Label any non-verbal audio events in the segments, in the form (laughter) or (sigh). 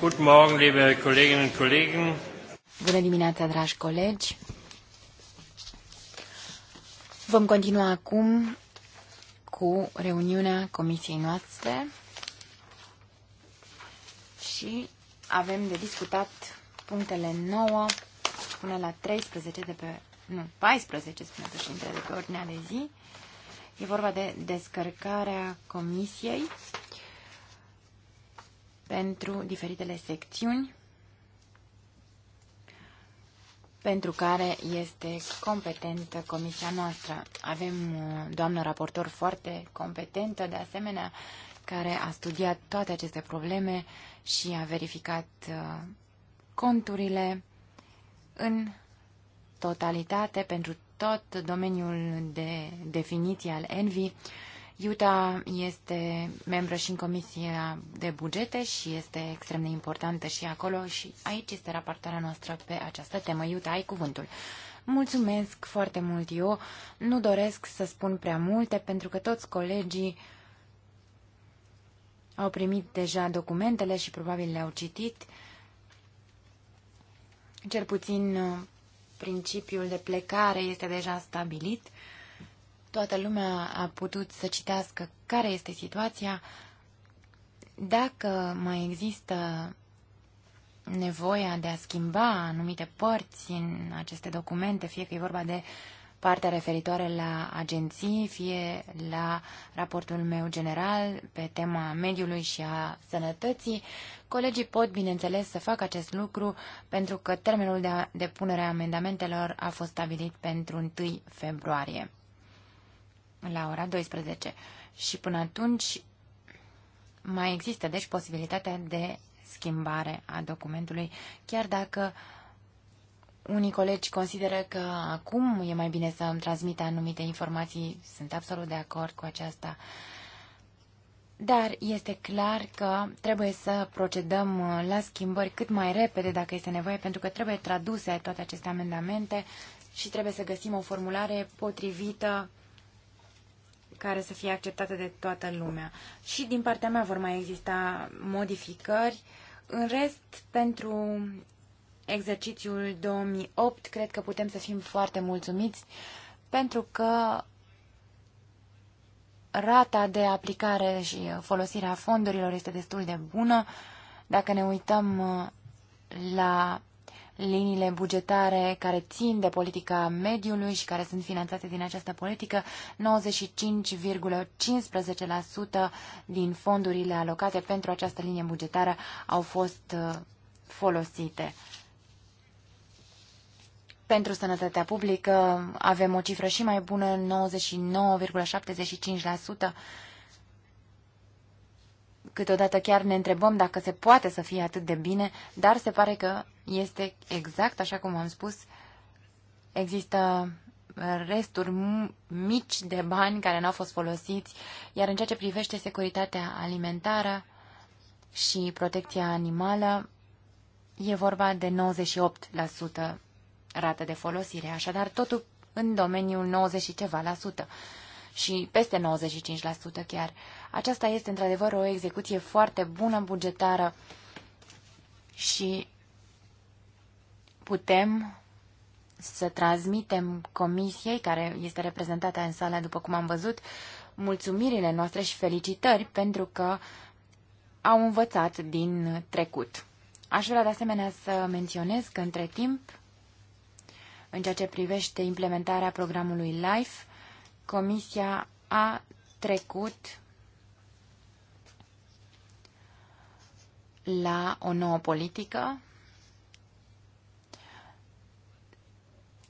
Guten Morgen, liebe Kolleginnen und Kollegen. Bună dimineața, dragi colegi. Vom continua acum cu reuniunea comisiei noastre și avem de discutat punctele 9 până la 13 de pe, nu, 14, spune președintele, de pe ordinea de zi. E vorba de descărcarea comisiei pentru diferitele secțiuni pentru care este competentă comisia noastră. Avem uh, doamnă raportor foarte competentă, de asemenea, care a studiat toate aceste probleme și a verificat uh, conturile în totalitate pentru tot domeniul de definiție al Envi Iuta este membră și în Comisia de Bugete și este extrem de importantă și acolo și aici este raportarea noastră pe această temă. Iuta, ai cuvântul. Mulțumesc foarte mult eu. Nu doresc să spun prea multe pentru că toți colegii au primit deja documentele și probabil le-au citit. Cel puțin uh, principiul de plecare este deja stabilit toată lumea a putut să citească care este situația, dacă mai există nevoia de a schimba anumite părți în aceste documente, fie că e vorba de partea referitoare la agenții, fie la raportul meu general pe tema mediului și a sănătății. Colegii pot, bineînțeles, să facă acest lucru pentru că termenul de depunere a amendamentelor a fost stabilit pentru 1 februarie la ora 12. Și până atunci mai există, deci, posibilitatea de schimbare a documentului, chiar dacă unii colegi consideră că acum e mai bine să îmi transmită anumite informații, sunt absolut de acord cu aceasta. Dar este clar că trebuie să procedăm uh, la schimbări cât mai repede dacă este nevoie, pentru că trebuie traduse toate aceste amendamente și trebuie să găsim o formulare potrivită care să fie acceptată de toată lumea. Și din partea mea vor mai exista modificări. În rest, pentru exercițiul 2008, cred că putem să fim foarte mulțumiți pentru că rata de aplicare și folosirea fondurilor este destul de bună. Dacă ne uităm uh, la liniile bugetare care țin de politica mediului și care sunt finanțate din această politică, 95,15% din fondurile alocate pentru această linie bugetară au fost uh, folosite. Pentru sănătatea publică avem o cifră și mai bună, 99,75% Câteodată chiar ne întrebăm dacă se poate să fie atât de bine, dar se pare că este exact așa cum am spus. Există resturi mici de bani care n-au fost folosiți, iar în ceea ce privește securitatea alimentară și protecția animală, e vorba de 98% rată de folosire, așadar totul în domeniul 90 și ceva la sută și peste 95% chiar. Aceasta este într-adevăr o execuție foarte bună bugetară și putem să transmitem comisiei, care este reprezentată în sală, după cum am văzut, mulțumirile noastre și felicitări pentru că au învățat din trecut. Aș vrea de asemenea să menționez că între timp, în ceea ce privește implementarea programului LIFE, Comisia a trecut la o nouă politică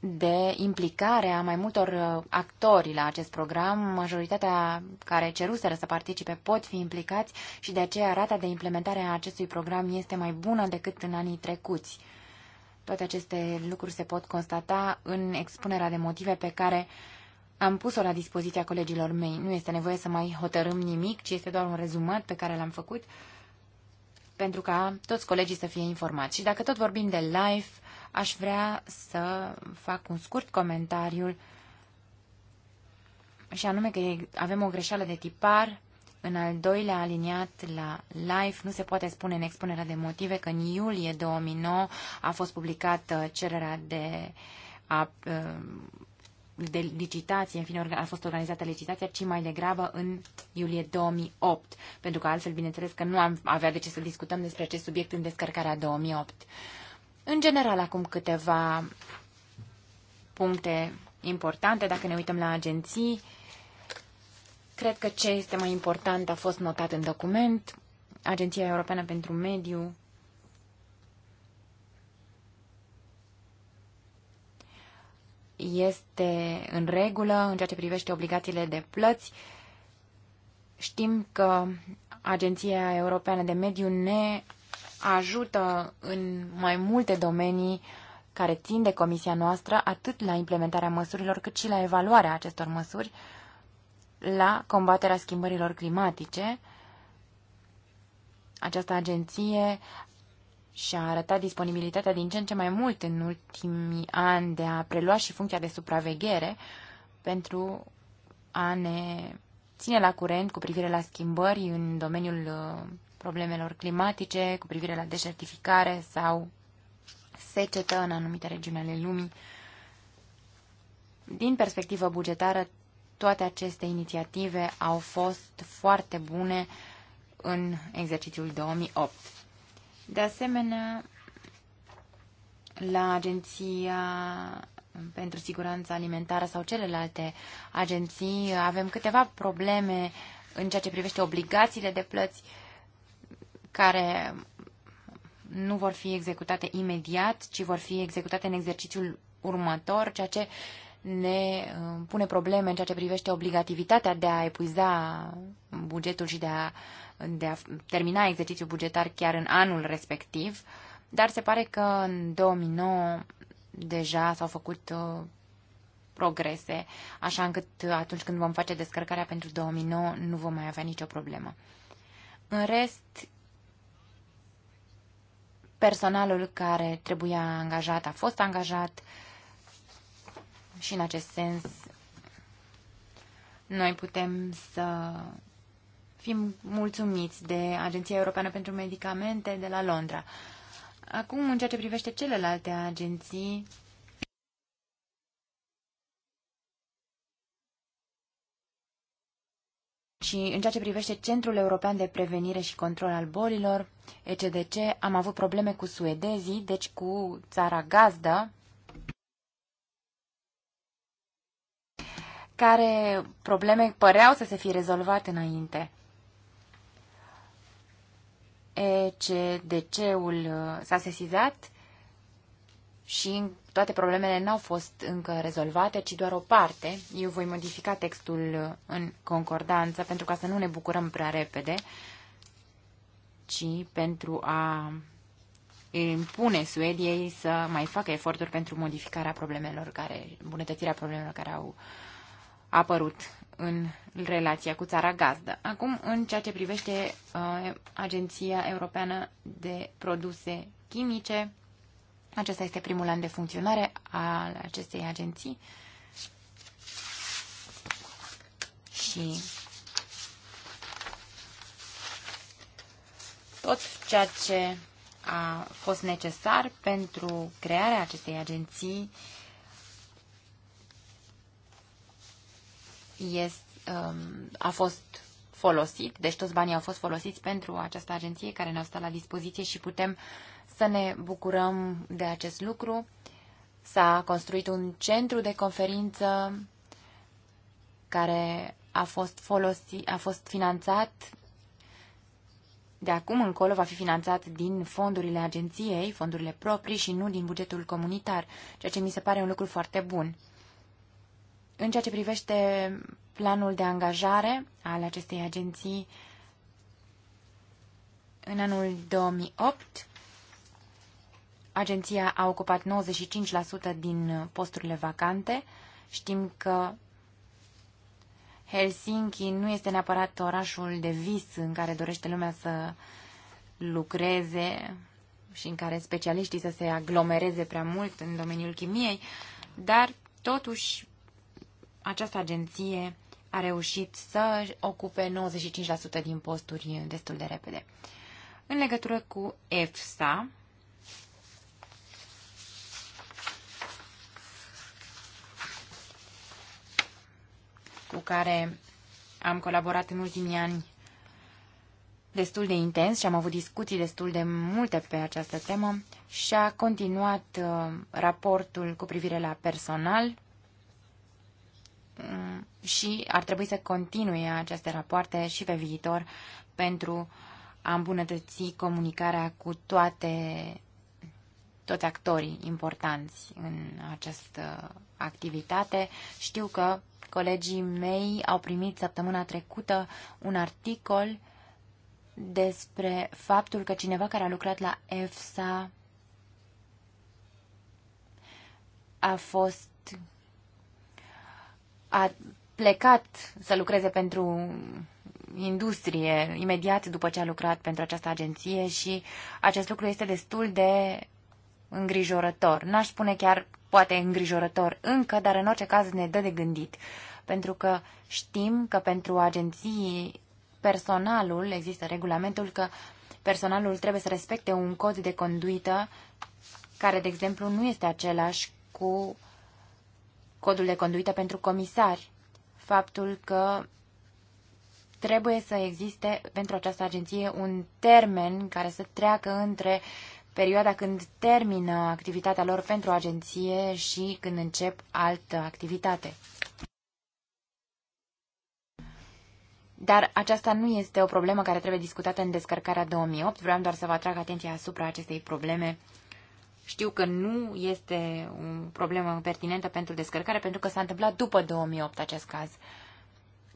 de implicare a mai multor uh, actori la acest program. Majoritatea care ceruseră să participe pot fi implicați și de aceea rata de implementare a acestui program este mai bună decât în anii trecuți. Toate aceste lucruri se pot constata în expunerea de motive pe care am pus-o la dispoziția colegilor mei. Nu este nevoie să mai hotărâm nimic, ci este doar un rezumat pe care l-am făcut pentru ca toți colegii să fie informați. Și dacă tot vorbim de live, aș vrea să fac un scurt comentariu și anume că avem o greșeală de tipar în al doilea aliniat la live, nu se poate spune în expunerea de motive că în iulie 2009 a fost publicată cererea de a uh, de licitație, în fine a fost organizată licitația, ci mai degrabă în iulie 2008, pentru că altfel, bineînțeles, că nu am avea de ce să discutăm despre acest subiect în descărcarea 2008. În general, acum câteva puncte importante, dacă ne uităm la agenții, cred că ce este mai important a fost notat în document, Agenția Europeană pentru Mediu, este în regulă în ceea ce privește obligațiile de plăți. Știm că Agenția Europeană de Mediu ne ajută în mai multe domenii care țin de comisia noastră, atât la implementarea măsurilor, cât și la evaluarea acestor măsuri, la combaterea schimbărilor climatice. Această agenție și-a arătat disponibilitatea din ce în ce mai mult în ultimii ani de a prelua și funcția de supraveghere pentru a ne ține la curent cu privire la schimbări în domeniul uh, problemelor climatice, cu privire la deșertificare sau secetă în anumite regiuni ale lumii. Din perspectivă bugetară, toate aceste inițiative au fost foarte bune în exercițiul 2008. De asemenea, la Agenția pentru Siguranța Alimentară sau celelalte agenții avem câteva probleme în ceea ce privește obligațiile de plăți care nu vor fi executate imediat, ci vor fi executate în exercițiul următor, ceea ce ne uh, pune probleme în ceea ce privește obligativitatea de a epuiza bugetul și de a de a termina exercițiul bugetar chiar în anul respectiv, dar se pare că în 2009 deja s-au făcut uh, progrese, așa încât uh, atunci când vom face descărcarea pentru 2009 nu vom mai avea nicio problemă. În rest, personalul care trebuia angajat a fost angajat și în acest sens noi putem să fim mulțumiți de Agenția Europeană pentru Medicamente de la Londra. Acum, în ceea ce privește celelalte agenții, Și în ceea ce privește Centrul European de Prevenire și Control al Bolilor, ECDC, am avut probleme cu suedezii, deci cu țara gazdă, care probleme păreau să se fi rezolvat înainte. ECDC-ul uh, s-a sesizat și toate problemele n-au fost încă rezolvate, ci doar o parte. Eu voi modifica textul uh, în concordanță pentru ca să nu ne bucurăm prea repede, ci pentru a impune Suediei să mai facă eforturi pentru modificarea problemelor care, îmbunătățirea problemelor care au apărut în relația cu țara gazdă. Acum, în ceea ce privește uh, Agenția Europeană de Produse Chimice, acesta este primul an de funcționare al acestei agenții și tot ceea ce a fost necesar pentru crearea acestei agenții uh, este, um, a fost folosit, deci toți banii au fost folosiți pentru această agenție care ne-au stat la dispoziție și putem să ne bucurăm de acest lucru. S-a construit un centru de conferință care a fost, folosit, a fost finanțat de acum încolo va fi finanțat din fondurile agenției, fondurile proprii și nu din bugetul comunitar, ceea ce mi se pare un lucru foarte bun. În ceea ce privește planul de angajare al acestei agenții, în anul 2008, agenția a ocupat 95% din posturile vacante. Știm că Helsinki nu este neapărat orașul de vis în care dorește lumea să lucreze și în care specialiștii să se aglomereze prea mult în domeniul chimiei, dar totuși această agenție a reușit să ocupe 95% din posturi destul de repede. În legătură cu EFSA, cu care am colaborat în ultimii ani destul de intens și am avut discuții destul de multe pe această temă și a continuat uh, raportul cu privire la personal Mm, și ar trebui să continue aceste rapoarte și pe viitor pentru a îmbunătăți comunicarea cu toate toți actorii importanți în această activitate. Știu că colegii mei au primit săptămâna trecută un articol despre faptul că cineva care a lucrat la EFSA a fost a plecat să lucreze pentru industrie imediat după ce a lucrat pentru această agenție și acest lucru este destul de îngrijorător. N-aș spune chiar poate îngrijorător încă, dar în orice caz ne dă de gândit. Pentru că știm că pentru agenții personalul, există regulamentul că personalul trebuie să respecte un cod de conduită care, de exemplu, nu este același cu codul de conduită pentru comisari. Faptul că trebuie să existe pentru această agenție un termen care să treacă între perioada când termină activitatea lor pentru agenție și când încep altă activitate. Dar aceasta nu este o problemă care trebuie discutată în descărcarea 2008. Vreau doar să vă atrag atenția asupra acestei probleme știu că nu este o problemă pertinentă pentru descărcare, pentru că s-a întâmplat după 2008 acest caz.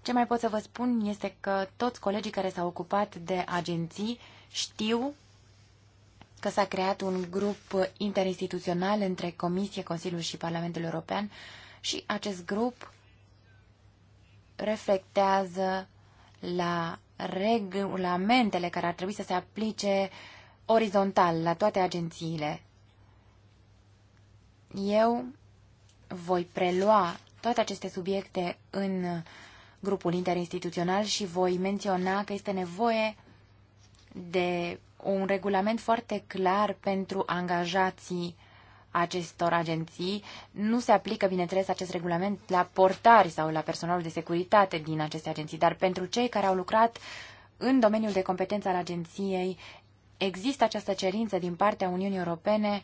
Ce mai pot să vă spun este că toți colegii care s-au ocupat de agenții știu că s-a creat un grup interinstituțional între Comisie, Consiliul și Parlamentul European și acest grup reflectează la regulamentele care ar trebui să se aplice orizontal la toate agențiile eu voi prelua toate aceste subiecte în grupul interinstituțional și voi menționa că este nevoie de un regulament foarte clar pentru angajații acestor agenții. Nu se aplică, bineînțeles, acest regulament la portari sau la personalul de securitate din aceste agenții, dar pentru cei care au lucrat în domeniul de competență al agenției există această cerință din partea Uniunii Europene uh,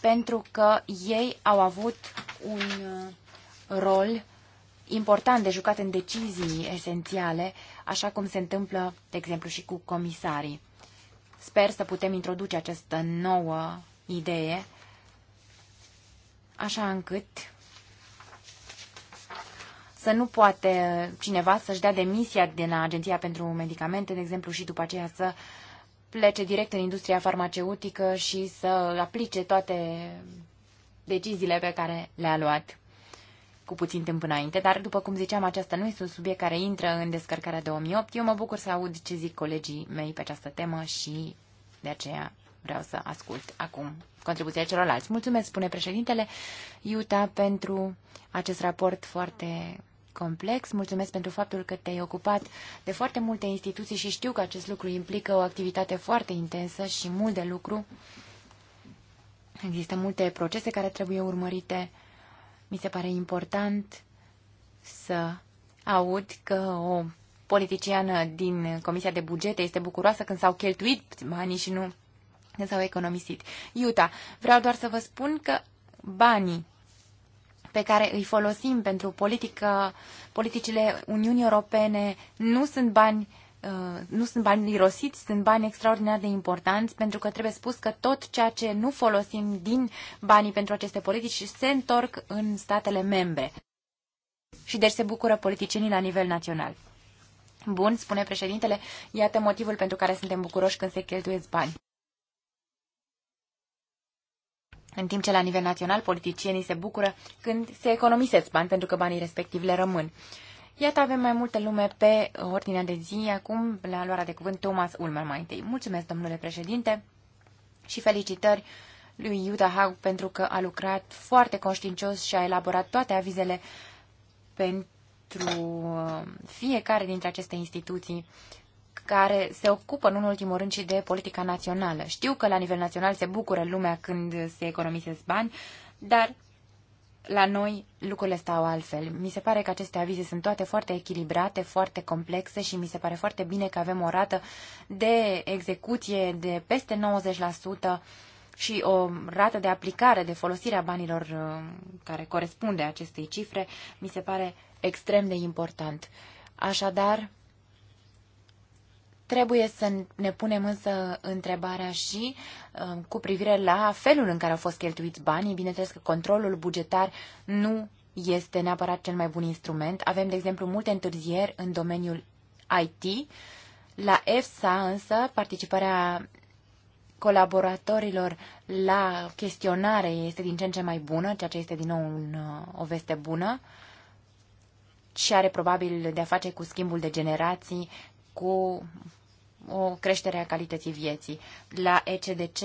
pentru că ei au avut un uh, rol important de jucat în decizii esențiale, așa cum se întâmplă, de exemplu, și cu comisarii. Sper să putem introduce această nouă idee, așa încât să nu poate cineva să-și dea demisia din Agenția pentru Medicamente, de exemplu, și după aceea să uh, plece direct în industria farmaceutică și să aplice toate deciziile pe care le-a luat cu puțin timp înainte, dar după cum ziceam, aceasta nu este un subiect care intră în descărcarea 2008. Eu mă bucur să aud ce zic colegii mei pe această temă și de aceea vreau să ascult acum contribuția celorlalți. Mulțumesc, spune președintele Iuta, pentru acest raport foarte complex. Mulțumesc pentru faptul că te-ai ocupat de foarte multe instituții și știu că acest lucru implică o activitate foarte intensă și mult de lucru. Există multe procese care trebuie urmărite. Mi se pare important să aud că o politiciană din Comisia de Bugete este bucuroasă când s-au cheltuit banii și nu s-au economisit. Iuta, vreau doar să vă spun că banii pe care îi folosim pentru politică, politicile Uniunii Europene nu sunt bani uh, nu sunt bani irosiți, sunt bani extraordinar de importanți, pentru că trebuie spus că tot ceea ce nu folosim din banii pentru aceste politici se întorc în statele membre. Și deci se bucură politicienii la nivel național. Bun, spune președintele, iată motivul pentru care suntem bucuroși când se cheltuiesc bani. În timp ce la nivel național politicienii se bucură când se economisesc bani pentru că banii respectivi le rămân. Iată, avem mai multă lume pe ordinea de zi acum la luarea de cuvânt Thomas Ulmer mai întâi. Mulțumesc, domnule președinte, și felicitări lui Iuda Haug pentru că a lucrat foarte conștiincios și a elaborat toate avizele pentru uh, fiecare dintre aceste instituții care se ocupă, nu în ultimul rând, și de politica națională. Știu că la nivel național se bucură lumea când se economisesc bani, dar la noi lucrurile stau altfel. Mi se pare că aceste avize sunt toate foarte echilibrate, foarte complexe și mi se pare foarte bine că avem o rată de execuție de peste 90% și o rată de aplicare, de folosire a banilor uh, care corespunde acestei cifre, mi se pare extrem de important. Așadar, Trebuie să ne punem însă întrebarea și uh, cu privire la felul în care au fost cheltuiți banii. Bineînțeles că controlul bugetar nu este neapărat cel mai bun instrument. Avem, de exemplu, multe întârzieri în domeniul IT. La EFSA, însă, participarea colaboratorilor la chestionare este din ce în ce mai bună, ceea ce este din nou un, uh, o veste bună și are probabil de a face cu schimbul de generații, cu o creștere a calității vieții. La ECDC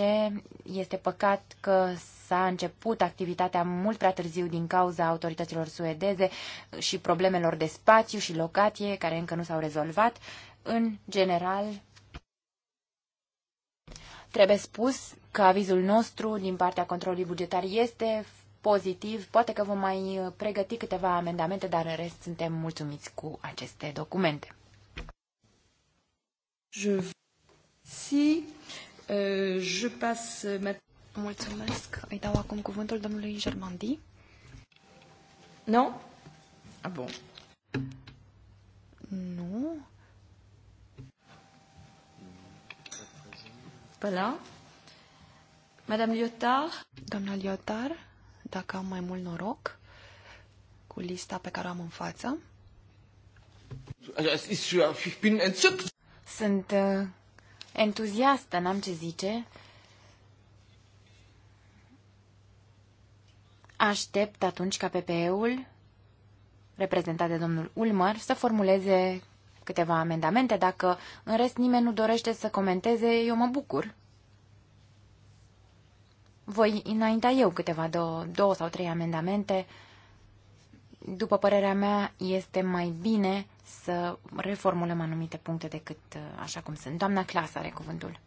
este păcat că s-a început activitatea mult prea târziu din cauza autorităților suedeze și problemelor de spațiu și locație care încă nu s-au rezolvat. În general, trebuie spus că avizul nostru din partea controlului bugetar este pozitiv. Poate că vom mai pregăti câteva amendamente, dar în rest suntem mulțumiți cu aceste documente. Je... Si, uh, je passe Mulțumesc. Îi dau acum cuvântul domnului Germandi. Nu? Ah, bon. Nu. Voilà. Madame Lyotard? Doamna Lyotard, dacă am mai mult noroc cu lista pe care o am în față. Ich bin entzückt. Sunt uh, entuziastă, n-am ce zice. Aștept atunci ca PPE-ul, reprezentat de domnul Ulmer, să formuleze câteva amendamente. Dacă în rest nimeni nu dorește să comenteze, eu mă bucur. Voi înainta eu câteva două, două sau trei amendamente uh, după părerea mea, este mai bine să reformulăm anumite puncte decât uh, așa cum sunt. Doamna Clas are cuvântul.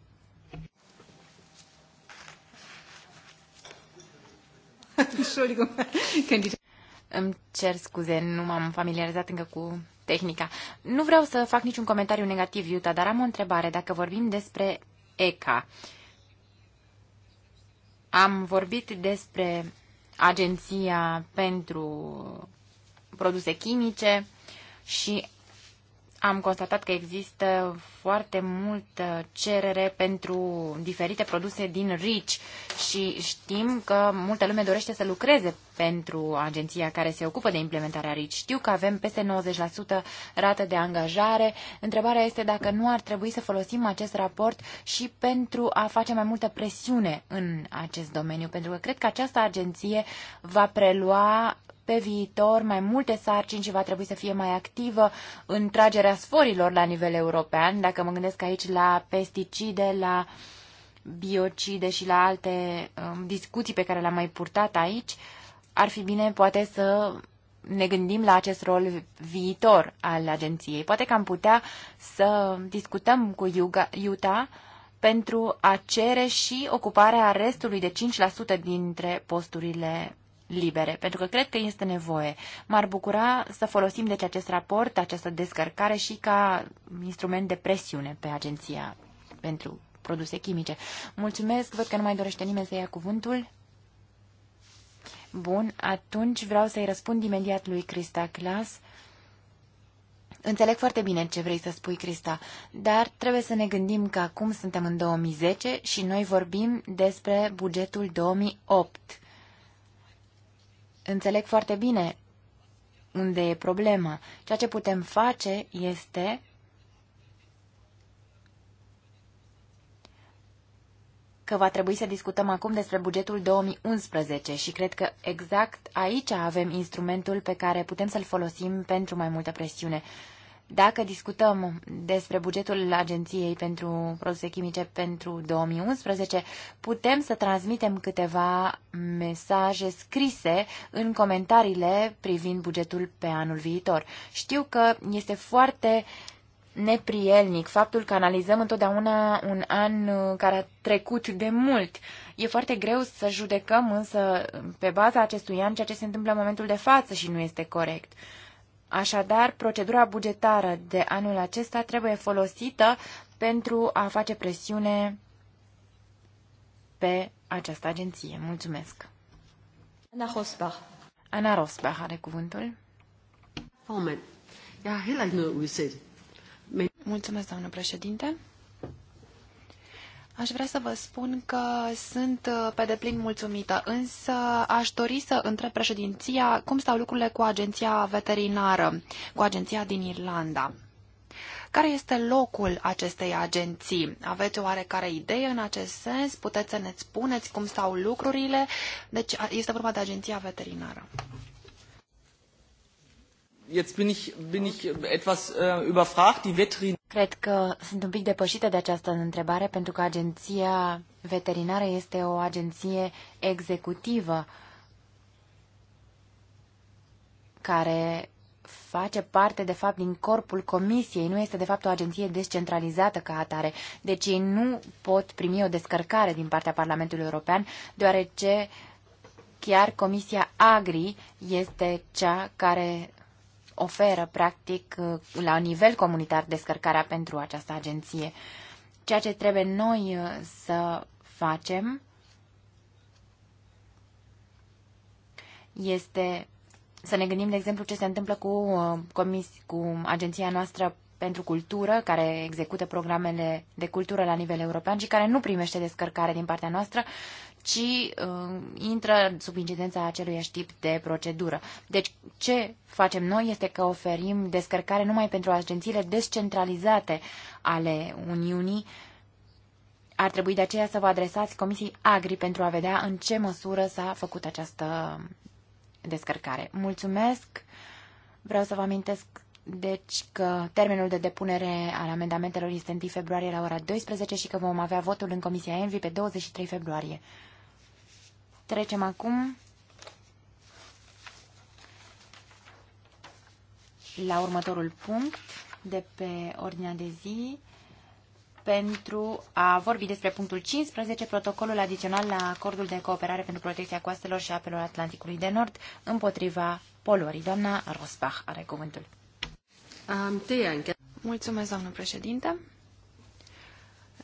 (laughs) Îmi cer scuze, nu m-am familiarizat încă cu tehnica. Nu vreau să fac niciun comentariu negativ, Iuta, dar am o întrebare. Dacă vorbim despre ECA, am vorbit despre Agenția pentru produse chimice și am constatat că există foarte multă cerere pentru diferite produse din RICH și știm că multă lume dorește să lucreze pentru agenția care se ocupă de implementarea RICH. Știu că avem peste 90% rată de angajare. Întrebarea este dacă nu ar trebui să folosim acest raport și pentru a face mai multă presiune în acest domeniu, pentru că cred că această agenție va prelua pe viitor mai multe sarcini și va trebui să fie mai activă în tragerea sforilor la nivel european, dacă mă gândesc aici la pesticide, la biocide și la alte um, discuții pe care le-am mai purtat aici, ar fi bine poate să ne gândim la acest rol viitor al agenției. Poate că am putea să discutăm cu Iuta pentru a cere și ocuparea restului de 5% dintre posturile libere, pentru că cred că este nevoie. M-ar bucura să folosim deci acest raport, această descărcare și ca instrument de presiune pe agenția pentru produse chimice. Mulțumesc, văd că nu mai dorește nimeni să ia cuvântul. Bun, atunci vreau să-i răspund imediat lui Crista Clas. Înțeleg foarte bine ce vrei să spui, Crista, dar trebuie să ne gândim că acum suntem în 2010 și noi vorbim despre bugetul 2008. Înțeleg foarte bine unde e problema. Ceea ce putem face este că va trebui să discutăm acum despre bugetul 2011 și cred că exact aici avem instrumentul pe care putem să-l folosim pentru mai multă presiune. Dacă discutăm despre bugetul Agenției pentru Produse Chimice pentru 2011, putem să transmitem câteva mesaje scrise în comentariile privind bugetul pe anul viitor. Știu că este foarte neprielnic faptul că analizăm întotdeauna un an care a trecut de mult. E foarte greu să judecăm însă pe baza acestui an ceea ce se întâmplă în momentul de față și nu este corect. Așadar, procedura bugetară de anul acesta trebuie folosită pentru a face presiune pe această agenție. Mulțumesc! Ana Rosbach. Ana Rosbach are cuvântul. Mulțumesc, doamnă președinte. Aș vrea să vă spun că sunt uh, pe deplin mulțumită, însă aș dori să întreb președinția cum stau lucrurile cu agenția veterinară, cu agenția din Irlanda. Care este locul acestei agenții? Aveți oarecare idee în acest sens? Puteți să ne spuneți cum stau lucrurile? Deci este vorba de agenția veterinară. Jetzt bin ich, bin ich etwas äh, überfragt. Die Veterin Cred că sunt un pic depășită de această întrebare pentru că agenția veterinară este o agenție executivă care face parte, de fapt, din corpul comisiei, nu este, de fapt, o agenție descentralizată ca atare. Deci ei nu pot primi o descărcare din partea Parlamentului European, deoarece chiar Comisia Agri este cea care oferă, practic, uh, la nivel comunitar descărcarea pentru această agenție. Ceea ce trebuie noi uh, să facem este să ne gândim, de exemplu, ce se întâmplă cu, uh, comis, cu agenția noastră pentru cultură, care execută programele de cultură la nivel european și care nu primește descărcare din partea noastră ci uh, intră sub incidența acelui tip de procedură. Deci, ce facem noi este că oferim descărcare numai pentru agențiile descentralizate ale Uniunii. Ar trebui de aceea să vă adresați Comisiei Agri pentru a vedea în ce măsură s-a făcut această descărcare. Mulțumesc! Vreau să vă amintesc deci că termenul de depunere al amendamentelor este 1 februarie la ora 12 și că vom avea votul în Comisia Envi pe 23 februarie. Trecem acum la următorul punct de pe ordinea de zi pentru a vorbi despre punctul 15, protocolul adițional la acordul de cooperare pentru protecția coastelor și apelor Atlanticului de Nord împotriva poluării. Doamna Rosbach are cuvântul. Mulțumesc, doamnă președinte.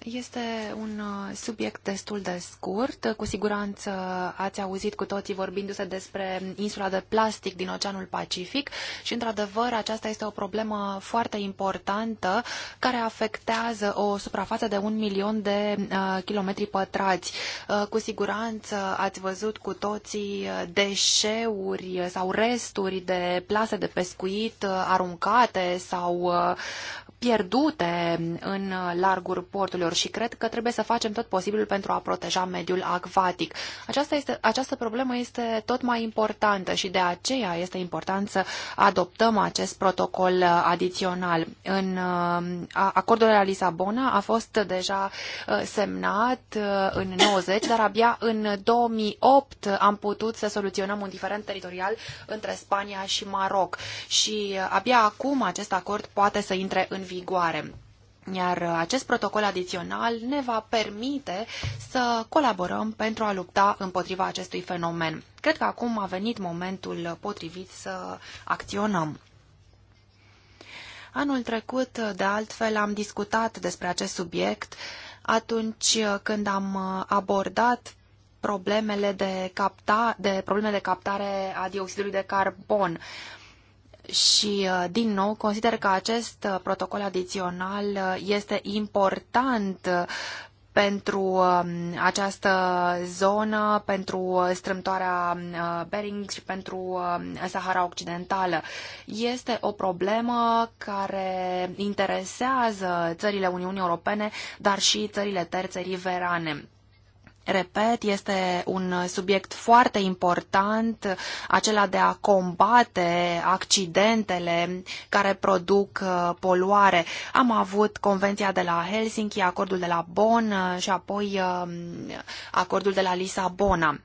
Este un uh, subiect destul de scurt. Cu siguranță ați auzit cu toții vorbindu-se despre insula de plastic din Oceanul Pacific și, într-adevăr, aceasta este o problemă foarte importantă care afectează o suprafață de un milion de uh, kilometri pătrați. Uh, cu siguranță ați văzut cu toții deșeuri sau resturi de plase de pescuit aruncate sau pierdute în largul porturilor și cred că trebuie să facem tot posibilul pentru a proteja mediul acvatic. Aceasta, este, această problemă este tot mai importantă și de aceea este important să adoptăm acest protocol adițional. În acordul de la Lisabona a fost deja uh, semnat uh, în 90, dar abia în 2008 am putut să soluționăm un diferent teritorial între Spania și Maroc și uh, abia acum acest acord poate să intre în viață vigoare. Iar uh, acest protocol adițional ne va permite să colaborăm pentru a lupta împotriva acestui fenomen. Cred că acum a venit momentul potrivit să acționăm. Anul trecut, uh, de altfel, am discutat despre acest subiect atunci uh, când am abordat problemele de, capta, de, probleme de captare a dioxidului de carbon. Uh, și, uh, din nou, consider că acest uh, protocol adițional uh, este important pentru um, această zonă, pentru strâmtoarea um, Bering și pentru um, Sahara Occidentală. Este o problemă care interesează țările Uniunii Europene, dar și țările terțe riverane. Repet, este un subiect foarte important, acela de a combate accidentele care produc uh, poluare. Am avut Convenția de la Helsinki, acordul de la Bonn uh, și apoi um, acordul de la Lisabona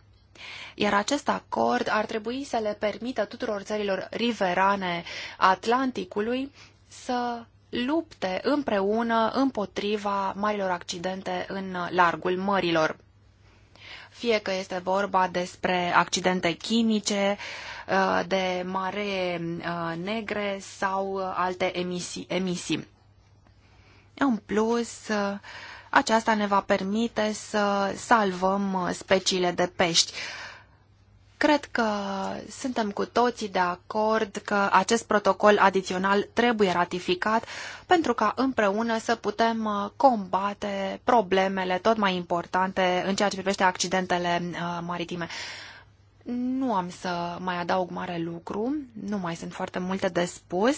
iar acest acord ar trebui să le permită tuturor țărilor riverane Atlanticului să lupte împreună împotriva marilor accidente în largul mărilor fie că este vorba despre accidente chimice, uh, de maree uh, negre sau uh, alte emisii. emisii. În plus, aceasta ne va permite să salvăm speciile de pești. Cred că suntem cu toții de acord că acest protocol adițional trebuie ratificat pentru ca împreună să putem uh, combate problemele tot mai importante în ceea ce privește accidentele uh, maritime. Nu am să mai adaug mare lucru, nu mai sunt foarte multe de spus.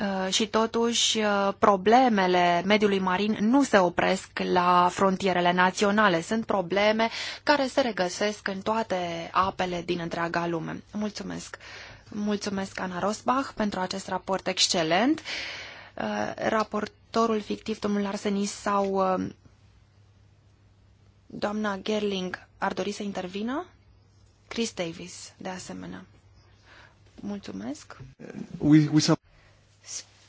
Uh, și totuși uh, problemele mediului marin nu se opresc la frontierele naționale. Sunt probleme care se regăsesc în toate apele din întreaga lume. Mulțumesc! Mulțumesc, Ana Rosbach, pentru acest raport excelent. Uh, raportorul fictiv, domnul Arsenis sau doamna Gerling, ar dori să intervină? Chris Davis, de asemenea. Mulțumesc. We, we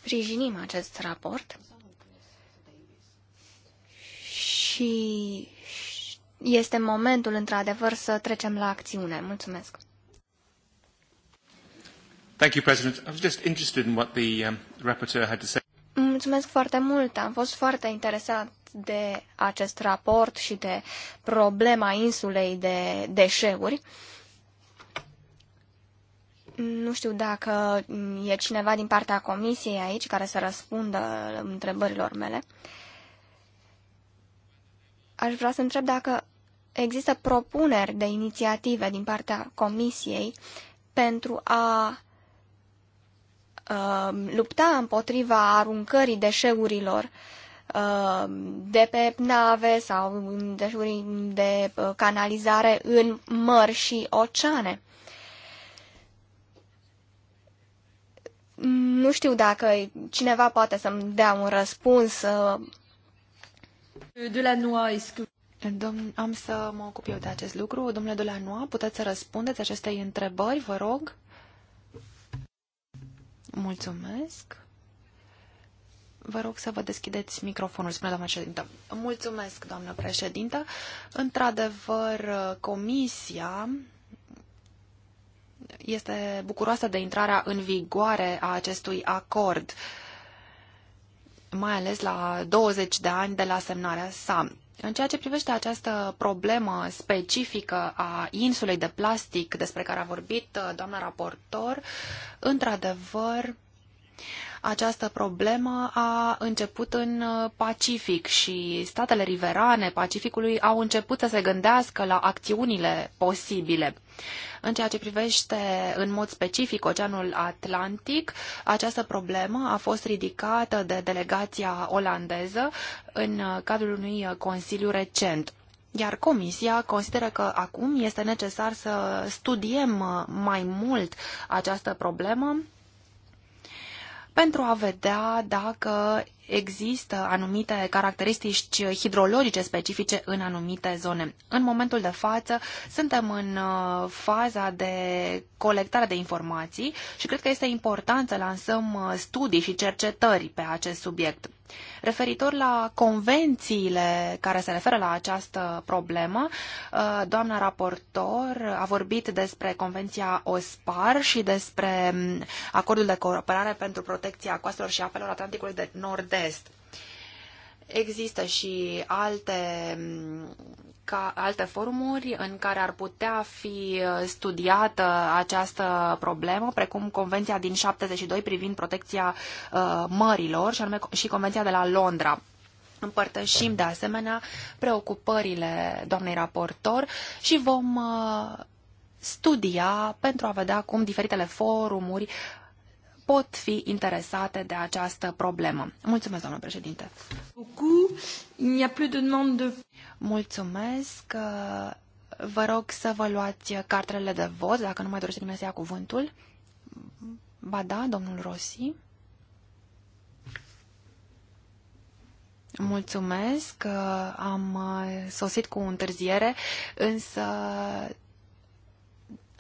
sprijinim acest raport și este momentul, într-adevăr, să trecem la acțiune. Mulțumesc! Thank you, President. I was just interested in what the um, rapporteur had to say. Mulțumesc foarte mult. Am fost foarte interesat de acest raport și de problema insulei de deșeuri. Uh, nu știu dacă mm, e cineva din partea comisiei aici care să răspundă întrebărilor mele. Aș vrea să întreb dacă există propuneri de inițiative din partea comisiei pentru a uh, lupta împotriva aruncării deșeurilor uh, de pe nave sau de uh, canalizare în mări și oceane. Nu știu dacă cineva poate să-mi dea un răspuns. Uh, de la noi, Domn, am să mă ocup eu de acest lucru. Domnule Noa, puteți să răspundeți acestei întrebări, vă rog? Mulțumesc. Vă rog să vă deschideți microfonul, spune doamna președintă. Mulțumesc, doamnă președintă. Într-adevăr, comisia este bucuroasă de intrarea în vigoare a acestui acord, mai ales la 20 de ani de la semnarea sa. În ceea ce privește această problemă specifică a insulei de plastic despre care a vorbit uh, doamna raportor, într-adevăr, această problemă a început în uh, Pacific și statele riverane Pacificului au început să se gândească la acțiunile posibile. În ceea ce privește în mod specific Oceanul Atlantic, această problemă a fost ridicată de delegația olandeză în uh, cadrul unui uh, consiliu recent iar Comisia consideră că acum este necesar să studiem mai mult această problemă pentru a vedea dacă există anumite caracteristici hidrologice specifice în anumite zone. În momentul de față suntem în uh, faza de colectare de informații și cred că este important să lansăm uh, studii și cercetări pe acest subiect. Referitor la convențiile care se referă la această problemă, uh, doamna raportor a vorbit despre Convenția OSPAR și despre um, acordul de cooperare pentru protecția coastelor și apelor Atlanticului de Nord-Est. Există și alte um, ca alte forumuri în care ar putea fi uh, studiată această problemă, precum Convenția din 72 privind protecția uh, mărilor și, anume, și Convenția de la Londra. Împărtășim de asemenea preocupările doamnei raportor și vom uh, studia pentru a vedea cum diferitele forumuri pot fi interesate de această problemă. Mulțumesc, doamnă președinte. Mulțumesc. Vă rog să vă luați cartele de vot, dacă nu mai dorește nimeni să ia cuvântul. Ba da, domnul Rossi. Mulțumesc că am sosit cu întârziere, însă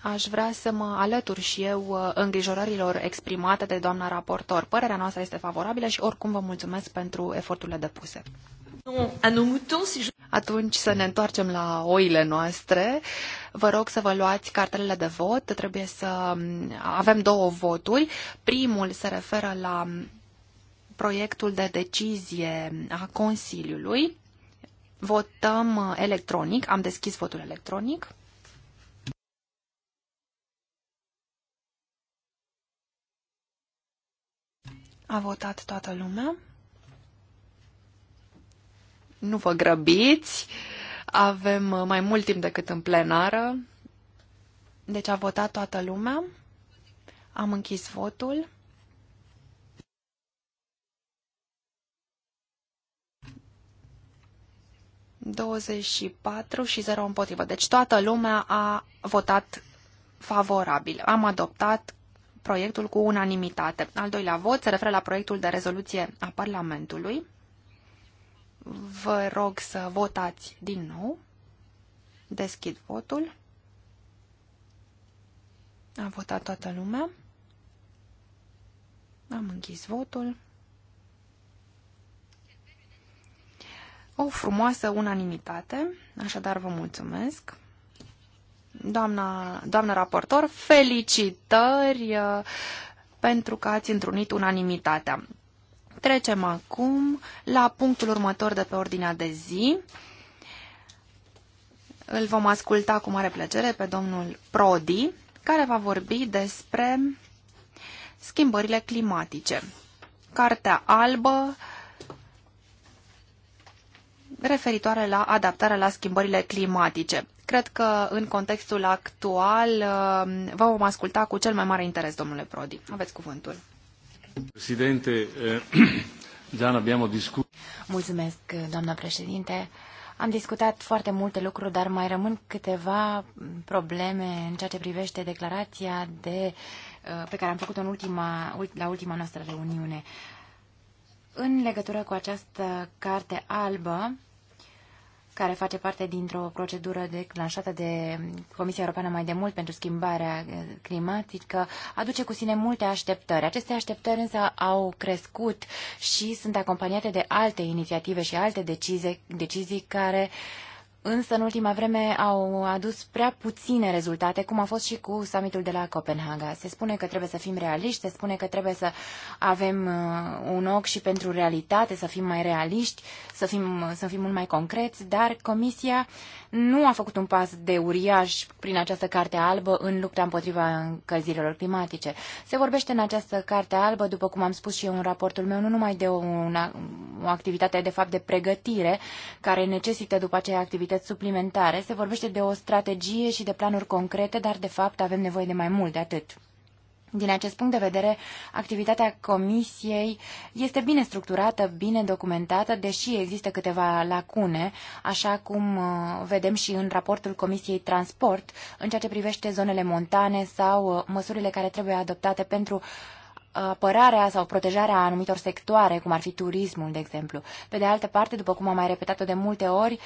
aș vrea să mă alătur și eu îngrijorărilor exprimate de doamna raportor. Părerea noastră este favorabilă și oricum vă mulțumesc pentru eforturile depuse atunci să ne întoarcem la oile noastre. Vă rog să vă luați cartelele de vot. Trebuie să um, avem două voturi. Primul se referă la um, proiectul de decizie a Consiliului. Votăm uh, electronic. Am deschis votul electronic. A votat toată lumea nu vă grăbiți, avem uh, mai mult timp decât în plenară. Deci a votat toată lumea. Am închis votul. și 0 împotrivă. Deci toată lumea a votat favorabil. Am adoptat proiectul cu unanimitate. Al doilea vot se referă la proiectul de rezoluție a Parlamentului Vă rog să votați din nou. Deschid votul. A votat toată lumea. Am închis votul. O frumoasă unanimitate, așadar vă mulțumesc. Doamna, doamna raportor, felicitări uh, pentru că ați întrunit unanimitatea. Trecem acum la punctul următor de pe ordinea de zi. Îl vom asculta cu mare plăcere pe domnul Prodi, care va vorbi despre schimbările climatice. Cartea albă referitoare la adaptarea la schimbările climatice. Cred că în contextul actual uh, vă vom asculta cu cel mai mare interes, domnule Prodi. Aveți cuvântul. Președinte, eh, (clears throat) abbiamo discutat. Mulțumesc, doamna președinte. Am discutat foarte multe lucruri, dar mai rămân câteva probleme în ceea ce privește declarația de, eh, pe care am făcut-o ultima, la ultima noastră reuniune. În legătură cu această carte albă, care face parte dintr-o procedură declanșată de Comisia Europeană mai de mult pentru schimbarea eh, climatică, aduce cu sine multe așteptări. Aceste așteptări însă au crescut și sunt acompaniate de alte inițiative și alte decizii, decizii care uh, însă în ultima vreme au adus prea puține rezultate, cum a fost și cu summitul de la Copenhaga. Se spune că trebuie să fim realiști, se spune că trebuie să avem uh, un ochi și pentru realitate, să fim mai realiști, să fim, să fim mult mai concreți, dar Comisia nu a făcut un pas de uriaș prin această carte albă în lupta împotriva încălzirilor climatice. Se vorbește în această carte albă, după cum am spus și eu în raportul meu, nu numai de o, una, o activitate de fapt de pregătire, care necesită după aceea activități suplimentare, se vorbește de o strategie și de planuri concrete, dar de fapt avem nevoie de mai mult de atât. Din acest punct de vedere, activitatea comisiei este bine structurată, bine documentată, deși există câteva lacune, așa cum uh, vedem și în raportul Comisiei Transport, în ceea ce privește zonele montane sau uh, măsurile care trebuie adoptate pentru apărarea sau protejarea anumitor sectoare, cum ar fi turismul, de exemplu. Pe de altă parte, după cum am mai repetat-o de multe ori,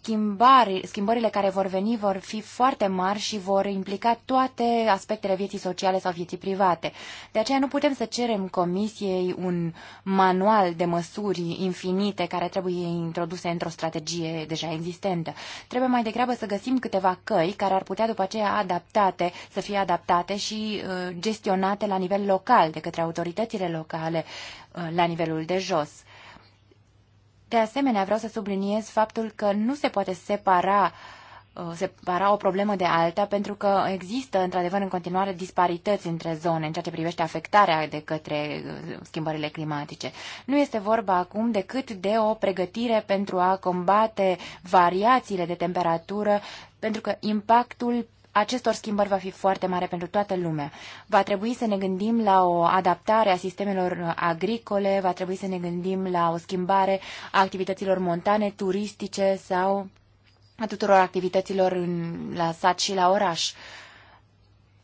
schimbări, schimbările care vor veni vor fi foarte mari și vor implica toate aspectele vieții sociale sau vieții private. De aceea nu putem să cerem Comisiei un manual de măsuri infinite care trebuie introduse într-o strategie deja existentă. Trebuie mai degrabă să găsim câteva căi care ar putea după aceea adaptate, să fie adaptate și uh, gestionate la nivel local de către către autoritățile locale uh, la nivelul de jos. De asemenea, vreau să subliniez faptul că nu se poate separa uh, separa o problemă de alta, pentru că există, într-adevăr, în continuare disparități între zone în ceea ce privește afectarea de către uh, schimbările climatice. Nu este vorba acum decât de o pregătire pentru a combate variațiile de temperatură, pentru că impactul acestor schimbări va fi foarte mare pentru toată lumea. Va trebui să ne gândim la o adaptare a sistemelor agricole, va trebui să ne gândim la o schimbare a activităților montane, turistice sau a tuturor activităților în, la sat și la oraș.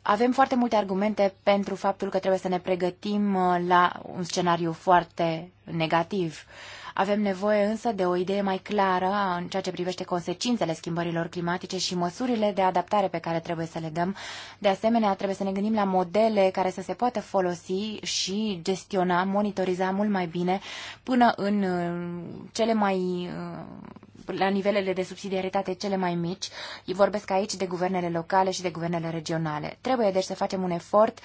Avem foarte multe argumente pentru faptul că trebuie să ne pregătim uh, la un scenariu foarte negativ. Uh, avem nevoie însă de o idee mai clară în ceea ce privește consecințele schimbărilor climatice și măsurile de adaptare pe care trebuie să le dăm. De asemenea, trebuie să ne gândim la modele care să se poată folosi și gestiona, monitoriza mult mai bine până în uh, cele mai uh, la nivelele de subsidiaritate cele mai mici. Vorbesc aici de guvernele locale și de guvernele regionale. Trebuie deci să facem un efort uh,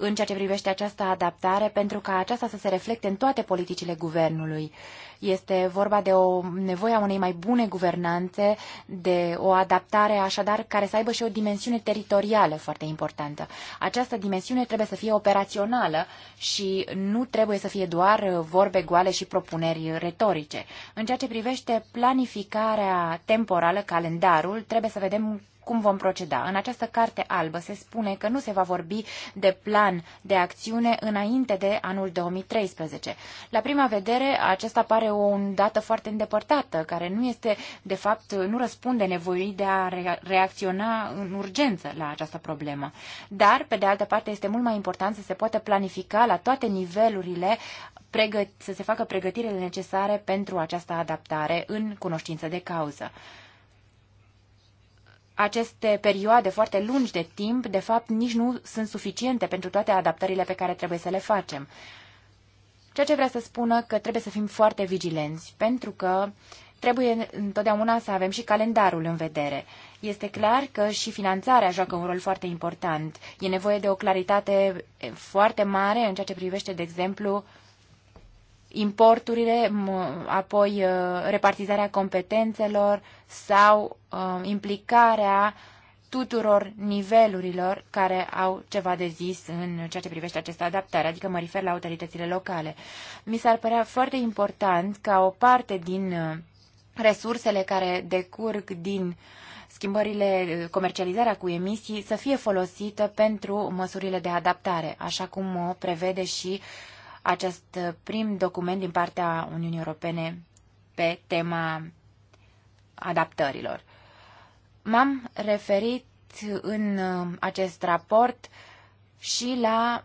în ceea ce privește această adaptare pentru ca aceasta să se reflecte în toate politicile guvernului. Este vorba de o nevoie a unei mai bune guvernanțe, de o adaptare așadar care să aibă și o dimensiune teritorială foarte importantă. Această dimensiune trebuie să fie operațională și nu trebuie să fie doar vorbe goale și propuneri retorice. În ceea ce privește planificarea temporală, calendarul, trebuie să vedem cum vom proceda. În această carte albă se spune că nu se va vorbi de plan de acțiune înainte de anul 2013. La prima vedere, aceasta pare o dată foarte îndepărtată, care nu este, de fapt, nu răspunde nevoii de a reacționa în urgență la această problemă. Dar, pe de altă parte, este mult mai important să se poată planifica la toate nivelurile să se facă pregătirile necesare pentru această adaptare în cunoștință de cauză aceste perioade foarte lungi de timp, de fapt, nici nu sunt suficiente pentru toate adaptările pe care trebuie să le facem. Ceea ce vrea să spună că trebuie să fim foarte vigilenți, pentru că trebuie întotdeauna să avem și calendarul în vedere. Este clar că și finanțarea joacă un rol foarte important. E nevoie de o claritate foarte mare în ceea ce privește, de exemplu, importurile, apoi uh, repartizarea competențelor sau uh, implicarea tuturor nivelurilor care au ceva de zis în ceea ce privește această adaptare, adică mă refer la autoritățile locale. Mi s-ar părea foarte important ca o parte din uh, resursele care decurg din schimbările, comercializarea cu emisii să fie folosită pentru măsurile de adaptare, așa cum o prevede și uh, acest prim document din partea Uniunii Europene pe tema adaptărilor. M-am referit în uh, acest raport și la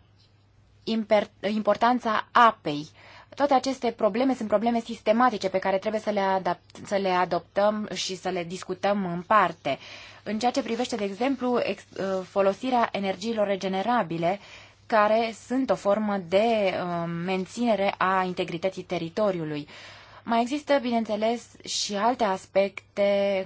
importanța apei. Toate aceste probleme sunt probleme sistematice pe care trebuie să le, adapt, să le adoptăm și să le discutăm în parte. În ceea ce privește, de exemplu, uh, folosirea energiilor regenerabile, care sunt o formă de uh, menținere a integrității teritoriului. Mai există, bineînțeles, și alte aspecte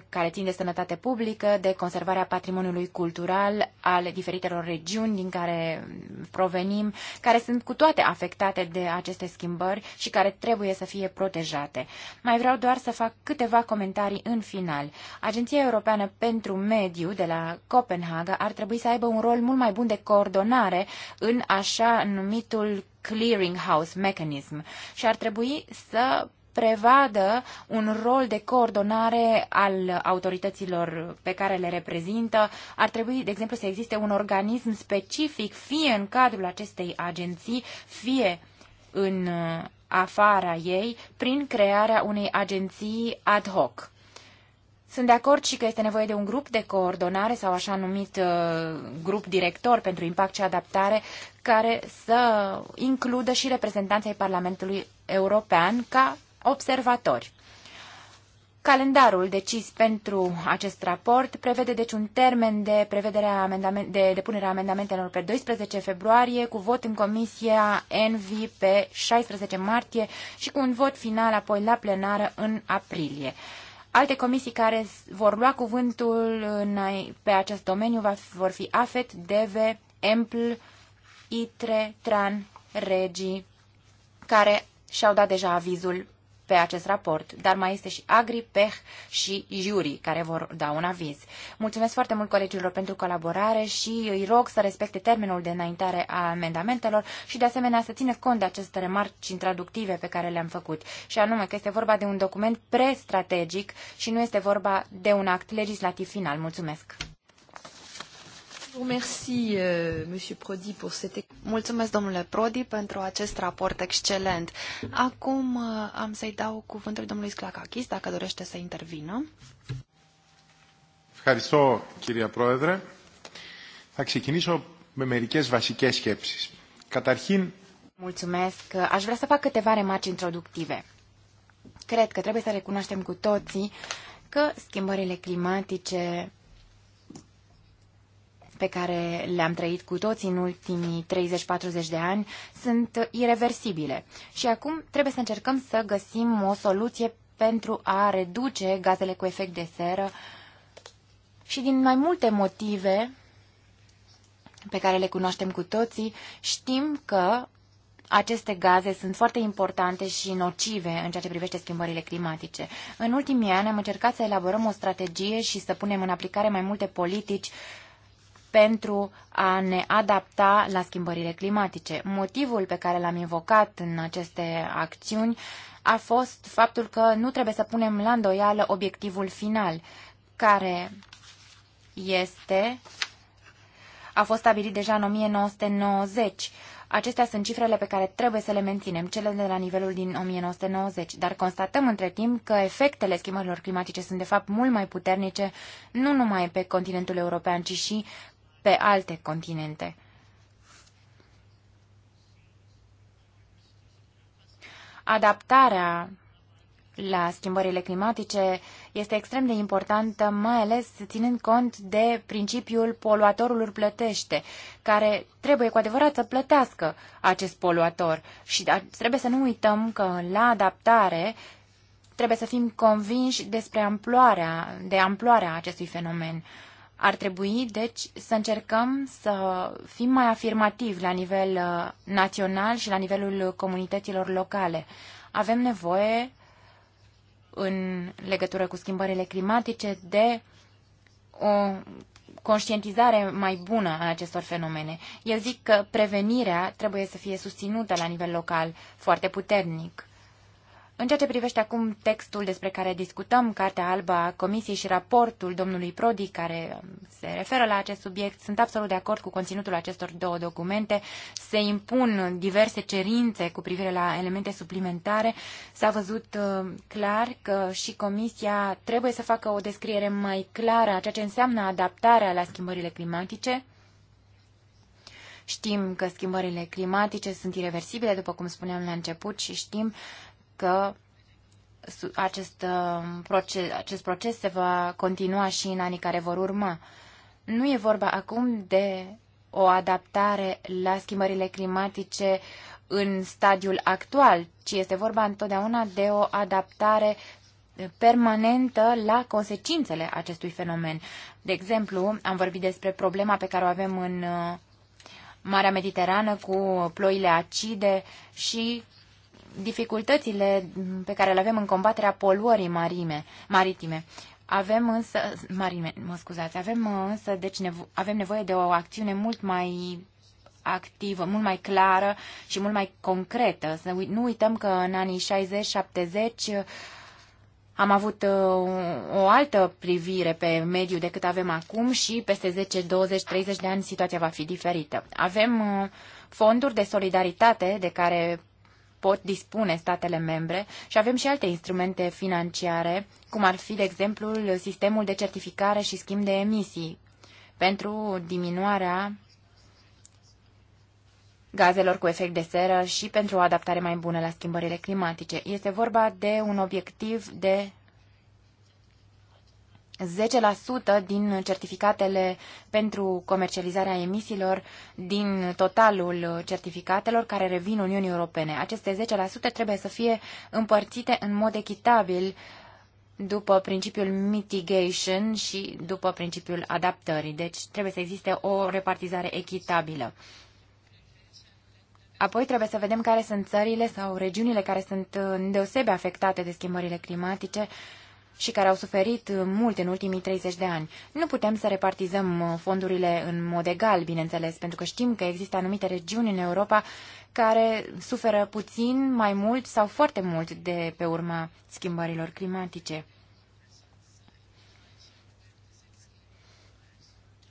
care țin de sănătate publică, de conservarea patrimoniului cultural al diferitelor regiuni din care provenim, care sunt cu toate afectate de aceste schimbări și care trebuie să fie protejate. Mai vreau doar să fac câteva comentarii în final. Agenția Europeană pentru Mediu de la Copenhaga ar trebui să aibă un rol mult mai bun de coordonare în așa numitul clearinghouse mechanism și ar trebui să prevadă un rol de coordonare al autorităților pe care le reprezintă. Ar trebui, de exemplu, să existe un organism specific, fie în cadrul acestei agenții, fie în uh, afara ei, prin crearea unei agenții ad hoc. Sunt de acord și că este nevoie de un grup de coordonare sau așa numit uh, grup director pentru impact și adaptare care să includă și reprezentanții Parlamentului European ca observatori. Calendarul decis pentru acest raport prevede deci un termen de, prevedere amendament de depunere a amendamentelor pe 12 februarie, cu vot în comisia NV pe 16 martie și cu un vot final apoi la plenară în aprilie. Alte comisii care vor lua cuvântul în, pe acest domeniu va, vor fi AFET, DEVE, EMPL, ITRE, TRAN, REGI, care și-au dat deja avizul pe acest raport, dar mai este și Agri, PEH și Juri care vor da un aviz. Mulțumesc foarte mult colegilor pentru colaborare și îi rog să respecte termenul de înaintare a amendamentelor și de asemenea să țineți cont de aceste remarci introductive pe care le-am făcut și anume că este vorba de un document prestrategic și nu este vorba de un act legislativ final. Mulțumesc! Euh, Mulțumesc, domnule Prodi, pentru acest raport excelent. Acum uh, am să-i dau cuvântul domnului Sclacachis, dacă dorește să intervină. Ευχαριστώ, κυρία Πρόεδρε. Θα ξεκινήσω με μερικές βασικές σκέψεις. Καταρχήν... Mulțumesc. Aș vrea să fac câteva remarci introductive. Cred că trebuie să recunoaștem cu toții că schimbările climatice pe care le-am trăit cu toți în ultimii 30-40 de ani sunt irreversibile. Și acum trebuie să încercăm să găsim o soluție pentru a reduce gazele cu efect de seră și din mai multe motive pe care le cunoaștem cu toții, știm că aceste gaze sunt foarte importante și nocive în ceea ce privește schimbările climatice. În ultimii ani am încercat să elaborăm o strategie și să punem în aplicare mai multe politici uh, pentru a ne adapta la schimbările climatice. Motivul pe care l-am invocat în aceste acțiuni a fost faptul că nu trebuie să punem la îndoială obiectivul final, care este a fost stabilit deja în 1990. Acestea sunt cifrele pe care trebuie să le menținem, cele de la nivelul din 1990, dar constatăm între timp că efectele schimbărilor climatice sunt de fapt mult mai puternice, nu numai pe continentul european, ci și pe alte continente. Adaptarea la schimbările climatice este extrem de importantă, mai ales ținând cont de principiul poluatorul plătește, care trebuie cu adevărat să plătească acest poluator. Și da, trebuie să nu uităm că la adaptare trebuie să fim convinși despre amploarea, de amploarea acestui fenomen. Ar trebui, deci, să încercăm să fim mai afirmativi la nivel uh, național și la nivelul comunităților locale. Avem nevoie, în legătură cu schimbările climatice, de o conștientizare mai bună a acestor fenomene. Eu zic că prevenirea trebuie să fie susținută la nivel local foarte puternic. În ceea ce privește acum textul despre care discutăm, Cartea Albă a Comisiei și raportul domnului Prodi, care um, se referă la acest subiect, sunt absolut de acord cu conținutul acestor două documente. Se impun diverse cerințe cu privire la elemente suplimentare. S-a văzut uh, clar că și Comisia trebuie să facă o descriere mai clară a ceea ce înseamnă adaptarea la schimbările climatice. Știm că schimbările climatice sunt irreversibile, după cum spuneam la început, și știm uh, că acest um, proces, acest proces se va continua și în anii care vor urma. Nu e vorba acum de o adaptare la schimbările climatice în stadiul actual, ci este vorba întotdeauna de o adaptare permanentă la consecințele acestui fenomen. De exemplu, am vorbit despre problema pe care o avem în uh, Marea Mediterană cu ploile acide și dificultățile pe care le avem în combaterea poluării marime, maritime. Avem însă, marime, mă scuzați, avem însă, deci nevo- avem nevoie de o acțiune mult mai activă, mult mai clară și mult mai concretă. Să nu uităm că în anii 60-70 am avut uh, o altă privire pe mediu decât avem acum și peste 10, 20, 30 de ani situația va fi diferită. Avem uh, fonduri de solidaritate de care pot dispune statele membre și avem și alte instrumente financiare, cum ar fi, de exemplu, sistemul de certificare și schimb de emisii pentru diminuarea gazelor cu efect de seră și pentru o adaptare mai bună la schimbările climatice. Este vorba de un obiectiv de 10% din certificatele pentru comercializarea emisiilor din totalul certificatelor care revin Uniunii Europene. Aceste 10% trebuie să fie împărțite în mod echitabil după principiul mitigation și după principiul adaptării. Deci trebuie să existe o repartizare echitabilă. Apoi trebuie să vedem care sunt țările sau regiunile care sunt deosebe afectate de schimbările climatice și care au suferit mult în ultimii 30 de ani. Nu putem să repartizăm uh, fondurile în mod egal, bineînțeles, pentru că știm că există anumite regiuni în Europa care suferă puțin, mai mult sau foarte mult de pe urma schimbărilor climatice.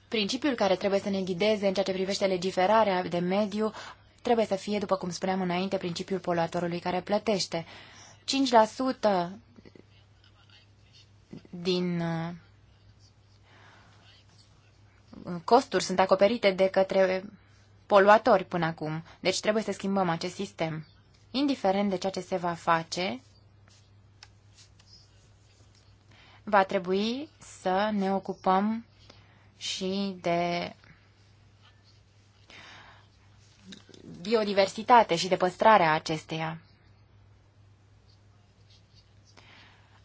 Principiul care trebuie să ne ghideze în ceea ce privește legiferarea de mediu trebuie să fie, după cum spuneam înainte, principiul poluatorului care plătește. 5% din uh, costuri sunt acoperite de către poluatori până acum. Deci trebuie să schimbăm acest sistem. Indiferent de ceea ce se va face, va trebui să ne ocupăm și de biodiversitate și de păstrarea acesteia.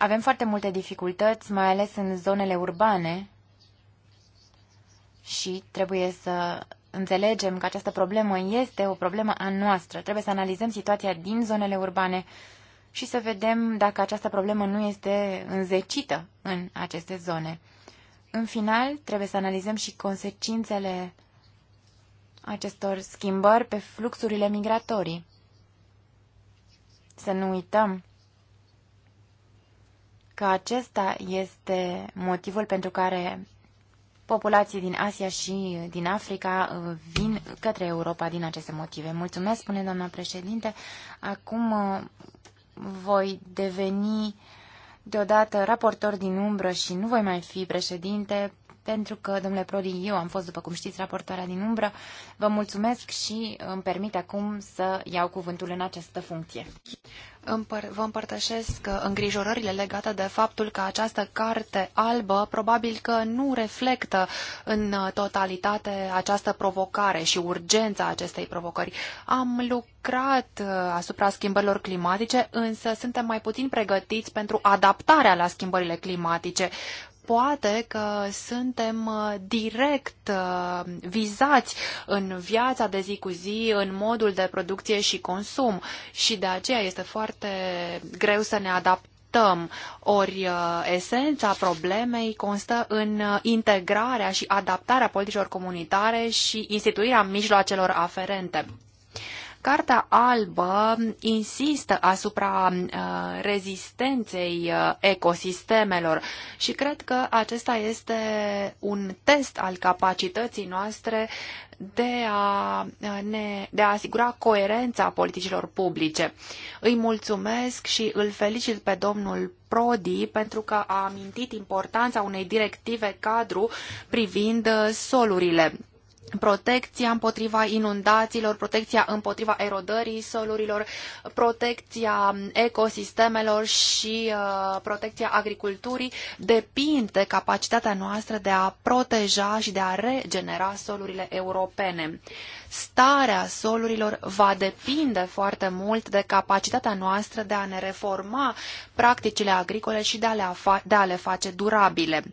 Avem foarte multe dificultăți, mai ales în zonele urbane și trebuie să înțelegem că această problemă este o problemă a noastră. Trebuie să analizăm situația din zonele urbane și să vedem dacă această problemă nu este înzecită în aceste zone. În final, trebuie să analizăm și consecințele acestor schimbări pe fluxurile migratorii. Să nu uităm că acesta este motivul pentru care populații din Asia și din Africa uh, vin către Europa din aceste motive. Mulțumesc, spune doamna președinte. Acum uh, voi deveni deodată raportor din umbră și nu voi mai fi președinte pentru că, domnule Prodi, eu am fost, după cum știți, raportoarea din umbră. Vă mulțumesc și îmi permit acum să iau cuvântul în această funcție. Vă împărtășesc uh, îngrijorările legate de faptul că această carte albă probabil că nu reflectă în uh, totalitate această provocare și urgența acestei provocări. Am lucrat uh, asupra schimbărilor climatice, însă suntem mai puțin pregătiți pentru adaptarea la schimbările climatice poate că suntem uh, direct uh, vizați în viața de zi cu zi, în modul de producție și consum și de aceea este foarte greu să ne adaptăm Ori uh, esența problemei constă în integrarea și adaptarea politicilor comunitare și instituirea mijloacelor aferente. Carta albă insistă asupra uh, rezistenței uh, ecosistemelor și cred că acesta este un test al capacității noastre de a, uh, ne, de a asigura coerența politicilor publice. Îi mulțumesc și îl felicit pe domnul Prodi pentru că a amintit importanța unei directive cadru privind solurile protecția împotriva inundațiilor, protecția împotriva erodării solurilor, protecția ecosistemelor și uh, protecția agriculturii depind de capacitatea noastră de a proteja și de a regenera solurile europene starea solurilor va depinde foarte mult de capacitatea noastră de a ne reforma practicile agricole și de a le, de a le face durabile.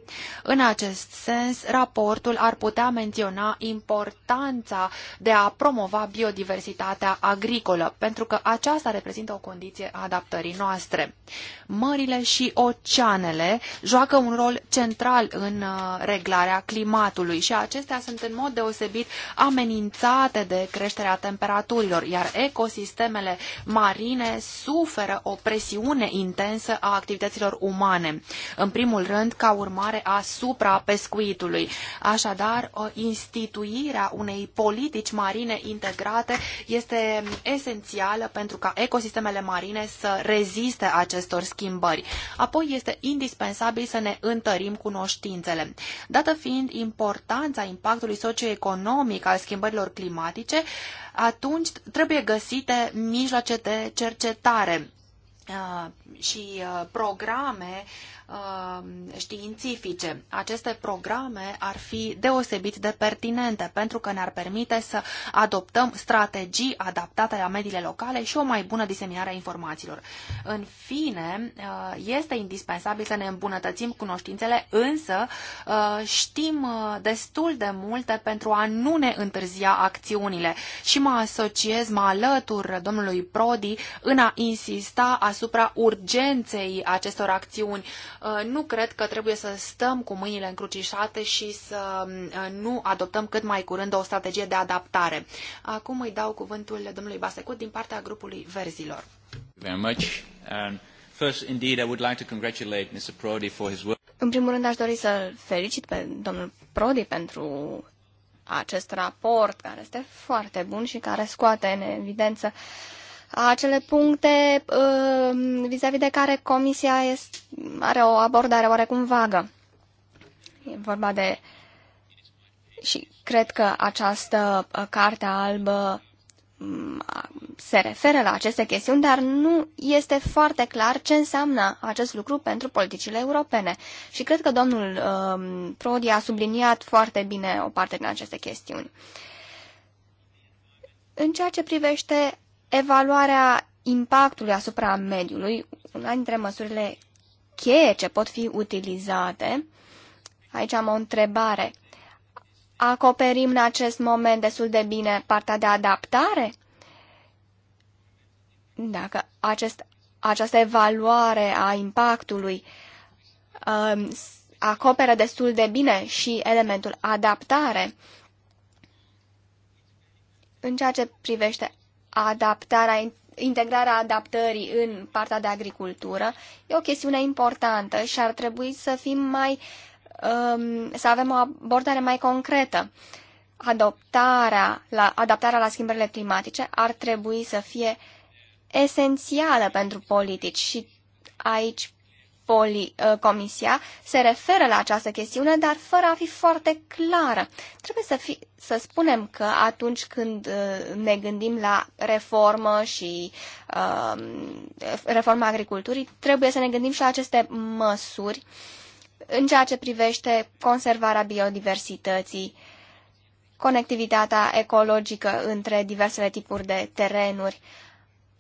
În acest sens, raportul ar putea menționa importanța de a promova biodiversitatea agricolă, pentru că aceasta reprezintă o condiție a adaptării noastre. Mările și oceanele joacă un rol central în uh, reglarea climatului și acestea sunt în mod deosebit amenințate afectate de creșterea temperaturilor, iar ecosistemele marine suferă o presiune intensă a activităților umane, în primul rând ca urmare a suprapescuitului. Așadar, instituirea unei politici marine integrate este esențială pentru ca ecosistemele marine să reziste acestor schimbări. Apoi este indispensabil să ne întărim cunoștințele. Dată fiind importanța impactului socioeconomic al schimbărilor climatice, climatice, atunci trebuie găsite mijloace de cercetare uh, și uh, programe Um, științifice. Aceste programe ar fi deosebit de pertinente pentru că ne-ar permite să adoptăm strategii adaptate la mediile locale și o mai bună diseminare a informațiilor. În fine, uh, este indispensabil să ne îmbunătățim cunoștințele, însă uh, știm uh, destul de multe pentru a nu ne întârzia acțiunile și mă asociez, mă alătur domnului Prodi în a insista asupra urgenței acestor acțiuni Uh, nu cred că trebuie să stăm cu mâinile încrucișate și să uh, nu adoptăm cât mai curând o strategie de adaptare. Acum îi dau cuvântul domnului Basecut din partea grupului Verzilor. Very much. Um, first, indeed, I would like to congratulate Mr. Prodi for his work. În primul rând, aș dori să felicit pe domnul Prodi pentru acest raport, care este foarte bun și care scoate în evidență uh, acele puncte uh, vis-a-vis -vis de care Comisia este, are o abordare oarecum vagă. E vorba de... Și cred că această uh, carte albă mm, se referă la aceste chestiuni, dar nu este foarte clar ce înseamnă acest lucru pentru politicile europene. Și cred că domnul um, Prodi a subliniat foarte bine o parte din aceste chestiuni. În ceea ce privește evaluarea impactului asupra mediului, una dintre măsurile cheie ce pot fi utilizate. Aici am o întrebare. Acoperim în acest moment destul de bine partea de adaptare? Dacă acest, această evaluare a impactului um, acoperă destul de bine și elementul adaptare, în ceea ce privește adaptarea, integrarea adaptării în partea de agricultură e o chestiune importantă și ar trebui să fim mai, um, să avem o abordare mai concretă. Adoptarea la, adaptarea la schimbările climatice ar trebui să fie esențială pentru politici și aici poli, uh, Comisia se referă la această chestiune, dar fără a fi foarte clară. Trebuie să, fi, să spunem că atunci când uh, ne gândim la reformă și uh, reforma agriculturii, trebuie să ne gândim și la aceste măsuri în ceea ce privește conservarea biodiversității, conectivitatea ecologică între diversele tipuri de terenuri. Uh,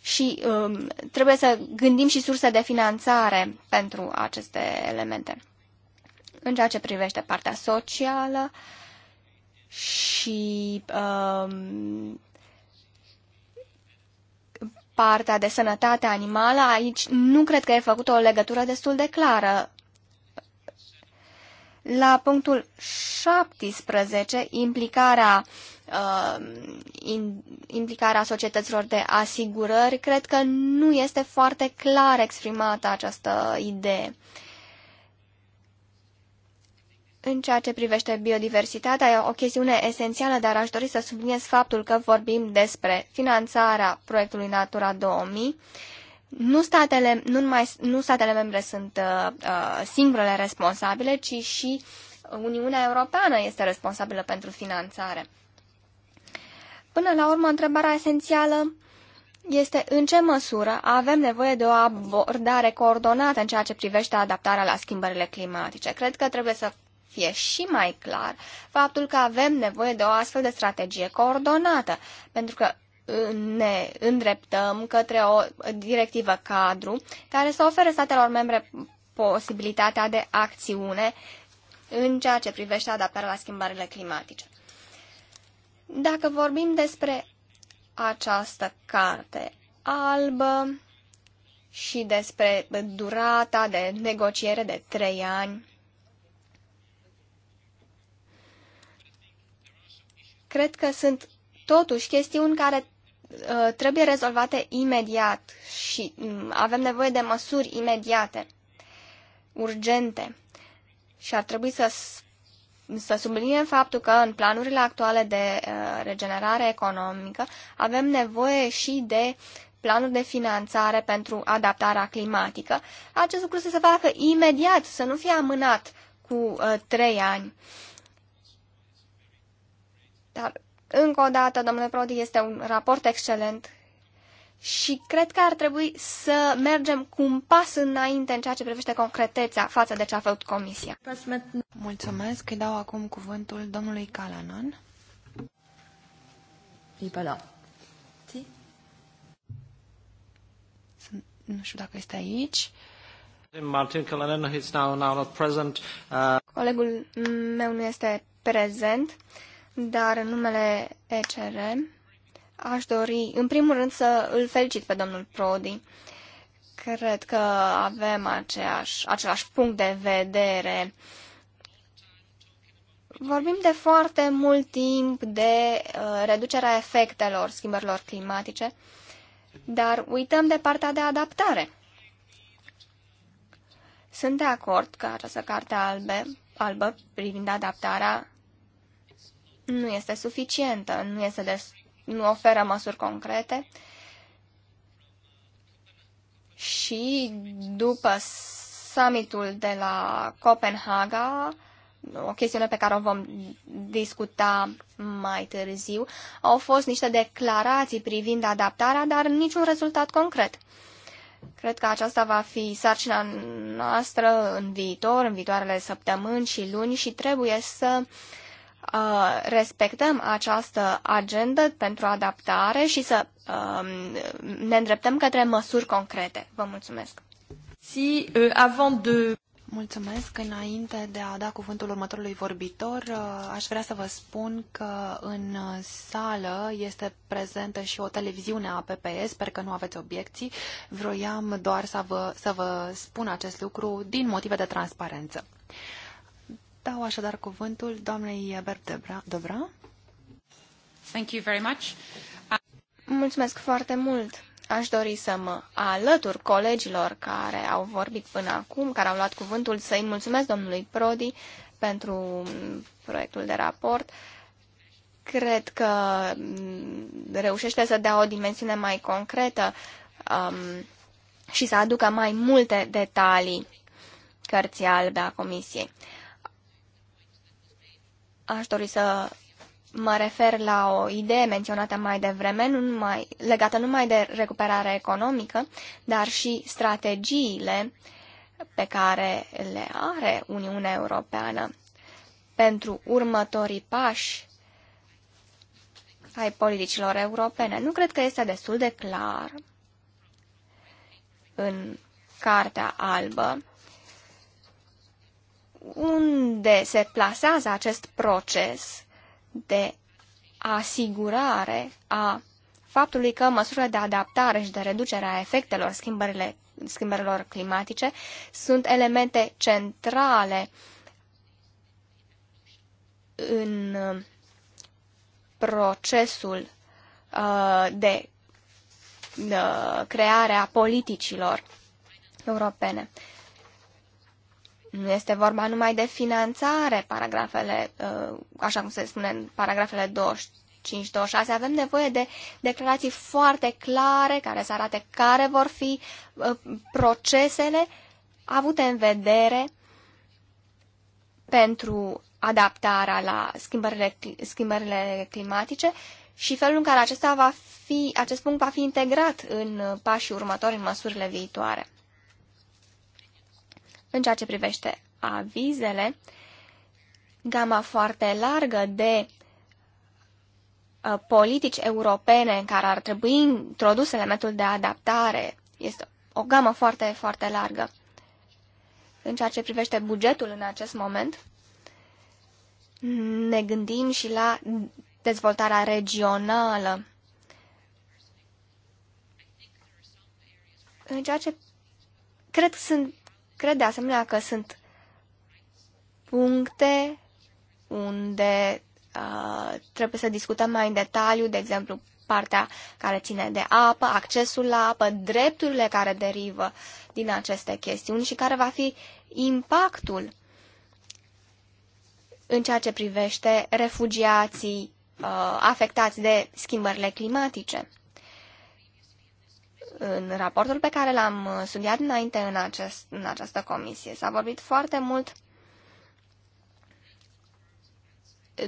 și um, trebuie să gândim și surse de finanțare pentru aceste elemente. În ceea ce privește partea socială și um, partea de sănătate animală, aici nu cred că e făcută o legătură destul de clară. La punctul 17, implicarea uh, Uh, implicarea societăților de asigurări, cred că nu este foarte clar exprimată această idee. În ceea ce privește biodiversitatea, e o chestiune esențială, dar aș dori să subliniez faptul că vorbim despre finanțarea proiectului Natura 2000. Nu, statele, nu, numai, nu statele membre sunt uh, uh, singurele responsabile, ci și Uniunea Europeană este responsabilă pentru finanțare. Până la urmă, întrebarea esențială este în ce măsură avem nevoie de o abordare coordonată în ceea ce privește adaptarea la schimbările climatice. Cred că trebuie să fie și mai clar faptul că avem nevoie de o astfel de strategie coordonată, pentru că uh, ne îndreptăm către o directivă cadru care să ofere statelor membre posibilitatea de acțiune în ceea ce privește adaptarea la schimbările climatice. Dacă vorbim despre această carte albă și despre durata de negociere de trei ani, cred că sunt totuși chestiuni care uh, trebuie rezolvate imediat și uh, avem nevoie de măsuri imediate, urgente. Și ar trebui să să subliniem faptul că în planurile actuale de uh, regenerare economică avem nevoie și de planuri de finanțare pentru adaptarea climatică. Acest lucru să se facă imediat, să nu fie amânat cu uh, trei ani. Dar, încă o dată, domnule Prodi, este un raport excelent și cred că ar trebui să mergem cu un pas înainte în ceea ce privește concreteța față de ce a făcut Comisia. Mulțumesc. Îi dau acum cuvântul domnului Calanan. Ipala. Nu știu dacă este aici. Martin Calanan is now, now not present. Uh... Colegul meu nu este prezent, dar în numele ECRM. Aș dori, în primul rând, să îl felicit pe domnul Prodi. Cred că avem aceeași, același punct de vedere. Vorbim de foarte mult timp de uh, reducerea efectelor schimbărilor climatice, dar uităm de partea de adaptare. Sunt de acord că această carte albe, albă privind adaptarea nu este suficientă, nu este des, nu oferă măsuri concrete. Și după summitul de la Copenhaga, o chestiune pe care o vom discuta mai târziu, au fost niște declarații privind adaptarea, dar niciun rezultat concret. Cred că aceasta va fi sarcina noastră în viitor, în viitoarele săptămâni și luni și trebuie să uh, uh, respectăm această agendă pentru adaptare și să uh, ne îndreptăm către măsuri concrete. Vă mulțumesc! Si, uh, avant de... Mulțumesc. Înainte de a da cuvântul următorului vorbitor, uh, aș vrea să vă spun că în sală este prezentă și o televiziune a PPS, sper că nu aveți obiecții. Vroiam doar să vă, să vă spun acest lucru din motive de transparență. Dau așadar cuvântul doamnei Iabert Dobra. Thank you very much. Mulțumesc foarte mult. Aș dori să mă alătur colegilor care au vorbit până acum, care au luat cuvântul, să-i mulțumesc domnului Prodi pentru proiectul de raport. Cred că mm, reușește să dea o dimensiune mai concretă um, și să aducă mai multe detalii cărții albe a Comisiei. Aș dori să mă refer la o idee menționată mai devreme, nu numai, legată numai de recuperare economică, dar și strategiile pe care le are Uniunea Europeană pentru următorii pași ai politicilor europene. Nu cred că este destul de clar în Cartea Albă unde se plasează acest proces de asigurare a faptului că măsurile de adaptare și de reducere a efectelor schimbărilor climatice sunt elemente centrale în uh, procesul uh, de uh, creare a politicilor europene. Nu este vorba numai de finanțare, paragrafele, uh, așa cum se spune în paragrafele 25, 26, avem nevoie de declarații foarte clare care să arate care vor fi uh, procesele avute în vedere pentru adaptarea la schimbările, schimbările climatice și felul în care acesta va fi, acest punct va fi integrat în uh, pașii următori, în măsurile viitoare în ceea ce privește avizele, gama foarte largă de uh, politici europene în care ar trebui introdus elementul de adaptare este o gamă foarte, foarte largă. În ceea ce privește bugetul în acest moment, ne gândim și la dezvoltarea regională. În ceea ce cred că sunt Cred de asemenea că sunt puncte unde uh, trebuie să discutăm mai în detaliu, de exemplu, partea care ține de apă, accesul la apă, drepturile care derivă din aceste chestiuni și care va fi impactul în ceea ce privește refugiații uh, afectați de schimbările climatice. În raportul pe care l-am studiat înainte în, acest, în această comisie s-a vorbit foarte mult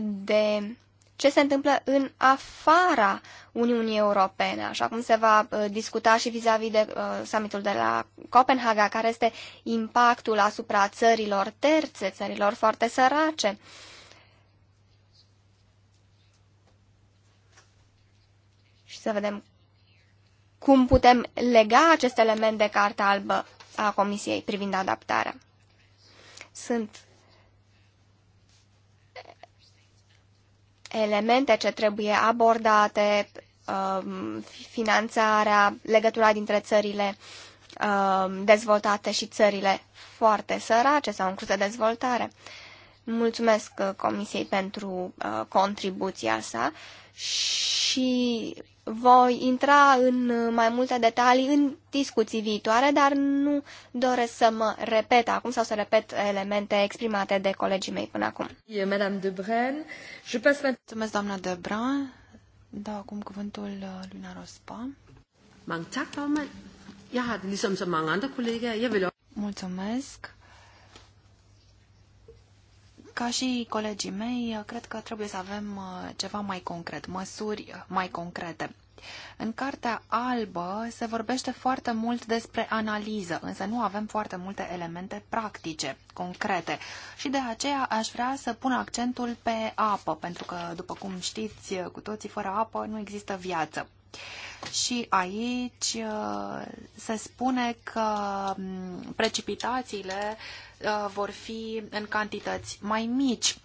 de ce se întâmplă în afara Uniunii Europene, așa cum se va uh, discuta și vis-a-vis -vis de uh, summitul de la Copenhaga, care este impactul asupra țărilor terțe, țărilor foarte sărace. Și să vedem cum putem lega acest element de carte albă a Comisiei privind adaptarea. Sunt elemente ce trebuie abordate, um, finanțarea, legătura dintre țările um, dezvoltate și țările foarte sărace sau în curs de dezvoltare. Mulțumesc uh, Comisiei pentru uh, contribuția sa și voi intra în mai multe detalii în discuții viitoare, dar nu doresc să mă repet acum sau să repet elemente exprimate de colegii mei până acum. Madame Mulțumesc, doamna de Dau acum cuvântul uh, lui Narospa. Mange tak, formand. Jeg så mange andre kollegaer. Jeg vil Mulțumesc. Ca și colegii mei, cred că trebuie să avem uh, ceva mai concret, măsuri mai concrete. În cartea albă se vorbește foarte mult despre analiză, însă nu avem foarte multe elemente practice, concrete. Și de aceea aș vrea să pun accentul pe apă, pentru că, după cum știți cu toții, fără apă nu există viață. Și aici uh, se spune că mm, precipitațiile uh, vor fi în cantități mai mici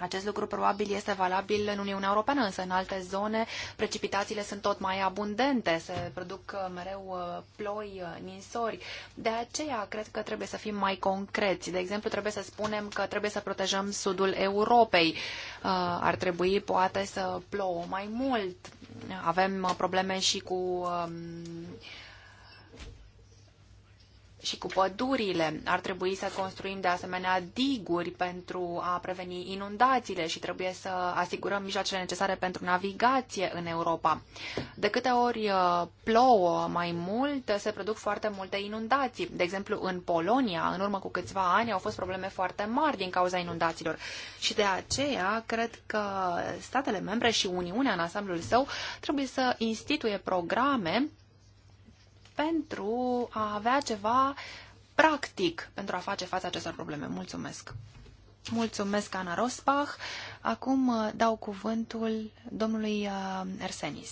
acest lucru probabil este valabil în Uniunea Europeană, însă în alte zone precipitațiile sunt tot mai abundente, se produc uh, mereu uh, ploi, uh, ninsori. De aceea cred că trebuie să fim mai concreți. De exemplu, trebuie să spunem că trebuie să protejăm sudul Europei. Ar trebui poate să plouă mai mult. Avem probleme și cu um, și cu pădurile. Ar trebui să construim de asemenea diguri pentru a preveni inundațiile și trebuie să asigurăm mijloacele necesare pentru navigație în Europa. De câte ori uh, plouă mai mult, se produc foarte multe inundații. De exemplu, în Polonia, în urmă cu câțiva ani, au fost probleme foarte mari din cauza inundațiilor. Și de aceea, cred că statele membre și Uniunea în ansamblul său trebuie să instituie programe pentru a avea ceva practic pentru a face față acestor probleme. Mulțumesc! Mulțumesc, Ana Rosbach. Acum uh, dau cuvântul domnului Ersenis.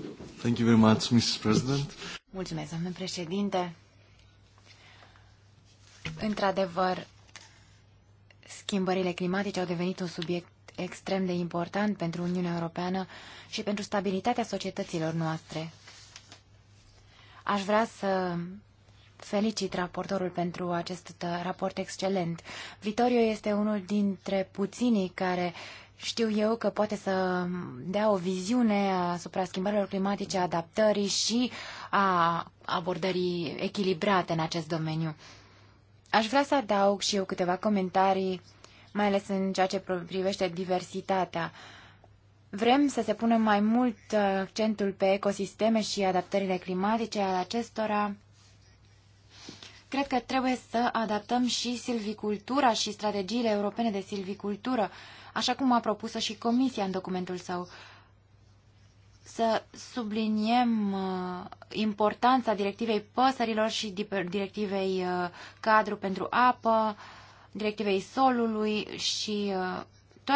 Uh, Thank you very much, Mrs. President. Mulțumesc, domnule președinte. Într-adevăr, schimbările climatice au devenit un subiect extrem de important pentru Uniunea Europeană și pentru stabilitatea societăților noastre. Aș vrea să felicit raportorul pentru acest raport excelent. Vitorio este unul dintre puținii care știu eu că poate să dea o viziune asupra schimbărilor climatice, adaptării și a abordării echilibrate în acest domeniu. Aș vrea să adaug și eu câteva comentarii, mai ales în ceea ce privește diversitatea. Uh, Vrem să se pună mai mult uh, accentul pe ecosisteme și adaptările climatice ale acestora. Cred că trebuie să adaptăm și silvicultura și strategiile europene de silvicultură, așa cum a propus și Comisia în documentul său. Să subliniem uh, importanța directivei păsărilor și directivei uh, cadru pentru apă, directivei solului și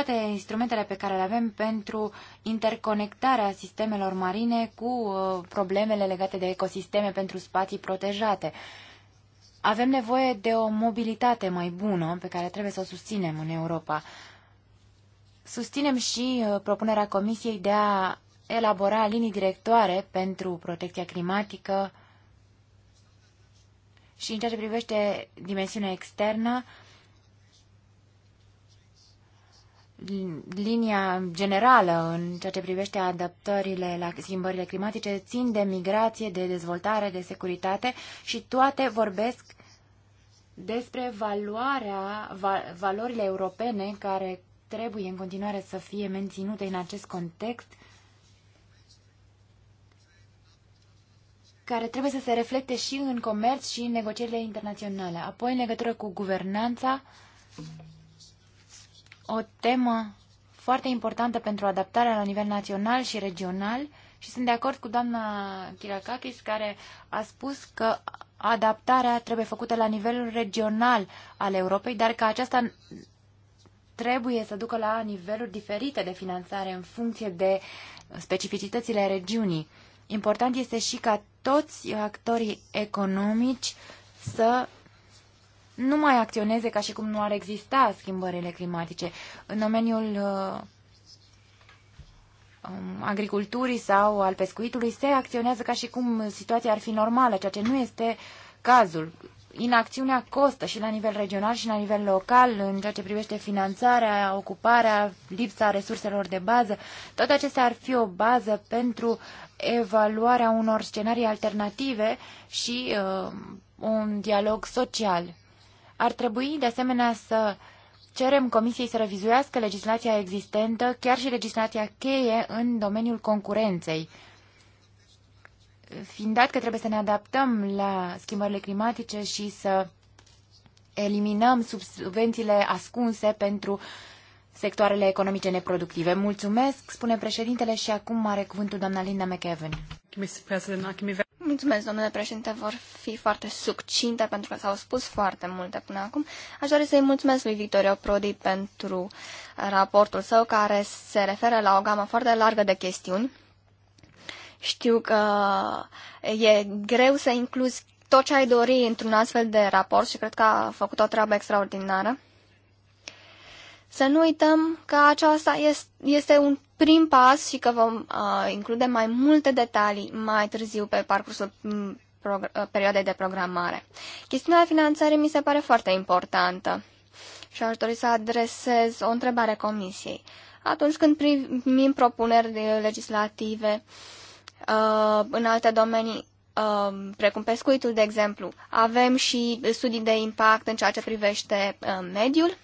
toate instrumentele pe care le avem pentru interconectarea sistemelor marine cu uh, problemele legate de ecosisteme pentru spații protejate. Avem nevoie de o mobilitate mai bună pe care trebuie să o susținem în Europa. Susținem și uh, propunerea Comisiei de a elabora linii directoare pentru protecția climatică și în ceea ce privește dimensiunea externă, linia generală în ceea ce privește adaptările la schimbările climatice țin de migrație, de dezvoltare, de securitate și toate vorbesc despre valoarea, valorile europene care trebuie în continuare să fie menținute în acest context, care trebuie să se reflecte și în comerț și în negocierile internaționale. Apoi, în legătură cu guvernanța, o temă foarte importantă pentru adaptarea la nivel național și regional și sunt de acord cu doamna Kirakakis care a spus că adaptarea trebuie făcută la nivelul regional al Europei, dar că aceasta trebuie să ducă la niveluri diferite de finanțare în funcție de specificitățile regiunii. Important este și ca toți actorii economici să nu mai acționeze ca și cum nu ar exista schimbările climatice. În domeniul uh, um, agriculturii sau al pescuitului se acționează ca și cum situația ar fi normală, ceea ce nu este cazul. Inacțiunea costă și la nivel regional și la nivel local în ceea ce privește finanțarea, ocuparea, lipsa resurselor de bază. Toate acestea ar fi o bază pentru evaluarea unor scenarii alternative și uh, un dialog social ar trebui, de asemenea, să cerem Comisiei să revizuiască legislația existentă, chiar și legislația cheie în domeniul concurenței. Fiind dat că trebuie să ne adaptăm la schimbările climatice și să eliminăm subvențiile ascunse pentru sectoarele economice neproductive. Mulțumesc, spune președintele și acum are cuvântul doamna Linda McEwen. Mulțumesc, domnule președinte, vor fi foarte succinte pentru că s-au spus foarte multe până acum. Aș dori să-i mulțumesc lui Victorio Prodi pentru raportul său care se referă la o gamă foarte largă de chestiuni. Știu că e greu să incluzi tot ce ai dori într-un astfel de raport și cred că a făcut o treabă extraordinară. Să nu uităm că aceasta este un prim pas și că vom uh, include mai multe detalii mai târziu pe parcursul mm, uh, perioadei de programare. Chestiunea finanțării mi se pare foarte importantă și aș dori să adresez o întrebare comisiei. Atunci când primim propuneri legislative uh, în alte domenii, precum pescuitul, de exemplu, avem și studii de impact în ceea ce privește mediul.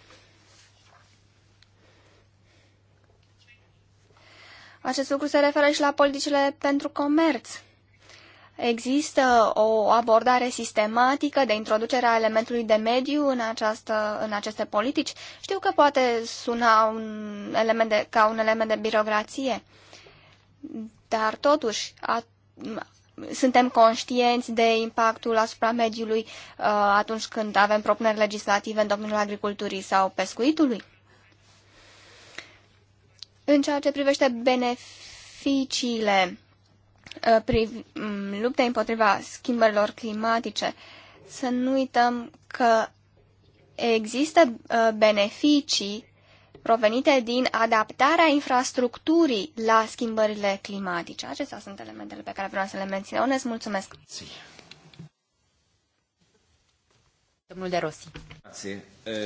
Acest lucru se referă și la politicile pentru comerț. Există o abordare sistematică de introducere a elementului de mediu în, această, în aceste politici? Știu că poate suna un element de, ca un element de birocrație, dar totuși a, suntem conștienți de impactul asupra mediului uh, atunci când avem propuneri legislative în domeniul agriculturii sau pescuitului? În ceea ce privește beneficiile uh, priv luptei împotriva schimbărilor climatice, să nu uităm că există uh, beneficii provenite din adaptarea infrastructurii la schimbările climatice. Acestea sunt elementele pe care vreau să le menționez. Mulțumesc! Domnul De Rossi. Grazie. Eh,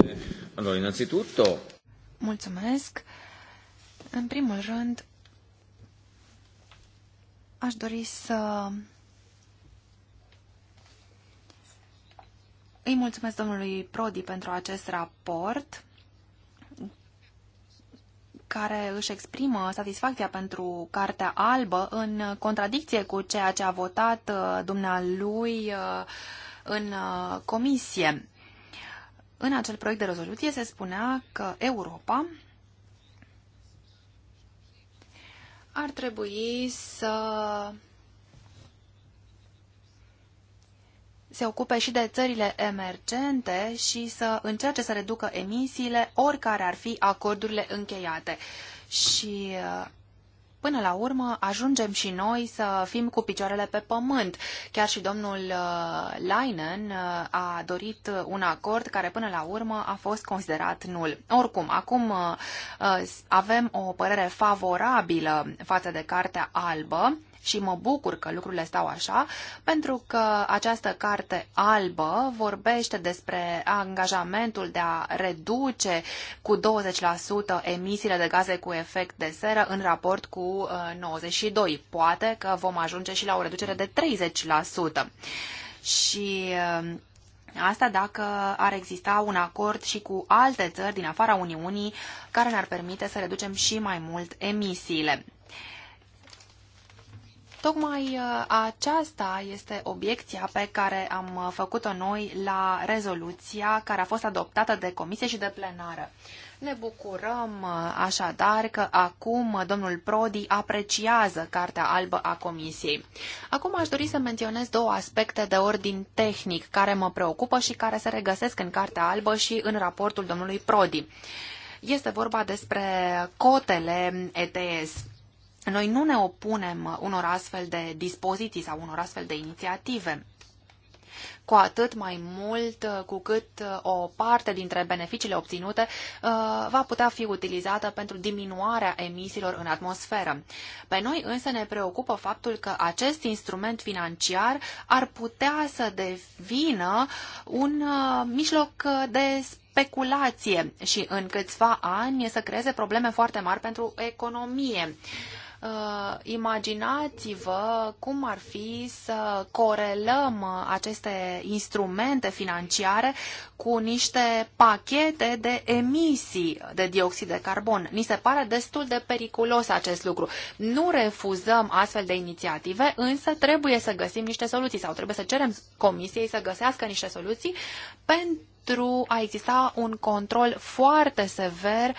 allora, innanzitutto... Mulțumesc. În primul rând, aș dori să îi mulțumesc domnului Prodi pentru acest raport care își exprimă satisfacția pentru Cartea Albă în contradicție cu ceea ce a votat uh, dumnealui uh, în uh, comisie. În acel proiect de rezoluție se spunea că Europa ar trebui să se ocupe și de țările emergente și să încerce să reducă emisiile, oricare ar fi acordurile încheiate. Și uh, până la urmă ajungem și noi să fim cu picioarele pe pământ. Chiar și domnul uh, Leinen uh, a dorit un acord care până la urmă a fost considerat nul. Oricum, acum uh, avem o părere favorabilă față de Cartea Albă și mă bucur că lucrurile stau așa, pentru că această carte albă vorbește despre angajamentul de a reduce cu 20% emisiile de gaze cu efect de seră în raport cu 92. Uh, Poate că vom ajunge și la o reducere de 30%. Și uh, Asta dacă ar exista un acord și cu alte țări din afara Uniunii care ne-ar permite să reducem și mai mult emisiile. Tocmai uh, aceasta este obiecția pe care am uh, făcut-o noi la rezoluția care a fost adoptată de comisie și de plenară. Ne bucurăm uh, așadar că acum domnul Prodi apreciază Cartea Albă a Comisiei. Acum aș dori să menționez două aspecte de ordin tehnic care mă preocupă și care se regăsesc în Cartea Albă și în raportul domnului Prodi. Este vorba despre cotele ETS. Noi nu ne opunem unor astfel de dispoziții sau unor astfel de inițiative cu atât mai mult cu cât uh, o parte dintre beneficiile obținute uh, va putea fi utilizată pentru diminuarea emisiilor în atmosferă. Pe noi însă ne preocupă faptul că acest instrument financiar ar putea să devină un uh, mijloc de speculație și în câțiva ani să creeze probleme foarte mari pentru economie uh, imaginați-vă cum ar fi să corelăm uh, aceste instrumente financiare cu niște pachete de emisii de dioxid de carbon. Ni se pare destul de periculos acest lucru. Nu refuzăm astfel de inițiative, însă trebuie să găsim niște soluții sau trebuie să cerem comisiei să găsească niște soluții pentru a exista un control foarte sever uh,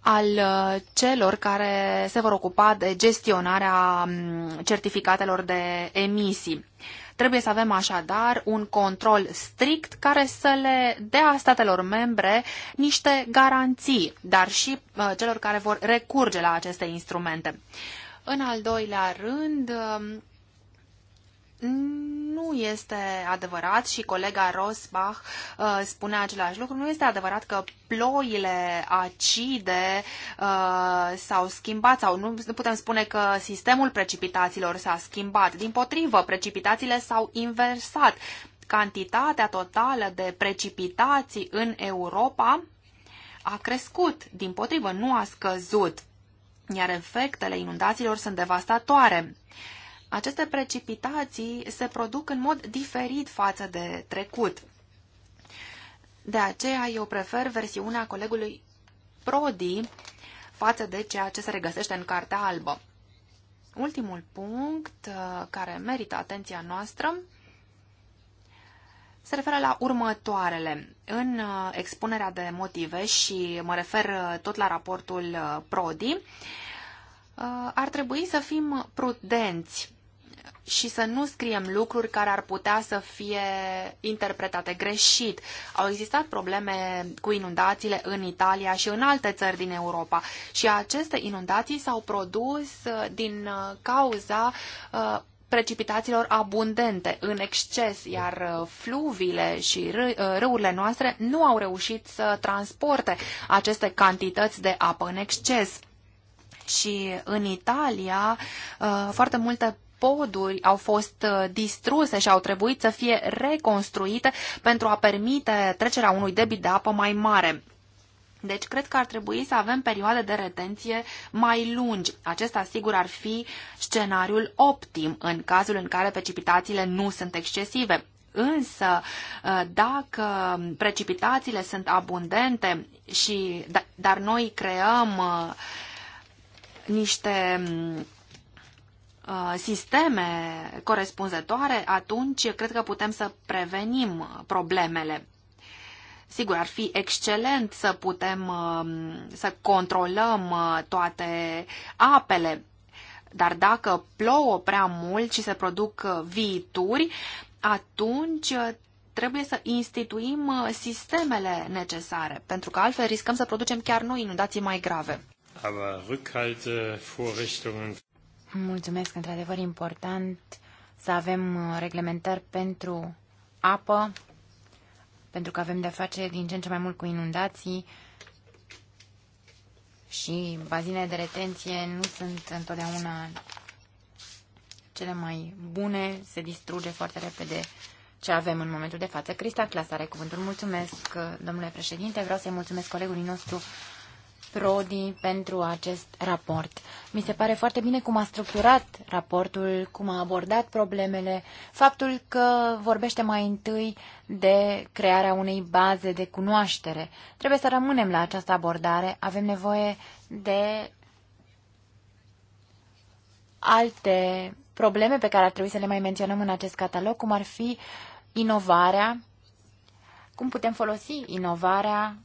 al uh, celor care se vor ocupa de gestionarea um, certificatelor de emisii. Trebuie să avem așadar un control strict care să le dea statelor membre niște garanții, dar și uh, celor care vor recurge la aceste instrumente. În al doilea rând, um, nu este adevărat și colega Rosbach uh, spune același lucru, nu este adevărat că ploile acide uh, s-au schimbat sau nu, nu putem spune că sistemul precipitațiilor s-a schimbat. Din potrivă, precipitațiile s-au inversat. Cantitatea totală de precipitații în Europa a crescut, din potrivă, nu a scăzut, iar efectele inundațiilor sunt devastatoare. Uh, aceste precipitații se produc în mod diferit față de trecut. De aceea eu prefer versiunea colegului Prodi față de ceea ce se regăsește în Cartea Albă. Ultimul punct uh, care merită atenția noastră se referă la următoarele. În uh, expunerea de motive și mă refer uh, tot la raportul Prodi, ar trebui să fim prudenți și să nu scriem lucruri care ar putea să fie interpretate greșit. Au existat probleme cu inundațiile în Italia și în alte țări din Europa și aceste inundații s-au produs uh, din uh, cauza uh, precipitațiilor abundente, în exces, iar fluviile și râurile noastre nu au reușit să transporte aceste cantități de apă în exces. Și în Italia, foarte multe poduri au fost uh, distruse și au trebuit să fie reconstruite pentru a permite trecerea unui debit de apă mai mare. Deci cred că ar trebui să avem perioade de retenție mai lungi. Acesta sigur ar fi scenariul optim în cazul în care precipitațiile nu sunt excesive. Însă, uh, dacă precipitațiile sunt abundente, și, da, dar noi creăm uh, niște mm, Uh, sisteme corespunzătoare, atunci cred că putem să prevenim problemele. Sigur, ar fi excelent să putem um, să controlăm uh, toate apele, dar dacă plouă prea mult și se produc uh, viituri, atunci trebuie să instituim sistemele necesare, pentru că altfel riscăm să producem chiar noi inundații mai grave. Mulțumesc, într-adevăr, important să avem uh, reglementări pentru apă, pentru că avem de face din ce în ce mai mult cu inundații și bazinele de retenție nu sunt întotdeauna cele mai bune, se distruge foarte repede ce avem în momentul de față. Crista Clas are cuvântul. Mulțumesc, domnule președinte. Vreau să-i mulțumesc colegului nostru Prodi pentru acest raport. Mi se pare foarte bine cum a structurat raportul, cum a abordat problemele, faptul că vorbește mai întâi de crearea unei baze de cunoaștere. Trebuie să rămânem la această abordare. Avem nevoie de alte probleme pe care ar trebui să le mai menționăm în acest catalog, cum ar fi inovarea, cum putem folosi inovarea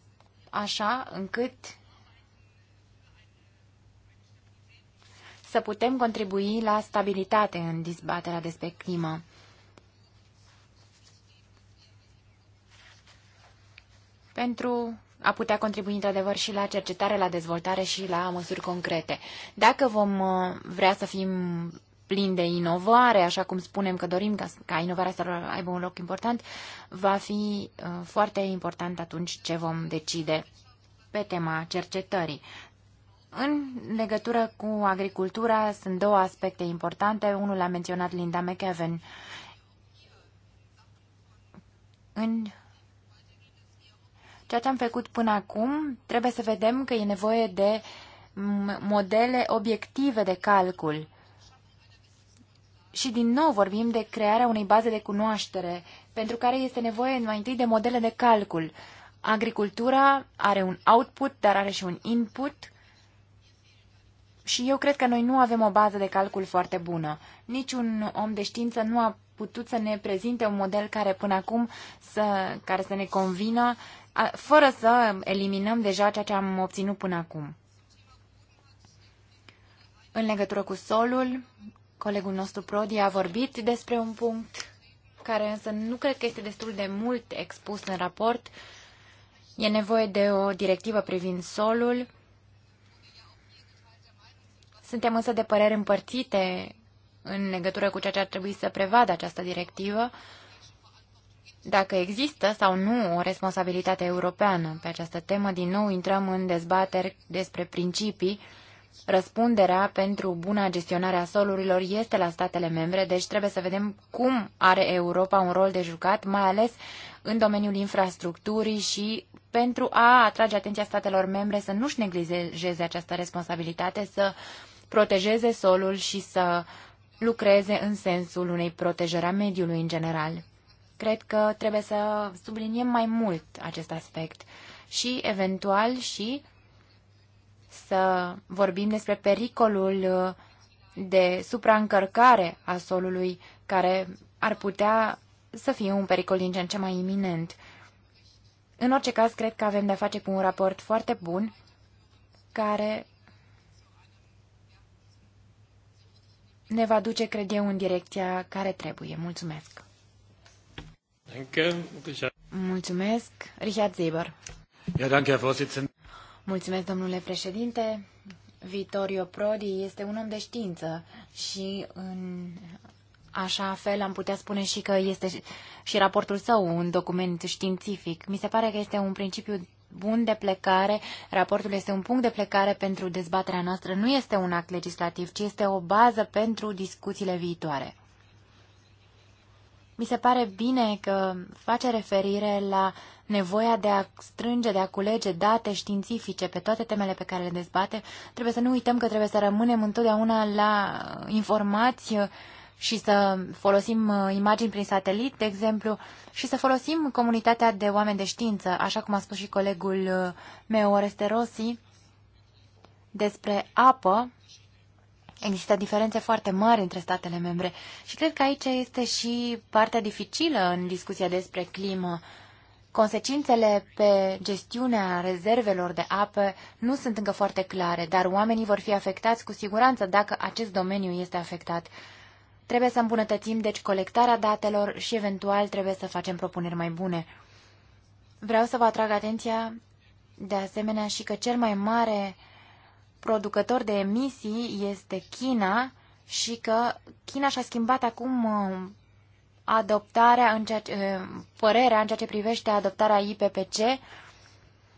așa încât să putem contribui la stabilitate în dezbaterea despre climă. Pentru a putea contribui într-adevăr și la cercetare, la dezvoltare și la măsuri concrete. Dacă vom uh, vrea să fim plini de inovare, așa cum spunem că dorim ca, ca inovarea să aibă un loc important, va fi uh, foarte important atunci ce vom decide pe tema cercetării. În legătură cu agricultura sunt două aspecte importante. Unul l-a menționat Linda McEwen. În ceea ce am făcut până acum, trebuie să vedem că e nevoie de modele obiective de calcul. Și din nou vorbim de crearea unei baze de cunoaștere, pentru care este nevoie mai întâi de modele de calcul. Agricultura are un output, dar are și un input și eu cred că noi nu avem o bază de calcul foarte bună. Niciun om de știință nu a putut să ne prezinte un model care până acum să, care să ne convină, fără să eliminăm deja ceea ce am obținut până acum. În legătură cu solul, colegul nostru Prodi a vorbit despre un punct care însă nu cred că este destul de mult expus în raport. E nevoie de o directivă privind solul suntem însă de păreri împărțite în legătură cu ceea ce ar trebui să prevadă această directivă, dacă există sau nu o responsabilitate europeană pe această temă, din nou intrăm în dezbateri despre principii. Răspunderea pentru buna gestionare a solurilor este la statele membre, deci trebuie să vedem cum are Europa un rol de jucat, mai ales în domeniul infrastructurii și pentru a atrage atenția statelor membre să nu-și neglijeze această responsabilitate, să uh, protejeze solul și să lucreze în sensul unei protejări a mediului în general. Cred că trebuie să subliniem mai mult acest aspect și, eventual, și să vorbim despre pericolul uh, de supraîncărcare a solului care ar putea să fie un pericol din ce în ce mai iminent. În orice caz, cred că avem de-a face cu un raport foarte bun care ne va duce, cred eu, în direcția care trebuie. Mulțumesc! Mulțumesc, Richard Zeber. Mulțumesc, domnule președinte. Vittorio Prodi este un om de știință și în așa fel am putea spune și că este și raportul său un document științific. Mi se pare că este un principiu bun de plecare, raportul este un punct de plecare pentru dezbaterea noastră, nu este un act legislativ, ci este o bază pentru discuțiile viitoare. Mi se pare bine că face referire la nevoia de a strânge, de a culege date științifice pe toate temele pe care le dezbate. Trebuie să nu uităm că trebuie să rămânem întotdeauna la informații și să folosim uh, imagini prin satelit, de exemplu, și să folosim comunitatea de oameni de știință, așa cum a spus și colegul uh, meu, Oreste Rossi, despre apă, Există diferențe foarte mari între statele membre și cred că aici este și partea dificilă în discuția despre climă. Consecințele pe gestiunea rezervelor de apă nu sunt încă foarte clare, dar oamenii vor fi afectați cu siguranță dacă acest domeniu este afectat. Trebuie să îmbunătățim, deci, colectarea datelor și, eventual, trebuie să facem propuneri mai bune. Vreau să vă atrag atenția, de asemenea, și că cel mai mare producător de emisii este China și că China și-a schimbat acum uh, adoptarea în ceea ce, uh, părerea în ceea ce privește adoptarea IPPC.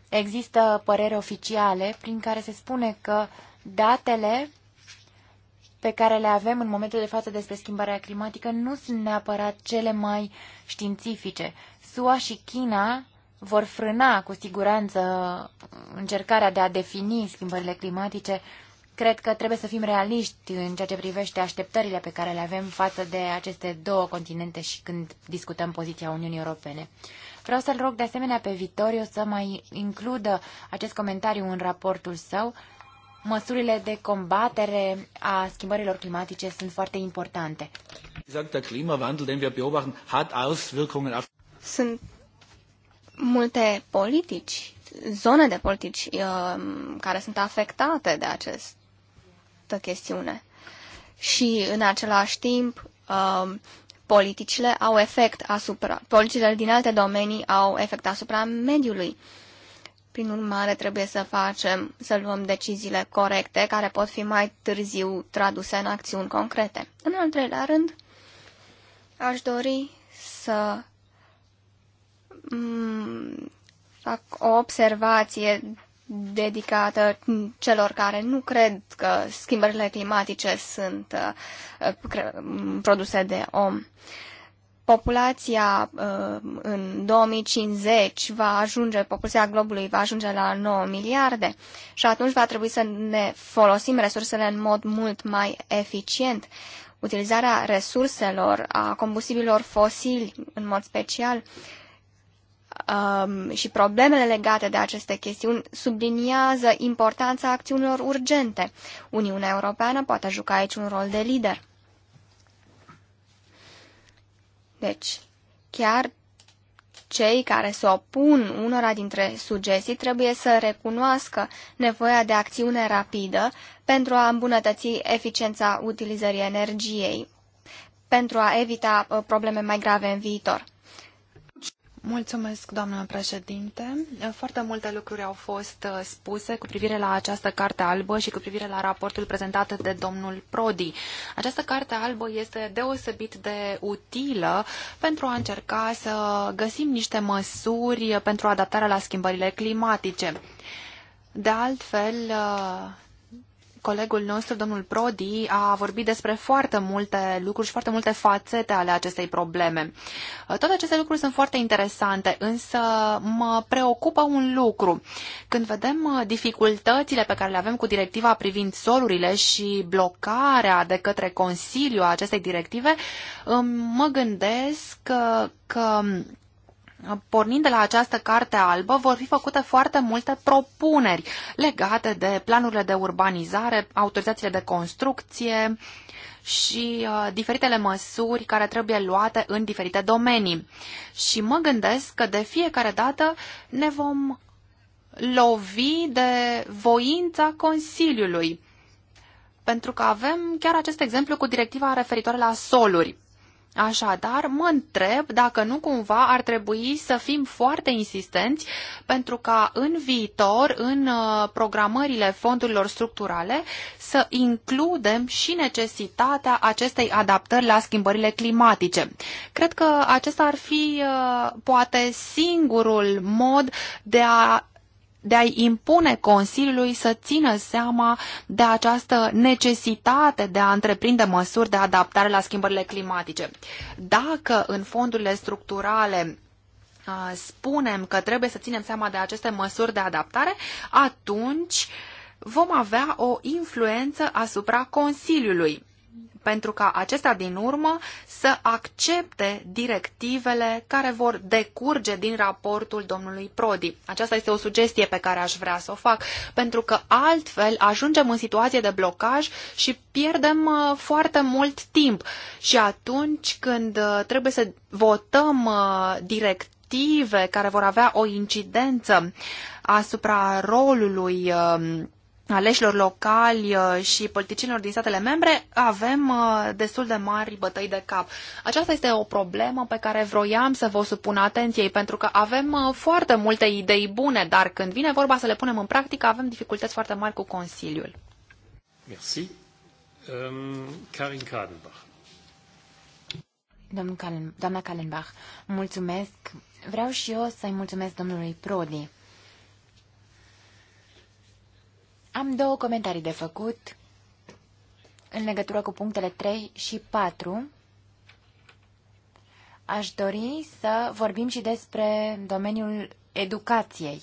Există păreri oficiale prin care se spune că datele pe care le avem în momentul de față despre schimbarea climatică nu sunt neapărat cele mai științifice. SUA și China vor frâna cu siguranță încercarea de a defini schimbările climatice. Cred că trebuie să fim realiști în ceea ce privește așteptările pe care le avem față de aceste două continente și când discutăm poziția Uniunii Europene. Vreau să-l rog de asemenea pe Vitorio să mai includă acest comentariu în raportul său, măsurile de combatere a schimbărilor climatice sunt foarte importante. Sunt multe politici, zone de politici uh, care sunt afectate de această chestiune. Și în același timp, uh, politicile au efect asupra, politicile din alte domenii au efect asupra mediului. Prin urmare, trebuie să facem, să luăm deciziile corecte, care pot fi mai târziu traduse în acțiuni concrete. În al treilea rând, aș dori să mm, fac o observație dedicată celor care nu cred că schimbările climatice sunt uh, produse de om populația uh, în 2050 va ajunge, populația globului va ajunge la 9 miliarde și atunci va trebui să ne folosim resursele în mod mult mai eficient. Utilizarea resurselor, a combustibilor fosili în mod special um, și problemele legate de aceste chestiuni subliniază importanța acțiunilor urgente. Uniunea Europeană poate juca aici un rol de lider. Deci, chiar cei care se opun unora dintre sugestii trebuie să recunoască nevoia de acțiune rapidă pentru a îmbunătăți eficiența utilizării energiei, pentru a evita uh, probleme mai grave în viitor. Mulțumesc, doamnă președinte. Foarte multe lucruri au fost uh, spuse cu privire la această carte albă și cu privire la raportul prezentat de domnul Prodi. Această carte albă este deosebit de utilă pentru a încerca să găsim niște măsuri pentru adaptarea la schimbările climatice. De altfel, uh, colegul nostru, domnul Prodi, a vorbit despre foarte multe lucruri și foarte multe fațete ale acestei probleme. Toate aceste lucruri sunt foarte interesante, însă mă preocupă un lucru. Când vedem uh, dificultățile pe care le avem cu directiva privind solurile și blocarea de către Consiliu a acestei directive, mă gândesc uh, că, că Pornind de la această carte albă, vor fi făcute foarte multe propuneri legate de planurile de urbanizare, autorizațiile de construcție și uh, diferitele măsuri care trebuie luate în diferite domenii. Și mă gândesc că de fiecare dată ne vom lovi de voința Consiliului. Pentru că avem chiar acest exemplu cu directiva referitoare la soluri. Așadar, mă întreb dacă nu cumva ar trebui să fim foarte insistenți pentru ca în viitor, în uh, programările fondurilor structurale, să includem și necesitatea acestei adaptări la schimbările climatice. Cred că acesta ar fi uh, poate singurul mod de a de a-i impune Consiliului să țină seama de această necesitate de a întreprinde măsuri de adaptare la schimbările climatice. Dacă în fondurile structurale uh, spunem că trebuie să ținem seama de aceste măsuri de adaptare, atunci vom avea o influență asupra Consiliului pentru ca acesta din urmă să accepte directivele care vor decurge din raportul domnului Prodi. Aceasta este o sugestie pe care aș vrea să o fac, pentru că altfel ajungem în situație de blocaj și pierdem uh, foarte mult timp. Și atunci când uh, trebuie să votăm uh, directive care vor avea o incidență asupra rolului um, aleșilor locali uh, și politicienilor din statele membre, avem uh, destul de mari bătăi de cap. Aceasta este o problemă pe care vroiam să vă supun atenției, pentru că avem uh, foarte multe idei bune, dar când vine vorba să le punem în practică, avem dificultăți foarte mari cu Consiliul. Merci. Um, Karin Kadenbach. doamna Kalenbach, mulțumesc. Vreau și eu să-i mulțumesc domnului Prodi Am două comentarii de făcut în legătură cu punctele 3 și 4. Aș dori să vorbim și despre domeniul educației.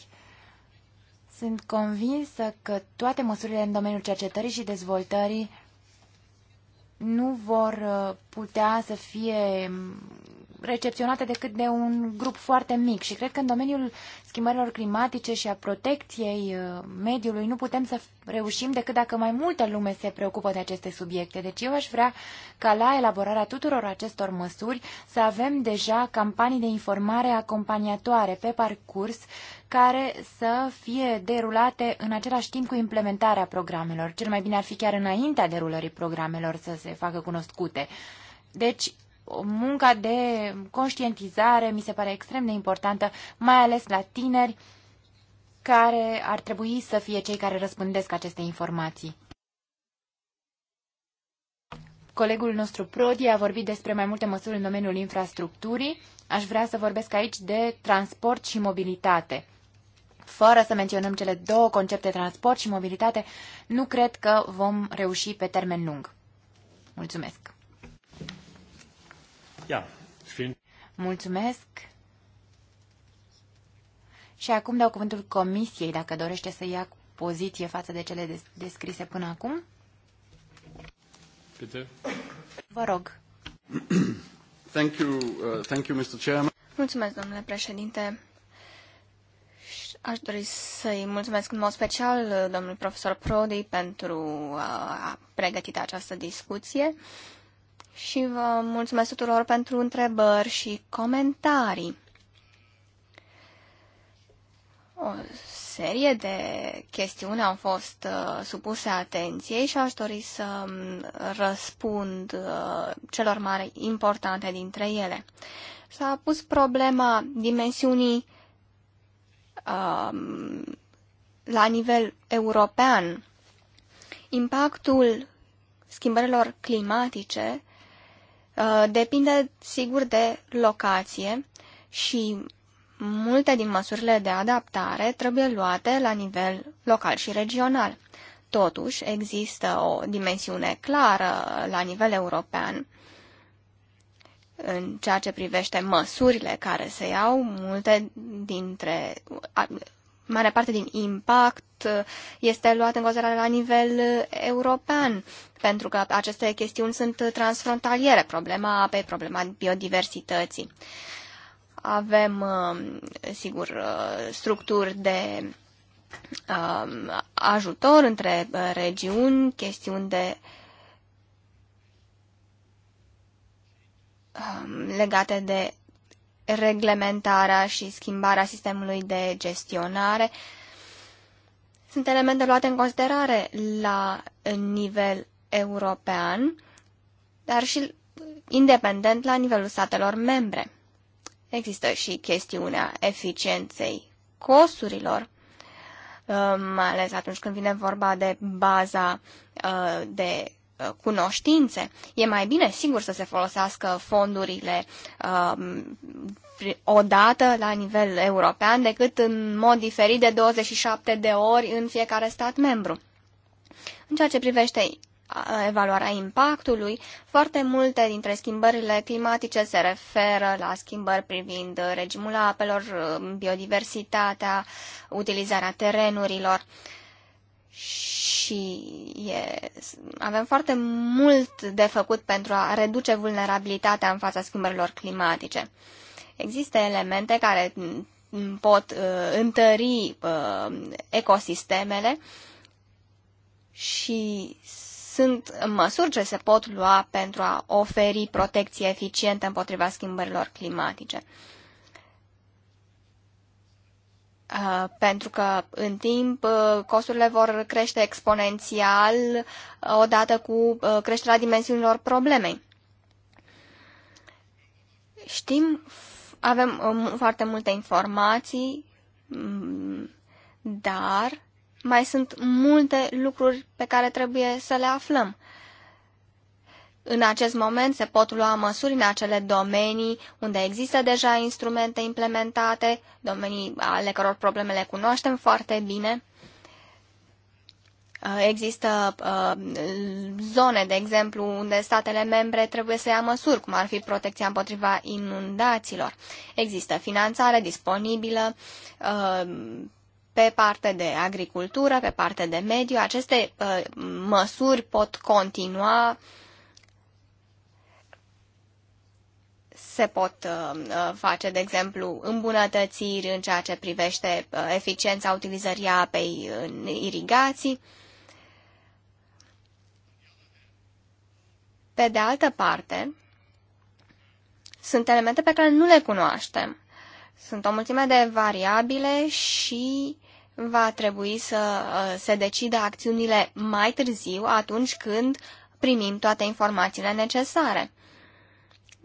Sunt convinsă că toate măsurile în domeniul cercetării și dezvoltării nu vor uh, putea să fie recepționate decât de un grup foarte mic și cred că în domeniul schimbărilor climatice și a protecției uh, mediului nu putem să reușim decât dacă mai multă lume se preocupă de aceste subiecte. Deci eu aș vrea ca la elaborarea tuturor acestor măsuri să avem deja campanii de informare acompaniatoare pe parcurs care să fie derulate în același timp cu implementarea programelor. Cel mai bine ar fi chiar înaintea derulării programelor să se facă cunoscute. Deci, munca de conștientizare mi se pare extrem de importantă, mai ales la tineri care ar trebui să fie cei care răspândesc aceste informații. Colegul nostru Prodi a vorbit despre mai multe măsuri în domeniul infrastructurii. Aș vrea să vorbesc aici de transport și mobilitate. Fără să menționăm cele două concepte, transport și mobilitate, nu cred că vom reuși pe termen lung. Mulțumesc! Ja, vielen... Mulțumesc. Și acum dau cuvântul comisiei, dacă dorește să ia poziție față de cele descrise până acum. Peter. Vă rog. thank you, uh, thank you, Mr. Chairman. Mulțumesc, domnule președinte. Aș dori să-i mulțumesc în mod special uh, domnului profesor Prodi pentru uh, a pregătit această discuție. Uh, și vă mulțumesc tuturor pentru întrebări și comentarii. O serie de chestiuni au fost uh, supuse atenției și aș dori să um, răspund uh, celor mari importante dintre ele. S-a pus problema dimensiunii uh, la nivel european. Impactul schimbărilor climatice Uh, depinde, sigur, de locație și multe din măsurile de adaptare trebuie luate la nivel local și regional. Totuși, există o dimensiune clară la nivel european în ceea ce privește măsurile care se iau, multe dintre mare parte din impact este luat în considerare la nivel european, pentru că aceste chestiuni sunt transfrontaliere, problema apei, problema biodiversității. Avem, um, sigur, structuri de um, ajutor între uh, regiuni, chestiuni de um, legate de reglementarea și schimbarea sistemului de gestionare sunt elemente luate în considerare la nivel european, dar și independent la nivelul statelor membre. Există și chestiunea eficienței costurilor, um, mai ales atunci când vine vorba de baza uh, de cunoștințe. E mai bine, sigur, să se folosească fondurile uh, odată la nivel european decât în mod diferit de 27 de ori în fiecare stat membru. În ceea ce privește evaluarea impactului, foarte multe dintre schimbările climatice se referă la schimbări privind regimul apelor, um, biodiversitatea, utilizarea terenurilor. Uh, și e, avem foarte mult de făcut pentru a reduce vulnerabilitatea în fața schimbărilor climatice. Există elemente care pot uh, întări uh, ecosistemele și sunt măsuri ce se pot lua pentru a oferi protecție eficientă împotriva schimbărilor climatice. Uh, Uh, pentru că în timp uh, costurile vor crește exponențial uh, odată cu creșterea dimensiunilor problemei. Știm, avem um, foarte multe informații, mm, dar mai sunt multe lucruri pe care trebuie să le aflăm. În acest moment se pot lua măsuri în acele domenii unde există deja instrumente implementate, domenii ale căror probleme le cunoaștem foarte bine. Uh, există uh, zone, de exemplu, unde statele membre trebuie să ia măsuri, cum ar fi protecția împotriva inundațiilor. Există finanțare disponibilă uh, pe parte de agricultură, pe parte de mediu. Aceste măsuri pot continua uh, se pot uh, uh, face, de exemplu, îmbunătățiri în ceea ce privește uh, eficiența utilizării apei în irigații. Pe de altă parte, sunt elemente pe care nu le cunoaștem. Sunt o mulțime de variabile și va trebui să se decidă acțiunile mai târziu, atunci când primim toate informațiile necesare.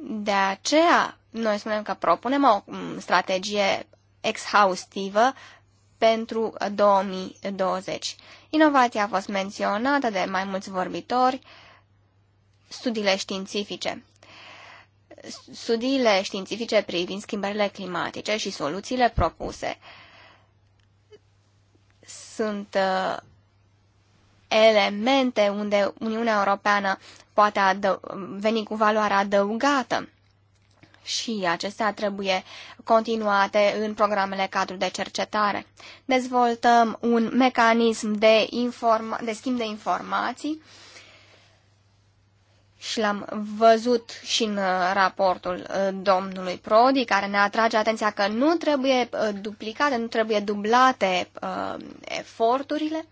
De aceea, noi spunem că propunem o mm, strategie exhaustivă pentru 2020. Inovația a fost menționată de mai mulți vorbitori, studiile științifice. Studiile științifice privind schimbările climatice și soluțiile propuse sunt uh, elemente unde Uniunea Europeană poate veni cu valoare adăugată și acestea trebuie continuate în programele cadru de cercetare. Dezvoltăm un mecanism de, inform- de schimb de informații și l-am văzut și în uh, raportul uh, domnului Prodi, care ne atrage atenția că nu trebuie uh, duplicate, nu trebuie dublate eforturile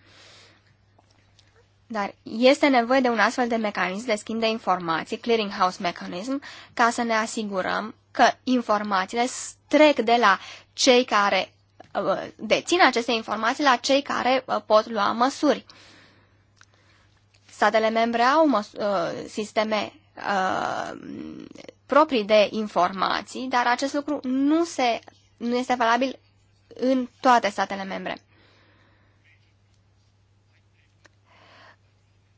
dar este nevoie de un astfel de mecanism de schimb de informații, clearinghouse mecanism, ca să ne asigurăm că informațiile trec de la cei care uh, dețin aceste informații la cei care uh, pot lua măsuri. Statele membre au măs- uh, sisteme proprii de informații, dar acest lucru nu, se, nu este valabil în toate statele membre.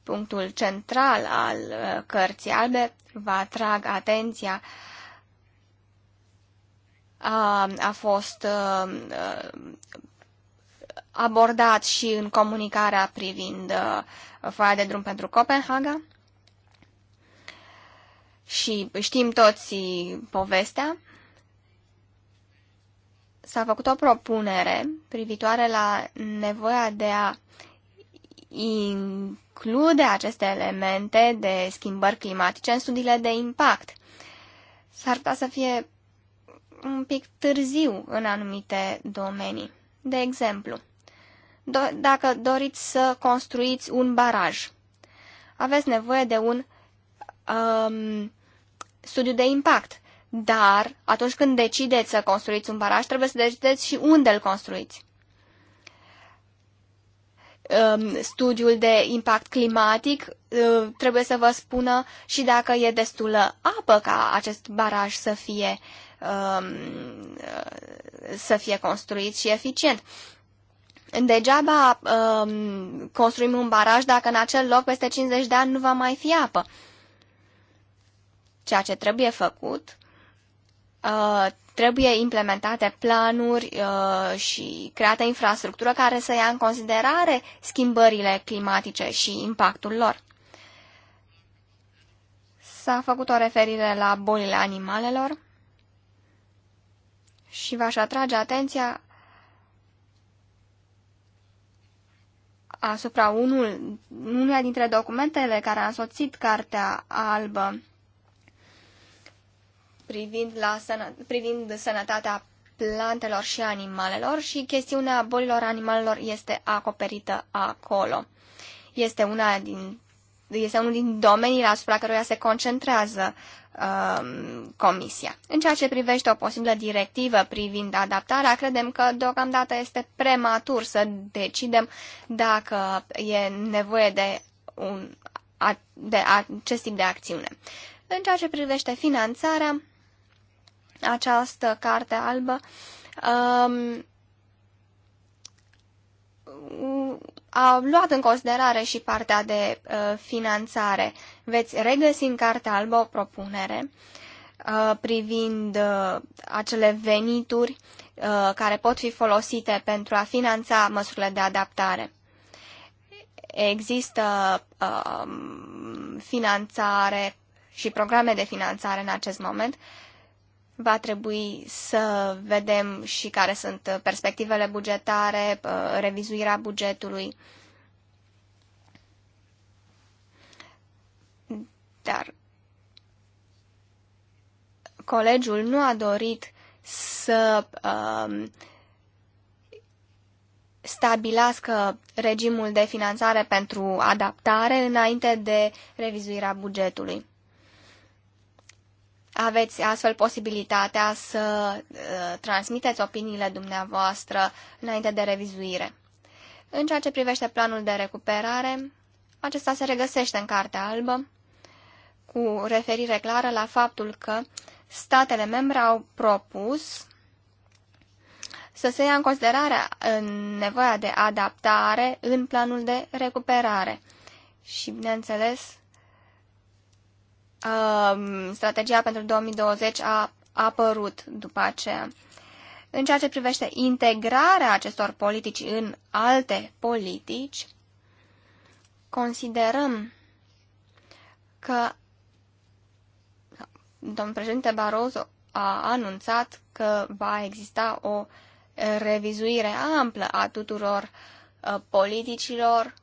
punctul central al uh, cărții albe, vă atrag atenția, a, a fost a, uh, uh, abordat și în comunicarea privind foaia de drum pentru Copenhaga. Și știm toți povestea. S-a făcut o propunere privitoare la nevoia de a include aceste elemente de schimbări climatice în studiile de impact. S-ar putea să fie un pic târziu în anumite domenii. De exemplu, do- dacă doriți să construiți un baraj, aveți nevoie de un um, studiu de impact. Dar, atunci când decideți să construiți un baraj, trebuie să decideți și unde îl construiți. Um, studiul de impact climatic uh, trebuie să vă spună și dacă e destulă apă ca acest baraj să fie, um, uh, să fie construit și eficient. Degeaba um, construim un baraj dacă în acel loc peste 50 de ani nu va mai fi apă. Ceea ce trebuie făcut uh, Trebuie implementate planuri uh, și creată infrastructură care să ia în considerare schimbările climatice și impactul lor. S-a făcut o referire la bolile animalelor și v-aș atrage atenția asupra unul, unuia dintre documentele care a însoțit Cartea Albă privind, la sănă, privind sănătatea plantelor și animalelor și chestiunea bolilor animalelor este acoperită acolo. Este, una din, este unul din domeniile asupra căruia se concentrează um, Comisia. În ceea ce privește o posibilă directivă privind adaptarea, credem că deocamdată este prematur să decidem dacă e nevoie de, un, de acest tip de acțiune. În ceea ce privește finanțarea, această carte albă um, a luat în considerare și partea de uh, finanțare. Veți regăsi în cartea albă o propunere uh, privind uh, acele venituri uh, care pot fi folosite pentru a finanța măsurile de adaptare. Există uh, finanțare și programe de finanțare în acest moment uh, Va trebui să vedem și care sunt perspectivele bugetare, revizuirea bugetului. Dar colegiul nu a dorit să uh, stabilească regimul de finanțare pentru adaptare înainte de revizuirea bugetului aveți astfel posibilitatea să uh, transmiteți opiniile dumneavoastră înainte de revizuire. În ceea ce privește planul de recuperare, acesta se regăsește în Cartea Albă, cu referire clară la faptul că statele membre au propus să se ia în considerare uh, nevoia de adaptare în planul de recuperare. Și, bineînțeles, Um, strategia pentru 2020 a apărut după aceea. În ceea ce privește integrarea acestor politici în alte politici, considerăm că domnul președinte Barroso a anunțat că va exista o revizuire amplă a tuturor uh, politicilor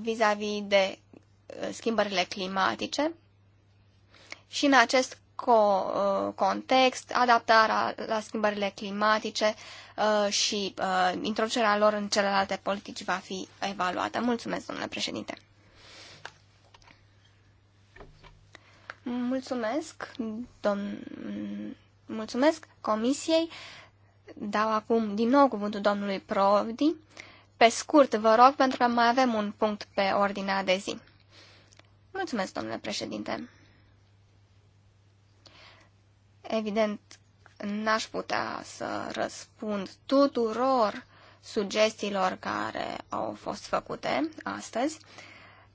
vis-a-vis -vis de uh, schimbările climatice și în acest co- uh, context, adaptarea la schimbările climatice uh, și uh, introducerea lor în celelalte politici va fi evaluată. Mulțumesc, domnule președinte. Mulțumesc, domn... Mulțumesc comisiei. Dau acum din nou cuvântul domnului Prodi. Pe scurt, vă rog, pentru că mai avem un punct pe ordinea de zi. Mulțumesc, domnule președinte. Evident, n-aș putea să răspund tuturor sugestiilor care au fost făcute astăzi,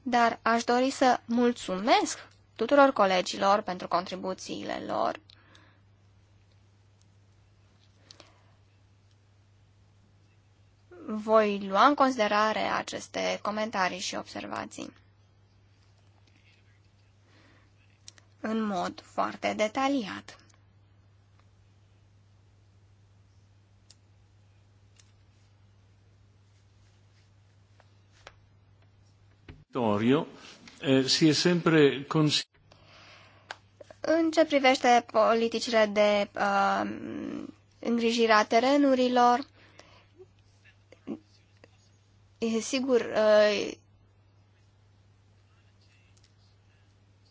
dar aș dori să mulțumesc tuturor colegilor pentru contribuțiile lor. Voi lua în considerare aceste comentarii și observații. În mod foarte detaliat. În ce privește politicile de uh, îngrijire a terenurilor, e sigur, uh,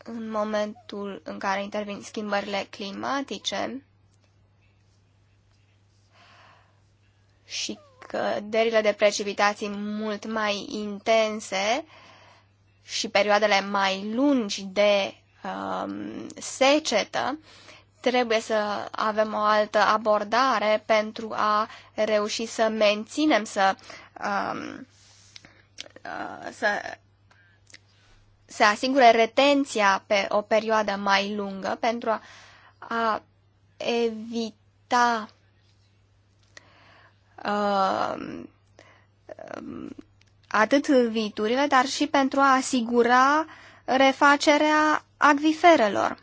în momentul în care intervin schimbările climatice și căderile de precipitații mult mai intense, uh, și perioadele mai lungi de um, secetă, trebuie să avem o altă abordare pentru a reuși să menținem, să, um, uh, să se asigure retenția pe o perioadă mai lungă pentru a, a evita uh, um, atât viturile, dar și pentru a asigura refacerea acviferelor.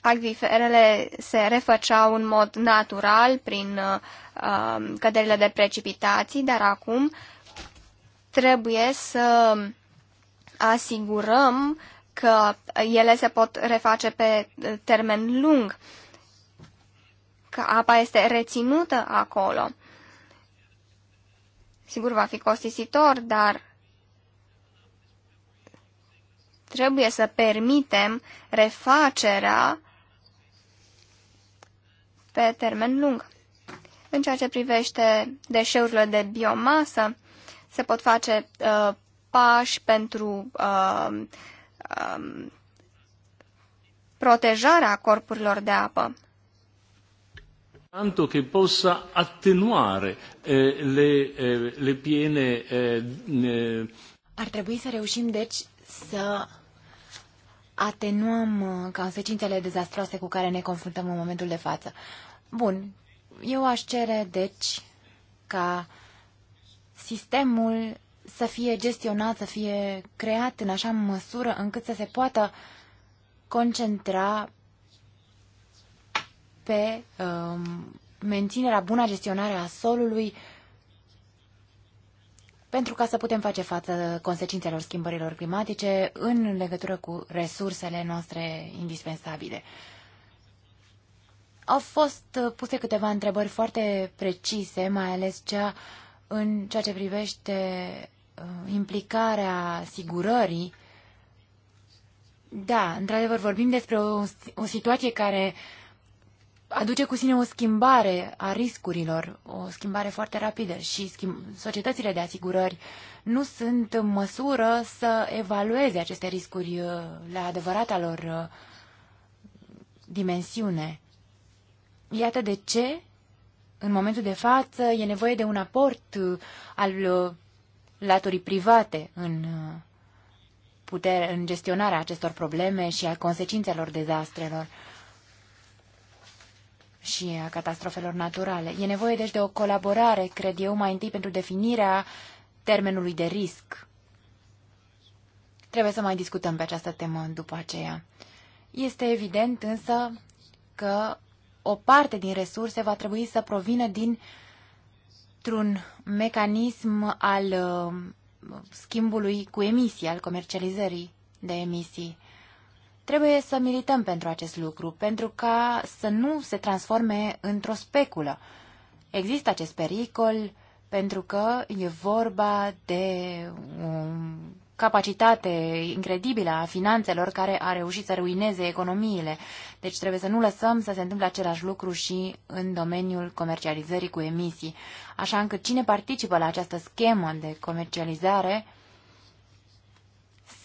Acviferele se refăceau în mod natural prin uh, căderile de precipitații, dar acum trebuie să asigurăm că ele se pot reface pe termen lung, că apa este reținută acolo Sigur, va fi costisitor, dar trebuie să permitem refacerea pe termen lung. În ceea ce privește deșeurile de biomasă, se pot face uh, pași pentru uh, uh, protejarea corpurilor de apă tanto che possa attenuare eh, le, eh, le piene. Eh, eh Ar trebui să reușim, deci, să atenuăm uh, consecințele dezastroase cu care ne confruntăm în momentul de față. Bun, eu aș cere, deci, ca sistemul să fie gestionat, să fie creat în așa măsură încât să se poată concentra pe um, menținerea, buna gestionare a solului pentru ca să putem face față consecințelor schimbărilor climatice în legătură cu resursele noastre indispensabile. Au fost puse câteva întrebări foarte precise, mai ales cea în ceea ce privește uh, implicarea asigurării. Da, într-adevăr, vorbim despre o, o situație care uh, aduce cu sine o schimbare a riscurilor, o schimbare foarte rapidă și schimb- societățile de asigurări nu sunt în măsură să evalueze aceste riscuri uh, la adevărata lor uh, dimensiune. Iată de ce, în momentul de față, e nevoie de un aport uh, al laturii private în, putere, în gestionarea acestor probleme și a consecințelor dezastrelor și a catastrofelor naturale. E nevoie deci de o colaborare, cred eu, mai întâi pentru definirea termenului de risc. Trebuie să mai discutăm pe această temă după aceea. Este evident însă că o parte din resurse va trebui să provină dintr-un mecanism al uh, schimbului cu emisii, al comercializării de emisii. Trebuie să milităm pentru acest lucru, pentru ca să nu se transforme într-o speculă. Există acest pericol pentru că e vorba de o capacitate incredibilă a finanțelor care a reușit să ruineze economiile. Deci trebuie să nu lăsăm să se întâmple același lucru și în domeniul comercializării cu emisii. Așa încât cine participă la această schemă de comercializare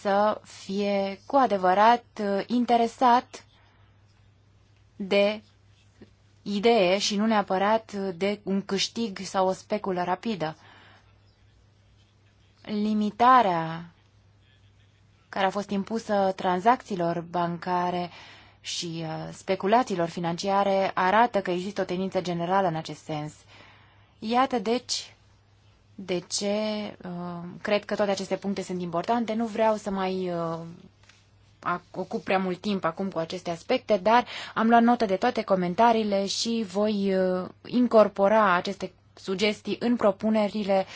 să fie cu adevărat uh, interesat de idee și nu neapărat uh, de un câștig sau o speculă rapidă. Limitarea care a fost impusă tranzacțiilor bancare și uh, speculațiilor financiare arată că există o tendință generală în acest sens. Iată, deci, de ce uh, cred că toate aceste puncte sunt importante. Nu vreau să mai uh, ocup prea mult timp acum cu aceste aspecte, dar am luat notă de toate comentariile și voi uh, incorpora aceste sugestii în propunerile,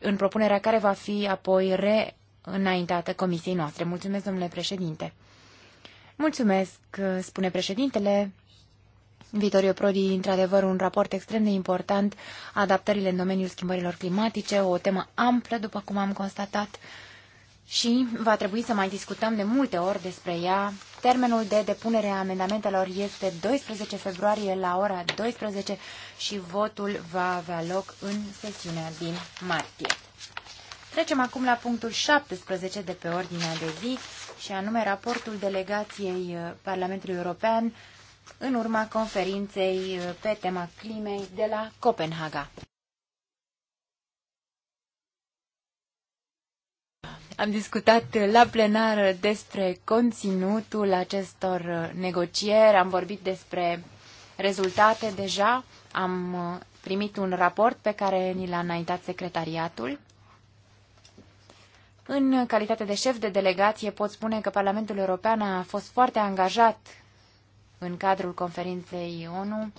în propunerea care va fi apoi reînaintată comisiei noastre. Mulțumesc, domnule președinte. Mulțumesc, spune președintele. Vitorio Prodi, într-adevăr, un raport extrem de important, adaptările în domeniul schimbărilor climatice, o temă amplă, după cum am constatat, și va trebui să mai discutăm de multe ori despre ea. Termenul de depunere a amendamentelor este 12 februarie la ora 12 și votul va avea loc în sesiunea din martie. Trecem acum la punctul 17 de pe ordinea de zi și anume raportul delegației eh, Parlamentului European în urma conferinței pe tema climei de la Copenhaga. Am discutat la plenar despre conținutul acestor negocieri, am vorbit despre rezultate deja, am primit un raport pe care ni l-a înaintat secretariatul. În calitate de șef de delegație pot spune că Parlamentul European a fost foarte angajat în cadrul conferinței ONU.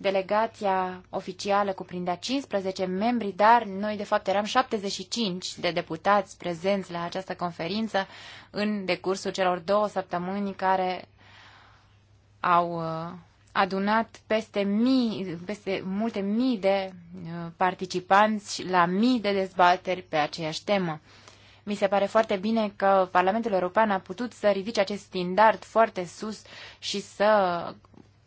Delegația oficială cuprindea 15 membri, dar noi de fapt eram 75 de deputați prezenți la această conferință în decursul celor două săptămâni care au uh, adunat peste, mii, peste multe mii de uh, participanți la mii de dezbateri pe aceeași temă. Mi se pare foarte bine că Parlamentul European a putut să ridice acest standard foarte sus și să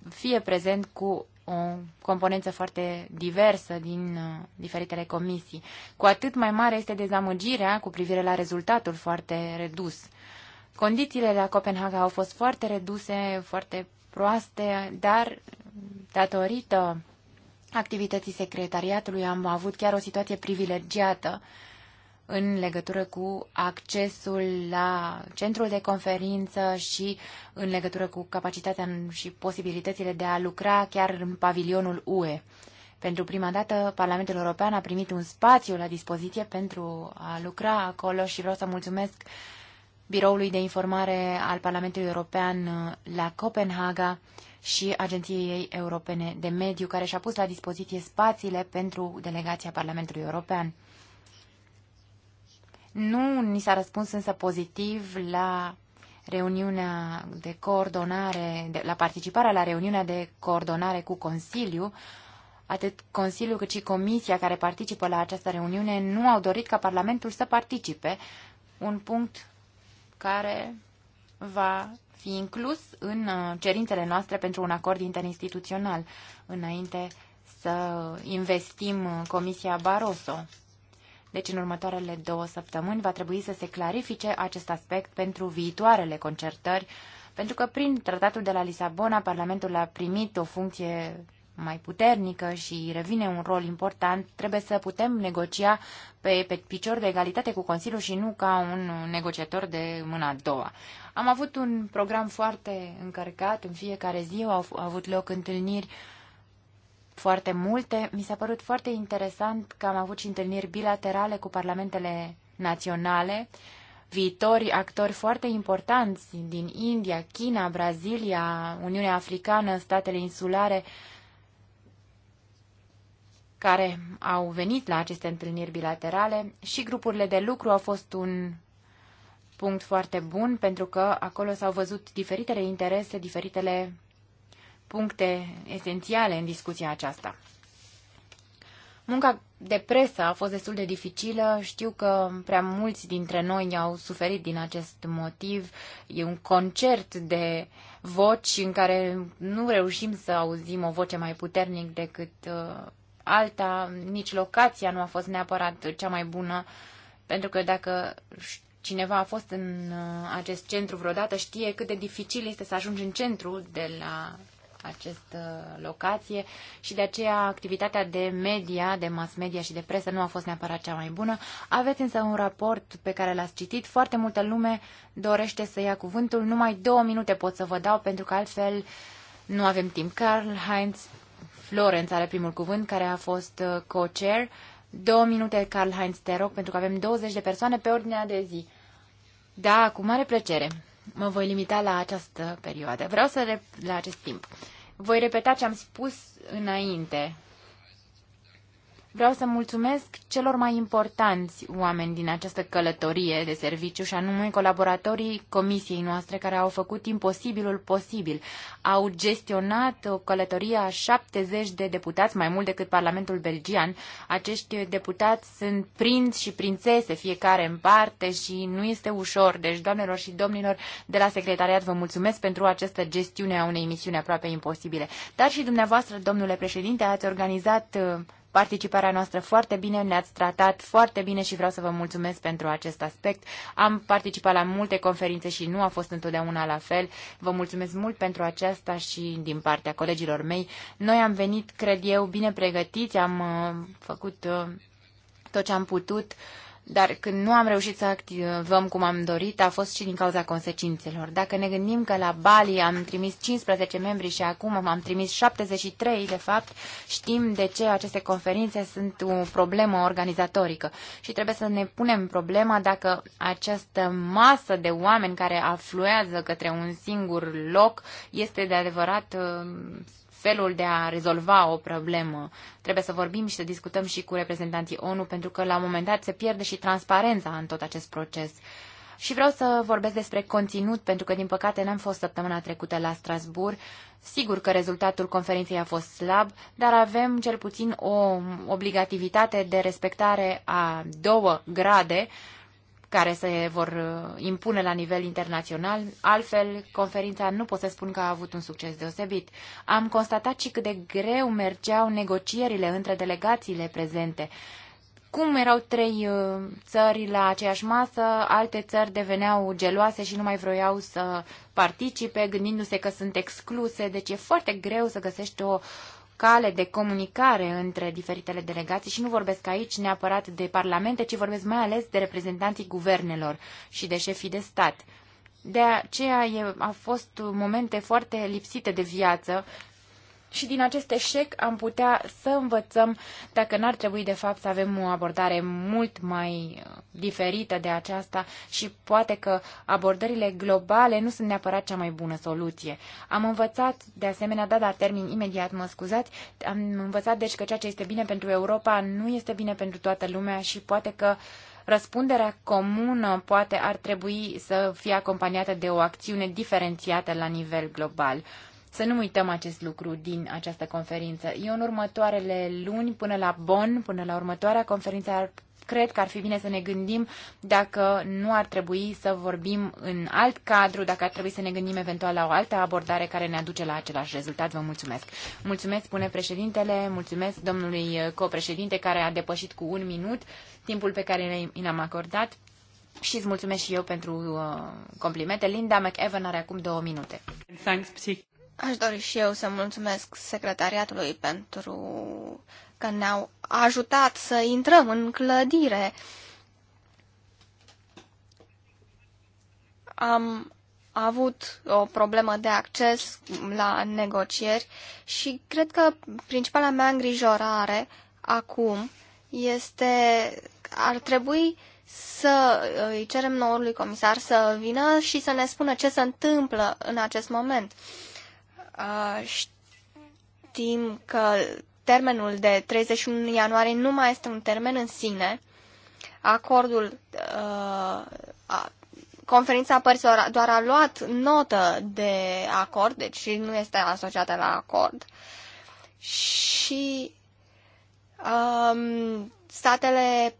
fie prezent cu o componență foarte diversă din uh, diferitele comisii. Cu atât mai mare este dezamăgirea cu privire la rezultatul foarte redus. Condițiile la Copenhaga au fost foarte reduse, foarte proaste, dar datorită activității secretariatului am avut chiar o situație privilegiată în legătură cu accesul la centrul de conferință și în legătură cu capacitatea și posibilitățile de a lucra chiar în pavilionul UE. Pentru prima dată, Parlamentul European a primit un spațiu la dispoziție pentru a lucra acolo și vreau să mulțumesc Biroului de Informare al Parlamentului European uh, la Copenhaga și Agenției Europene de Mediu, care și-a pus la dispoziție spațiile pentru delegația Parlamentului European. Nu ni s-a răspuns însă pozitiv la reuniunea de coordonare, de, la participarea la reuniunea de coordonare cu Consiliu, atât Consiliul cât și Comisia care participă la această reuniune nu au dorit ca Parlamentul să participe, un punct care va fi inclus în uh, cerințele noastre pentru un acord interinstituțional, înainte să investim uh, Comisia Barroso. Deci în următoarele două săptămâni va trebui să se clarifice acest aspect pentru viitoarele concertări, pentru că prin tratatul de la Lisabona Parlamentul a primit o funcție mai puternică și revine un rol important, trebuie să putem negocia pe, pe picior de egalitate cu Consiliul și nu ca un negociator de mâna a doua. Am avut un program foarte încărcat, în fiecare zi au, au avut loc întâlniri uh, foarte multe. Mi s-a părut foarte interesant că am avut și întâlniri bilaterale cu parlamentele naționale, viitori actori foarte importanți din India, China, Brazilia, Uniunea Africană, statele insulare, care au venit la aceste întâlniri bilaterale și grupurile de lucru au fost un punct foarte bun pentru că acolo s-au văzut diferitele interese, diferitele puncte esențiale în discuția aceasta. Munca de presă a fost destul de dificilă. Știu că prea mulți dintre noi au suferit din acest motiv. E un concert de voci în care nu reușim să auzim o voce mai puternic decât uh, alta. Nici locația nu a fost neapărat cea mai bună, pentru că dacă cineva a fost în uh, acest centru vreodată, știe cât de dificil este să ajungi în centru de la această locație și de aceea activitatea de media, de mass media și de presă nu a fost neapărat cea mai bună. Aveți însă un raport pe care l-ați citit, foarte multă lume dorește să ia cuvântul, numai două minute pot să vă dau pentru că altfel nu avem timp. Karl Heinz Florence are primul cuvânt, care a fost uh, co-chair. Două minute, Karl Heinz, te rog, pentru că avem 20 de persoane pe ordinea de zi. Da, cu mare plăcere. Mă voi limita la această perioadă. Vreau să, rep- la acest timp. Voi repeta ce am spus înainte Vreau să mulțumesc celor mai importanți oameni din această călătorie de serviciu și anume colaboratorii comisiei noastre care au făcut imposibilul posibil. Au gestionat o călătorie a 70 de deputați, mai mult decât Parlamentul Belgian. Acești deputați sunt prinți și prințese, fiecare în parte și nu este ușor. Deci, doamnelor și domnilor de la secretariat, vă mulțumesc pentru această gestiune a unei misiuni aproape imposibile. Dar și dumneavoastră, domnule președinte, ați organizat uh, participarea noastră foarte bine, ne-ați tratat foarte bine și vreau să vă mulțumesc pentru acest aspect. Am participat la multe conferințe și nu a fost întotdeauna la fel. Vă mulțumesc mult pentru aceasta și din partea colegilor mei. Noi am venit, cred eu, bine pregătiți, am uh, făcut uh, tot ce am putut dar când nu am reușit să activăm cum am dorit, a fost și din cauza consecințelor. Dacă ne gândim că la Bali am trimis 15 membri și acum am trimis 73, de fapt, știm de ce aceste conferințe sunt o problemă organizatorică. Și trebuie să ne punem problema dacă această masă de oameni care afluează către un singur loc este de adevărat uh, felul de a rezolva o problemă. Trebuie să vorbim și să discutăm și cu reprezentanții ONU, pentru că la un moment dat se pierde și transparența în tot acest proces. Și vreau să vorbesc despre conținut, pentru că, din păcate, n-am fost săptămâna trecută la Strasbourg. Sigur că rezultatul conferinței a fost slab, dar avem cel puțin o obligativitate de respectare a două grade care se vor uh, impune la nivel internațional. Altfel, conferința nu pot să spun că a avut un succes deosebit. Am constatat și cât de greu mergeau negocierile între delegațiile prezente. Cum erau trei uh, țări la aceeași masă, alte țări deveneau geloase și nu mai vroiau să participe, gândindu-se că sunt excluse. Deci e foarte greu să găsești o cale de comunicare între diferitele delegații și nu vorbesc aici neapărat de parlamente, ci vorbesc mai ales de reprezentanții guvernelor și de șefii de stat. De aceea e, a fost momente foarte lipsite de viață și din acest eșec am putea să învățăm dacă n-ar trebui de fapt să avem o abordare mult mai uh, diferită de aceasta și poate că abordările globale nu sunt neapărat cea mai bună soluție. Am învățat, de asemenea, da, dar termin imediat, mă scuzați, am învățat deci că ceea ce este bine pentru Europa nu este bine pentru toată lumea și poate că răspunderea comună poate ar trebui să fie acompaniată de o acțiune diferențiată la nivel global. Să nu uităm acest lucru din această conferință. Eu în următoarele luni, până la Bonn, până la următoarea conferință, cred că ar fi bine să ne gândim dacă nu ar trebui să vorbim în alt cadru, dacă ar trebui să ne gândim eventual la o altă abordare care ne aduce la același rezultat. Vă mulțumesc. Mulțumesc, spune președintele, mulțumesc domnului uh, copreședinte care a depășit cu un minut timpul pe care ne am acordat și îți mulțumesc și eu pentru uh, complimente. Linda McEvan are acum două minute. Thanks, Aș dori și eu să mulțumesc secretariatului pentru că ne-au ajutat să intrăm în clădire. Am avut o problemă de acces la negocieri și cred că principala mea îngrijorare acum este ar trebui să îi cerem noului comisar să vină și să ne spună ce se întâmplă în acest moment. Uh, știm că termenul de 31 ianuarie nu mai este un termen în sine. Acordul, uh, conferința părților doar a luat notă de acord, deci nu este asociată la acord. Și um, statele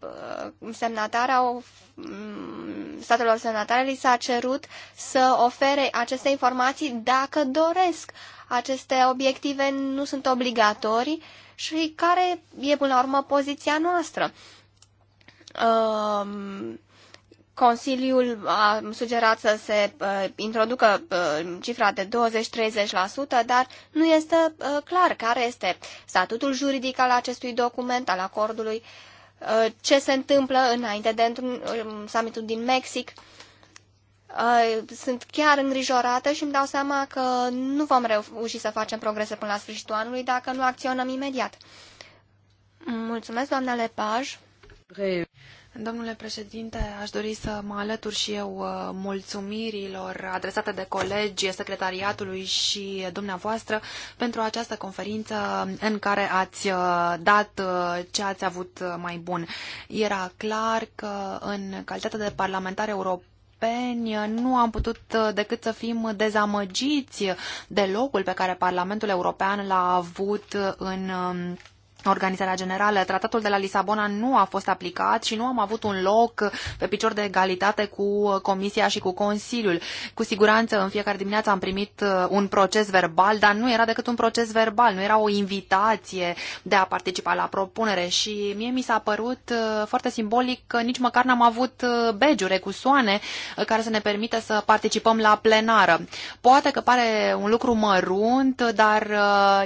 uh, semnatare au, mm, statelor semnatare li s-a cerut să ofere aceste informații dacă doresc. Aceste obiective nu sunt obligatorii și care e până la urmă poziția noastră. Um, Consiliul a sugerat să se uh, introducă uh, cifra de 20-30%, dar nu este uh, clar care este statutul juridic al acestui document, al acordului, uh, ce se întâmplă înainte de uh, summitul din Mexic. Uh, sunt chiar îngrijorată și îmi dau seama că nu vom reuși să facem progrese până la sfârșitul anului dacă nu acționăm imediat. Mulțumesc, doamna Lepaj. Domnule președinte, aș dori să mă alătur și eu uh, mulțumirilor adresate de colegi, secretariatului și dumneavoastră pentru această conferință în care ați uh, dat uh, ce ați avut mai bun. Era clar că în calitate de parlamentar european europeni, nu am putut decât să fim dezamăgiți de locul pe care Parlamentul European l-a avut în um, organizarea generală. Tratatul de la Lisabona nu a fost aplicat și nu am avut un loc pe picior de egalitate cu Comisia și cu Consiliul. Cu siguranță în fiecare dimineață am primit uh, un proces verbal, dar nu era decât un proces verbal, nu era o invitație de a participa la propunere și mie mi s-a părut uh, foarte simbolic că nici măcar n-am avut uh, begiure cu soane care să ne permită să participăm la plenară. Poate că pare un lucru mărunt, dar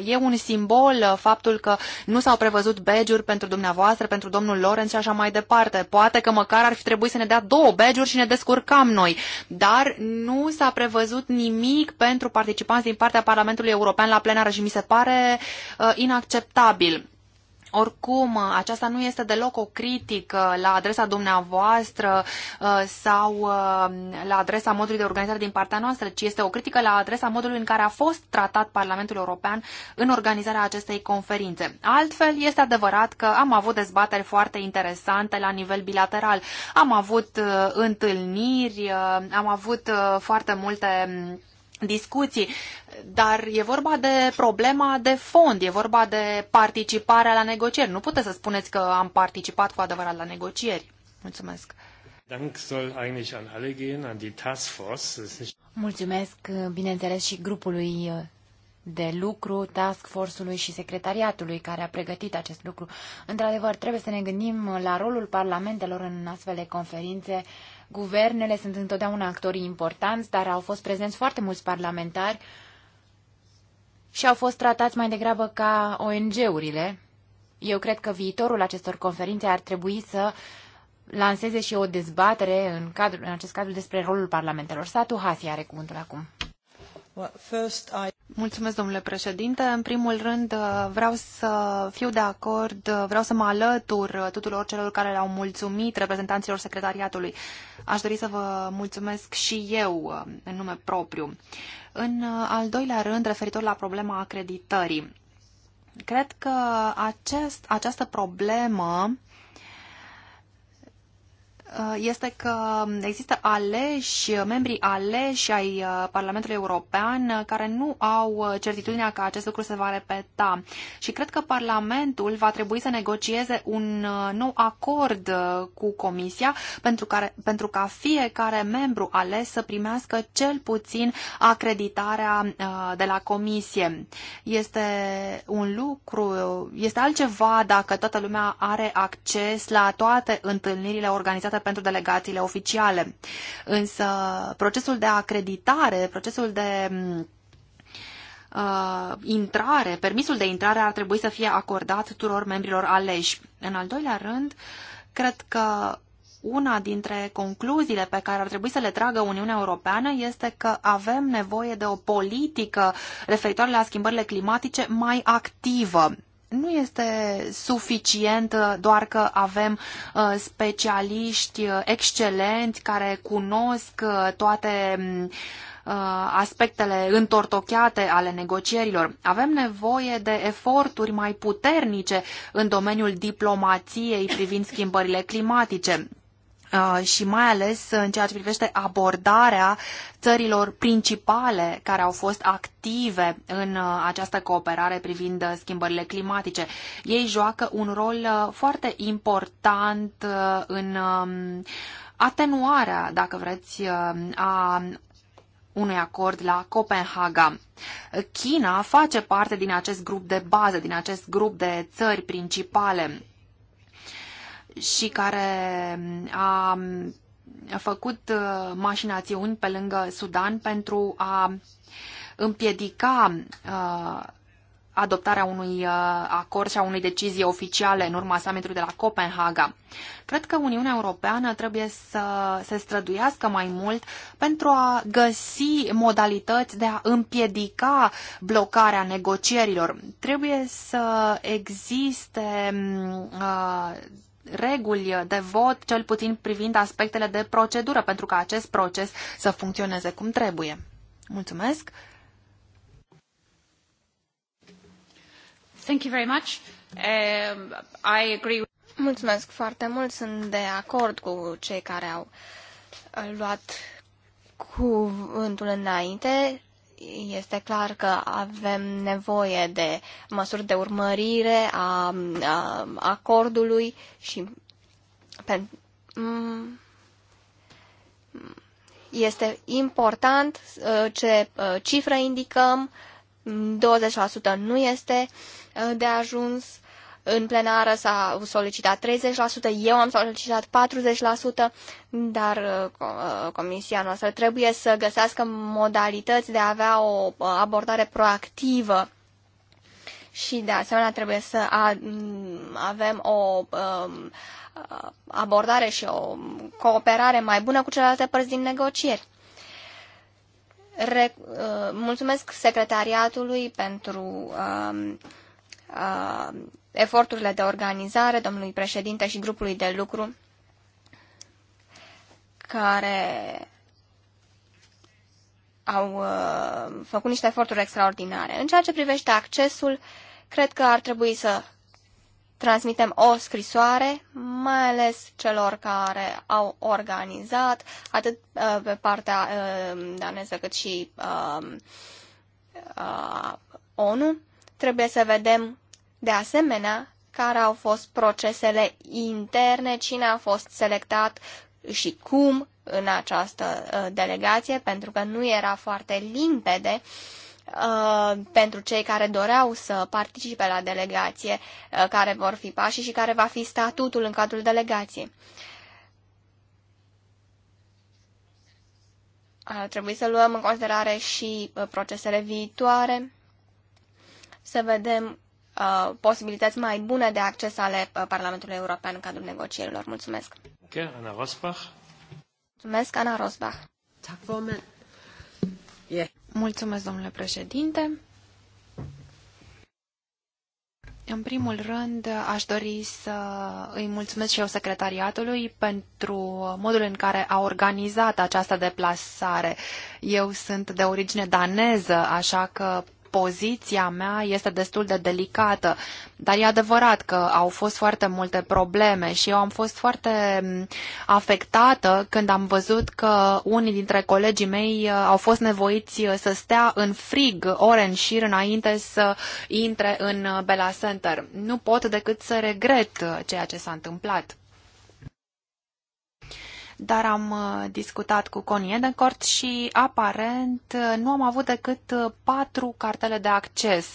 e un simbol faptul că nu s-au prevăzut badge-uri pentru dumneavoastră, pentru domnul Lorenz și așa mai departe. Poate că măcar ar fi trebuit să ne dea două badge-uri și ne descurcam noi. Dar nu s-a prevăzut nimic pentru participanți din partea Parlamentului European la plenară și mi se pare uh, inacceptabil. Oricum, aceasta nu este deloc o critică la adresa dumneavoastră uh, sau uh, la adresa modului de organizare din partea noastră, ci este o critică la adresa modului în care a fost tratat Parlamentul European în organizarea acestei conferințe. Altfel, este adevărat că am avut dezbateri foarte interesante la nivel bilateral. Am avut uh, întâlniri, am avut foarte multe discuții, dar e vorba de problema de fond, e vorba de participarea la negocieri. Nu puteți să spuneți că am participat cu adevărat la negocieri. Mulțumesc. Mulțumesc, bineînțeles, și grupului de lucru, task force-ului și secretariatului care a pregătit acest lucru. Într-adevăr, trebuie să ne gândim la rolul parlamentelor în astfel de conferințe Guvernele sunt întotdeauna actorii importanți, dar au fost prezenți foarte mulți parlamentari și au fost tratați mai degrabă ca ONG-urile. Eu cred că viitorul acestor conferințe ar trebui să lanseze și o dezbatere în, cadrul, în acest cadru despre rolul parlamentelor. Satu Hasi are cuvântul acum. Mulțumesc, domnule președinte. În primul rând, uh, vreau să fiu de acord, uh, vreau să mă alătur uh, tuturor celor care le-au mulțumit reprezentanților secretariatului. Aș dori să vă mulțumesc și eu în nume propriu. În al doilea rând, referitor la problema acreditării. Cred că acest, această problemă Uh, este că există aleși, membrii aleși ai uh, Parlamentului European uh, care nu au certitudinea că acest lucru se va repeta. Și cred că Parlamentul va trebui să negocieze un nou acord cu Comisia pentru, care, pentru ca fiecare membru ales să primească cel puțin acreditarea de la Comisie. Este un lucru, este altceva dacă toată lumea are acces la toate întâlnirile organizate rezervată pentru delegațiile oficiale. Însă procesul de acreditare, procesul de mm, uh, intrare, permisul de intrare ar trebui să fie acordat tuturor membrilor aleși. În al doilea rând, cred că una dintre concluziile pe care ar trebui să le tragă Uniunea Europeană este că avem nevoie de o politică referitoare la schimbările climatice mai activă nu este suficient uh, doar că avem uh, specialiști uh, excelenți care cunosc toate mm, aspectele întortocheate ale negocierilor. Avem nevoie de eforturi mai puternice în domeniul diplomației privind schimbările climatice Uh, și mai ales în ceea ce privește abordarea țărilor principale care au fost active în uh, această cooperare privind uh, schimbările climatice. Ei joacă un rol foarte important în um, atenuarea, dacă vreți, a unui acord la Copenhaga. China face parte din acest grup de bază, din acest grup de țări principale și care a făcut uh, mașinațiuni pe lângă Sudan pentru a împiedica uh, adoptarea unui uh, acord și a unei decizii oficiale în urma summitului de la Copenhaga. Cred că Uniunea Europeană trebuie să se străduiască mai mult pentru a găsi modalități de a împiedica blocarea negocierilor. Trebuie să existe mm, reguli de vot, cel puțin privind aspectele de procedură, pentru ca acest proces să funcționeze cum trebuie. Mulțumesc! Thank you very much. Uh, I agree with... Mulțumesc foarte mult. Sunt de acord cu cei care au luat cuvântul înainte este clar că avem nevoie de măsuri de urmărire a, a acordului și pen, mm, este important uh, ce uh, cifră indicăm, 20% mm, nu este uh, de ajuns în plenară s-a solicitat 30%, eu am solicitat 40%, dar uh, uh, comisia noastră trebuie să găsească modalități de a avea o uh, abordare proactivă și de asemenea trebuie să mm, avem o um, abordare și o cooperare mai bună cu celelalte părți din negocieri. Re, mulțumesc secretariatului pentru um, uh, uh, eforturile de organizare domnului președinte și grupului de lucru care au uh, făcut niște eforturi extraordinare. În ceea ce privește accesul, cred că ar trebui să transmitem o scrisoare, mai ales celor care au organizat, atât uh, pe partea uh, daneză cât și uh, uh, ONU. Trebuie să vedem de asemenea, care au fost procesele interne, cine a fost selectat și cum în această uh, delegație, pentru că nu era foarte limpede uh, pentru cei care doreau să participe la delegație, uh, care vor fi pașii și care va fi statutul în cadrul delegației. Ar trebui să luăm în considerare și procesele viitoare, să vedem Uh, posibilități mai bune de acces ale uh, Parlamentului European în cadrul negocierilor. Mulțumesc! Ana Rosbach. Mulțumesc, Ana Rosbach. Mulțumesc, domnule președinte. În primul rând, aș dori să îi mulțumesc și eu secretariatului pentru modul în care a organizat această deplasare. Eu sunt de origine daneză, așa că poziția mea este destul de delicată, dar e adevărat că au fost foarte multe probleme și eu am fost foarte afectată când am văzut că unii dintre colegii mei uh, au fost nevoiți uh, să stea în frig ore în șir înainte să intre în uh, Bella Center. Nu pot decât să regret ceea ce s-a întâmplat dar am uh, discutat cu Connie Edencourt și aparent uh, nu am avut decât uh, patru cartele de acces.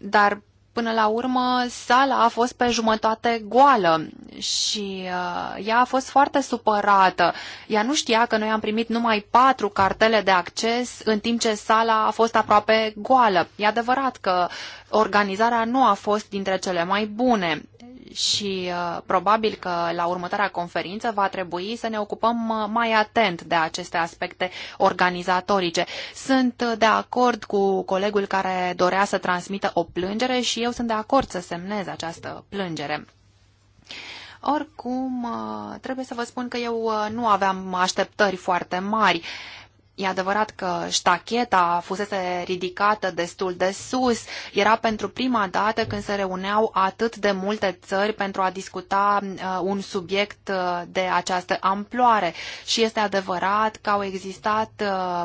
Dar până la urmă sala a fost pe jumătate goală și uh, ea a fost foarte supărată. Ea nu știa că noi am primit numai patru cartele de acces în timp ce sala a fost aproape goală. E adevărat că organizarea nu a fost dintre cele mai bune și uh, probabil că la următoarea conferință va trebui să ne ocupăm uh, mai atent de aceste aspecte organizatorice. Sunt uh, de acord cu colegul care dorea să transmită o plângere și eu sunt de acord să semnez această plângere. Oricum, trebuie să vă spun că eu nu aveam așteptări foarte mari E adevărat că ștacheta fusese ridicată destul de sus. Era pentru prima dată când se reuneau atât de multe țări pentru a discuta uh, un subiect uh, de această amploare. Și este adevărat că au existat uh,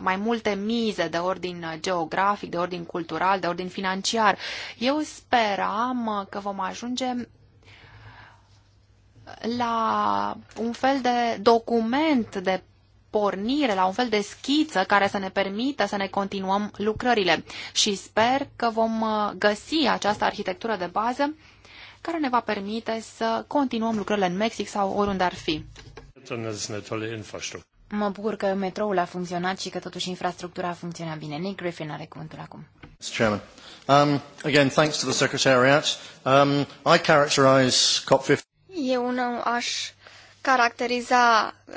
mai multe mize de ordin geografic, de ordin cultural, de ordin financiar. Eu speram că vom ajunge la un fel de document de pornire, la un fel de schiță care să ne permită să ne continuăm lucrările. Și sper că vom uh, găsi această arhitectură de bază care ne va permite să continuăm lucrările în Mexic sau oriunde ar fi. Mă bucur că metroul a funcționat și că totuși infrastructura a funcționat bine. Nick Griffin are cuvântul acum. Chairman. Um, again, thanks to the Secretariat. Um, I characterize COP15. Eu nu aș caracteriza uh,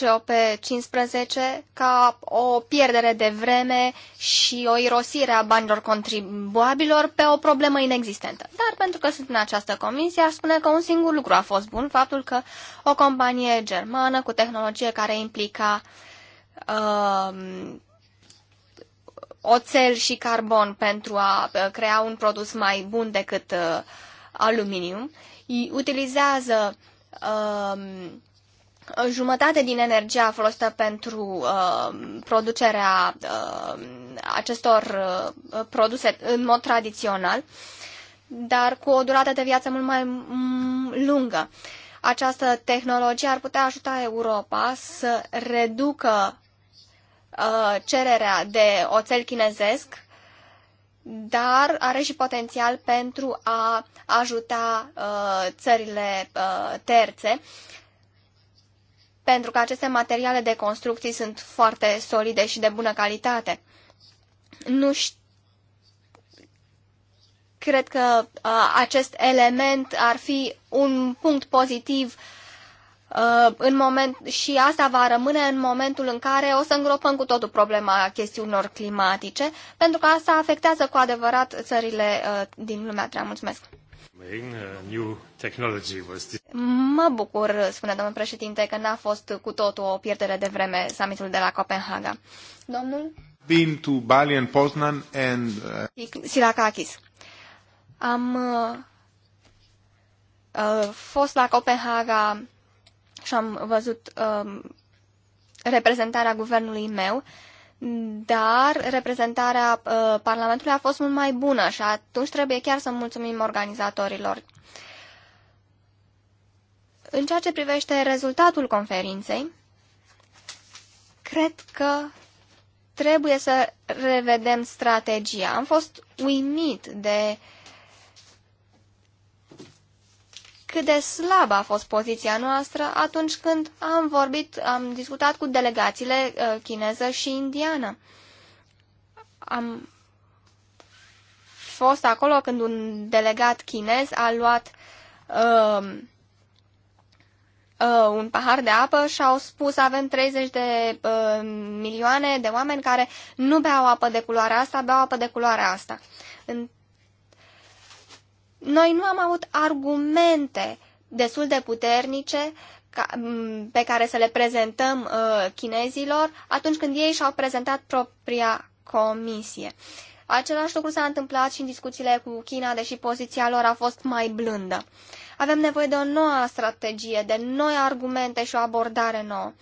COP15 ca o pierdere de vreme și o irosire a banilor contribuabilor pe o problemă inexistentă. Dar pentru că sunt în această comisie, aș spune că un singur lucru a fost bun, faptul că o companie germană cu tehnologie care implica uh, oțel și carbon pentru a uh, crea un produs mai bun decât uh, aluminium, utilizează uh, jumătate din energia folosită pentru uh, producerea uh, acestor uh, produse în mod tradițional, dar cu o durată de viață mult mai mm, lungă. Această tehnologie ar putea ajuta Europa să reducă uh, cererea de oțel chinezesc, dar are și potențial pentru a ajuta uh, țările uh, terțe pentru că aceste materiale de construcții sunt foarte solide și de bună calitate. Nu știu cred că uh, acest element ar fi un punct pozitiv uh, în moment, și asta va rămâne în momentul în care o să îngropăm cu totul problema chestiunilor climatice, pentru că asta afectează cu adevărat țările uh, din lumea treia. Mulțumesc! Uh, mă bucur, spune domnul președinte, că n-a fost cu totul o pierdere de vreme summitul de la Copenhaga. Domnul? Been to Bali and Poznan and... Uh... Silakakis. Am uh, fost la Copenhaga și am văzut uh, reprezentarea guvernului meu dar reprezentarea uh, Parlamentului a fost mult mai bună și atunci trebuie chiar să mulțumim organizatorilor. În ceea ce privește rezultatul conferinței, cred că trebuie să revedem strategia. Am fost uimit de uh, cât de slabă a fost poziția noastră atunci când am vorbit, am discutat cu delegațiile uh, chineză și indiană. Am fost acolo când un delegat chinez a luat uh, uh, un pahar de apă și au spus avem 30 de uh, milioane de oameni care nu beau apă de culoarea asta, beau apă de culoarea asta. În noi nu am avut argumente destul de puternice ca, pe care să le prezentăm uh, chinezilor atunci când ei și-au prezentat propria comisie. Același lucru s-a întâmplat și în discuțiile cu China, deși poziția lor a fost mai blândă. Avem nevoie de o nouă strategie, de noi argumente și o abordare nouă.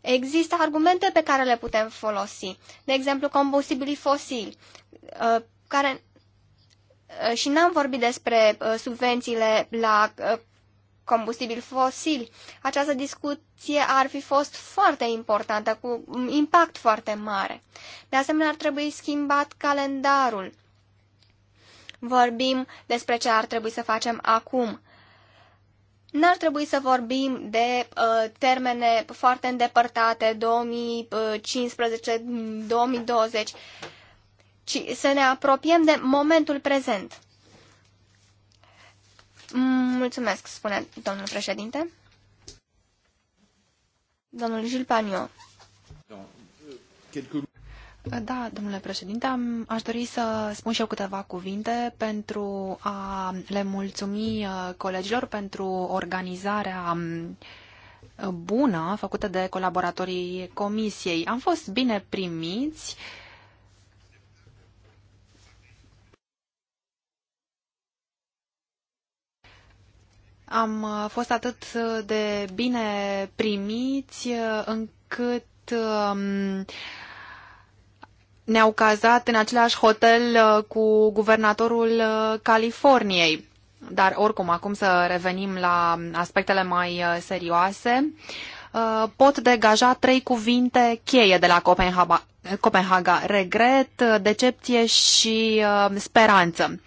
Există argumente pe care le putem folosi, de exemplu combustibilii fosili, uh, care Uh, și n-am vorbit despre uh, subvențiile la uh, combustibili fosili. Această discuție ar fi fost foarte importantă, cu un impact foarte mare. De asemenea, ar trebui schimbat calendarul. Vorbim despre ce ar trebui să facem acum. N-ar trebui să vorbim de uh, termene foarte îndepărtate, 2015-2020 ci să ne apropiem de momentul prezent. Mulțumesc, spune domnul președinte. Domnul Gilpanio. Da, domnule președinte, aș dori să spun și eu câteva cuvinte pentru a le mulțumi uh, colegilor pentru organizarea um, bună făcută de colaboratorii comisiei. Am fost bine primiți Am uh, fost atât de bine primiți uh, încât um, ne-au cazat în același hotel uh, cu guvernatorul Californiei. Dar oricum, acum să revenim la aspectele mai serioase, pot degaja trei cuvinte cheie de la Copenhaga, Copenhaga, regret, decepție și uh, speranță.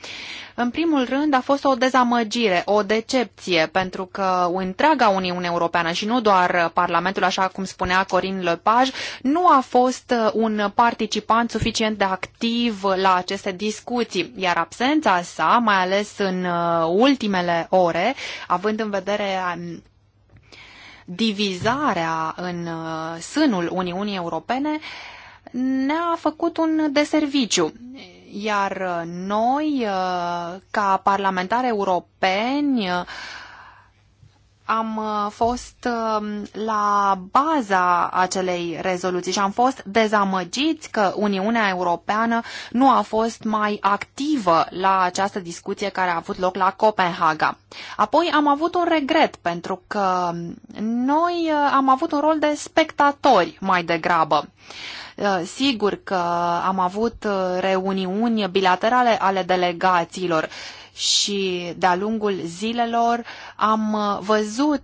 În primul rând a fost o dezamăgire, o decepție, pentru că întreaga Uniune Europeană și nu doar Parlamentul, așa cum spunea Corin Lepaj, nu a fost uh, un participant suficient de activ la aceste discuții, iar absența sa, mai ales în uh, ultimele ore, având în vedere um, divizarea în sânul Uniunii Europene, ne-a făcut un deserviciu. Iar noi, uh, ca parlamentari europeni, uh, am uh, fost la baza acelei rezoluții și am fost dezamăgiți că Uniunea Europeană nu a fost mai activă la această discuție care a avut loc la Copenhaga. Apoi am avut un regret pentru că noi am avut un rol de spectatori mai degrabă. Uh, sigur că am avut uh, reuniuni bilaterale ale delegațiilor și de-a lungul zilelor am uh, văzut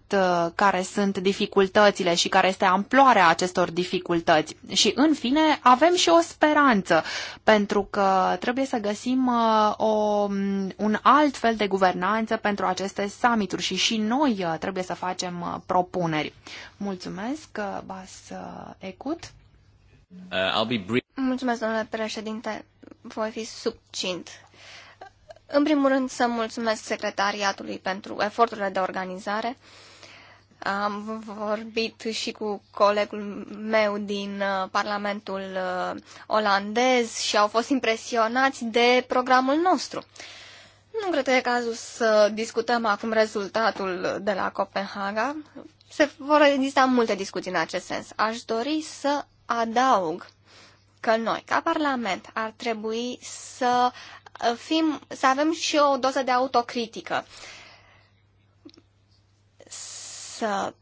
care sunt dificultățile și care este amploarea acestor dificultăți. Și în fine avem și o speranță, pentru că trebuie să găsim o, un alt fel de guvernanță pentru aceste summituri și și noi trebuie să facem propuneri. Mulțumesc, Bas Ecut. Uh, mulțumesc, domnule președinte. Voi fi subcint. În primul rând, să mulțumesc secretariatului pentru eforturile de organizare. Am vorbit și cu colegul meu din uh, Parlamentul uh, olandez și au fost impresionați de programul nostru. Nu cred că e cazul să discutăm acum rezultatul de la Copenhaga. Se vor exista multe discuții în acest sens. Aș dori să adaug că noi, ca Parlament, ar trebui să fim, să avem și o doză de autocritică. Să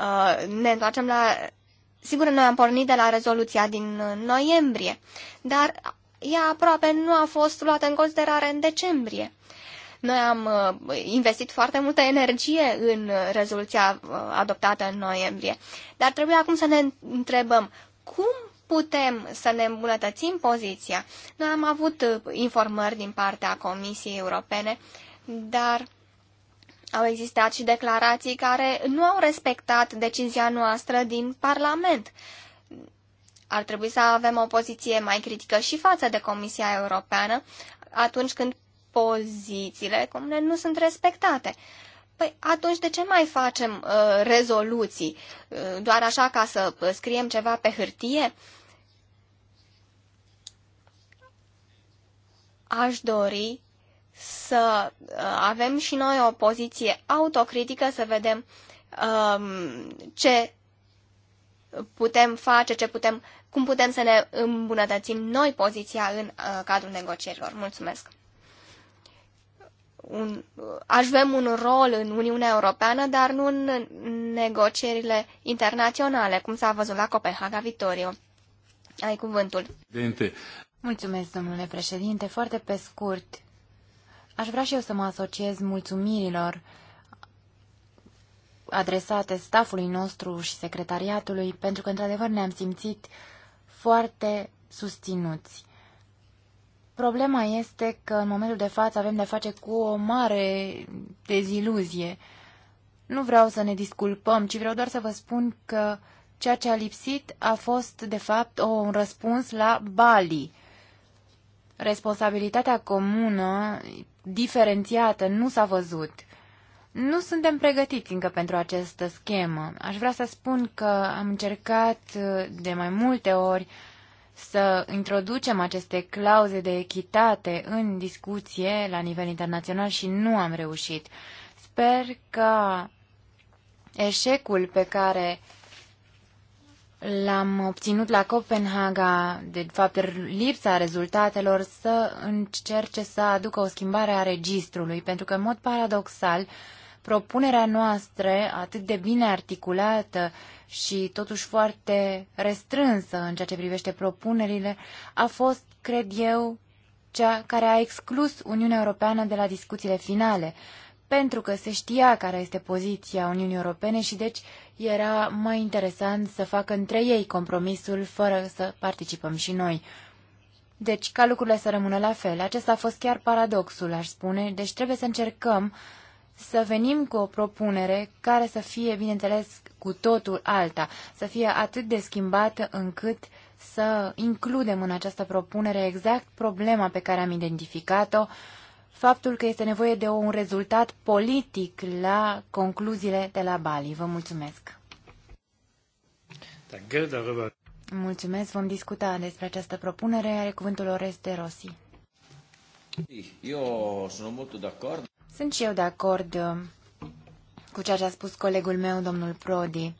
uh, ne întoarcem la... Sigur, noi am pornit de la rezoluția din noiembrie, dar ea aproape nu a fost luată în considerare în decembrie. Uh, noi am uh, investit foarte multă energie în rezoluția uh, adoptată în noiembrie, dar trebuie acum să ne întrebăm cum putem să ne îmbunătățim poziția. Noi am avut uh, informări din partea Comisiei Europene, dar au existat și declarații care nu au respectat decizia noastră din Parlament. Ar trebui să avem o poziție mai critică și față de Comisia Europeană atunci când pozițiile comune nu sunt respectate. Păi atunci de ce mai facem uh, rezoluții? Uh, doar așa ca să scriem ceva pe hârtie? Aș dori să uh, avem și noi o poziție autocritică, să vedem uh, ce putem face, ce putem, cum putem să ne îmbunătățim noi poziția în uh, cadrul negocierilor. Mulțumesc! un, avem un rol în Uniunea Europeană, dar nu în negocierile internaționale, cum s-a văzut la Copenhaga Vitorio. Ai cuvântul. Dinte. Mulțumesc, domnule președinte. Foarte pe scurt, aș vrea și eu să mă asociez mulțumirilor adresate stafului nostru și secretariatului, pentru că, într-adevăr, ne-am simțit foarte susținuți. Problema este că în momentul de față avem de-a face cu o mare deziluzie. Nu vreau să ne disculpăm, ci vreau doar să vă spun că ceea ce a lipsit a fost, de fapt, o, un răspuns la Bali. Responsabilitatea comună, diferențiată, nu s-a văzut. Nu suntem pregătiți încă pentru această schemă. Aș vrea să spun că am încercat uh, de mai multe ori să introducem aceste clauze de echitate în discuție la nivel internațional și nu am reușit. Sper că eșecul pe care l-am obținut la Copenhaga, de fapt lipsa rezultatelor, să încerce să aducă o schimbare a registrului, pentru că, în mod paradoxal, propunerea noastră, atât de bine articulată și totuși foarte restrânsă în ceea ce privește propunerile, a fost, cred eu, cea care a exclus Uniunea Europeană de la discuțiile finale, pentru că se știa care este poziția Uniunii Europene și deci era mai interesant să facă între ei compromisul fără să participăm și noi. Deci, ca lucrurile să rămână la fel, acesta a fost chiar paradoxul, aș spune, deci trebuie să încercăm să venim cu o propunere care să fie, bineînțeles, cu totul alta, să fie atât de schimbată încât să includem în această propunere exact problema pe care am identificat-o, faptul că este nevoie de un rezultat politic la concluziile de la Bali. Vă mulțumesc! Mulțumesc, vom discuta despre această propunere. Are cuvântul Orest de Rossi. Eu sunt mult de acord. Sunt și eu de acord uh, cu ceea ce a spus colegul meu, domnul Prodi.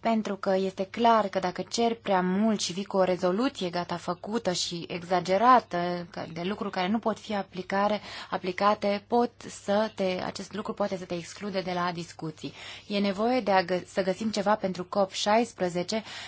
Pentru că este clar că dacă cer prea mult și vii cu o rezoluție gata făcută și exagerată de lucruri care nu pot fi aplicare, aplicate, pot să te, acest lucru poate să te exclude de la discuții. E nevoie de a gă, să găsim ceva pentru COP16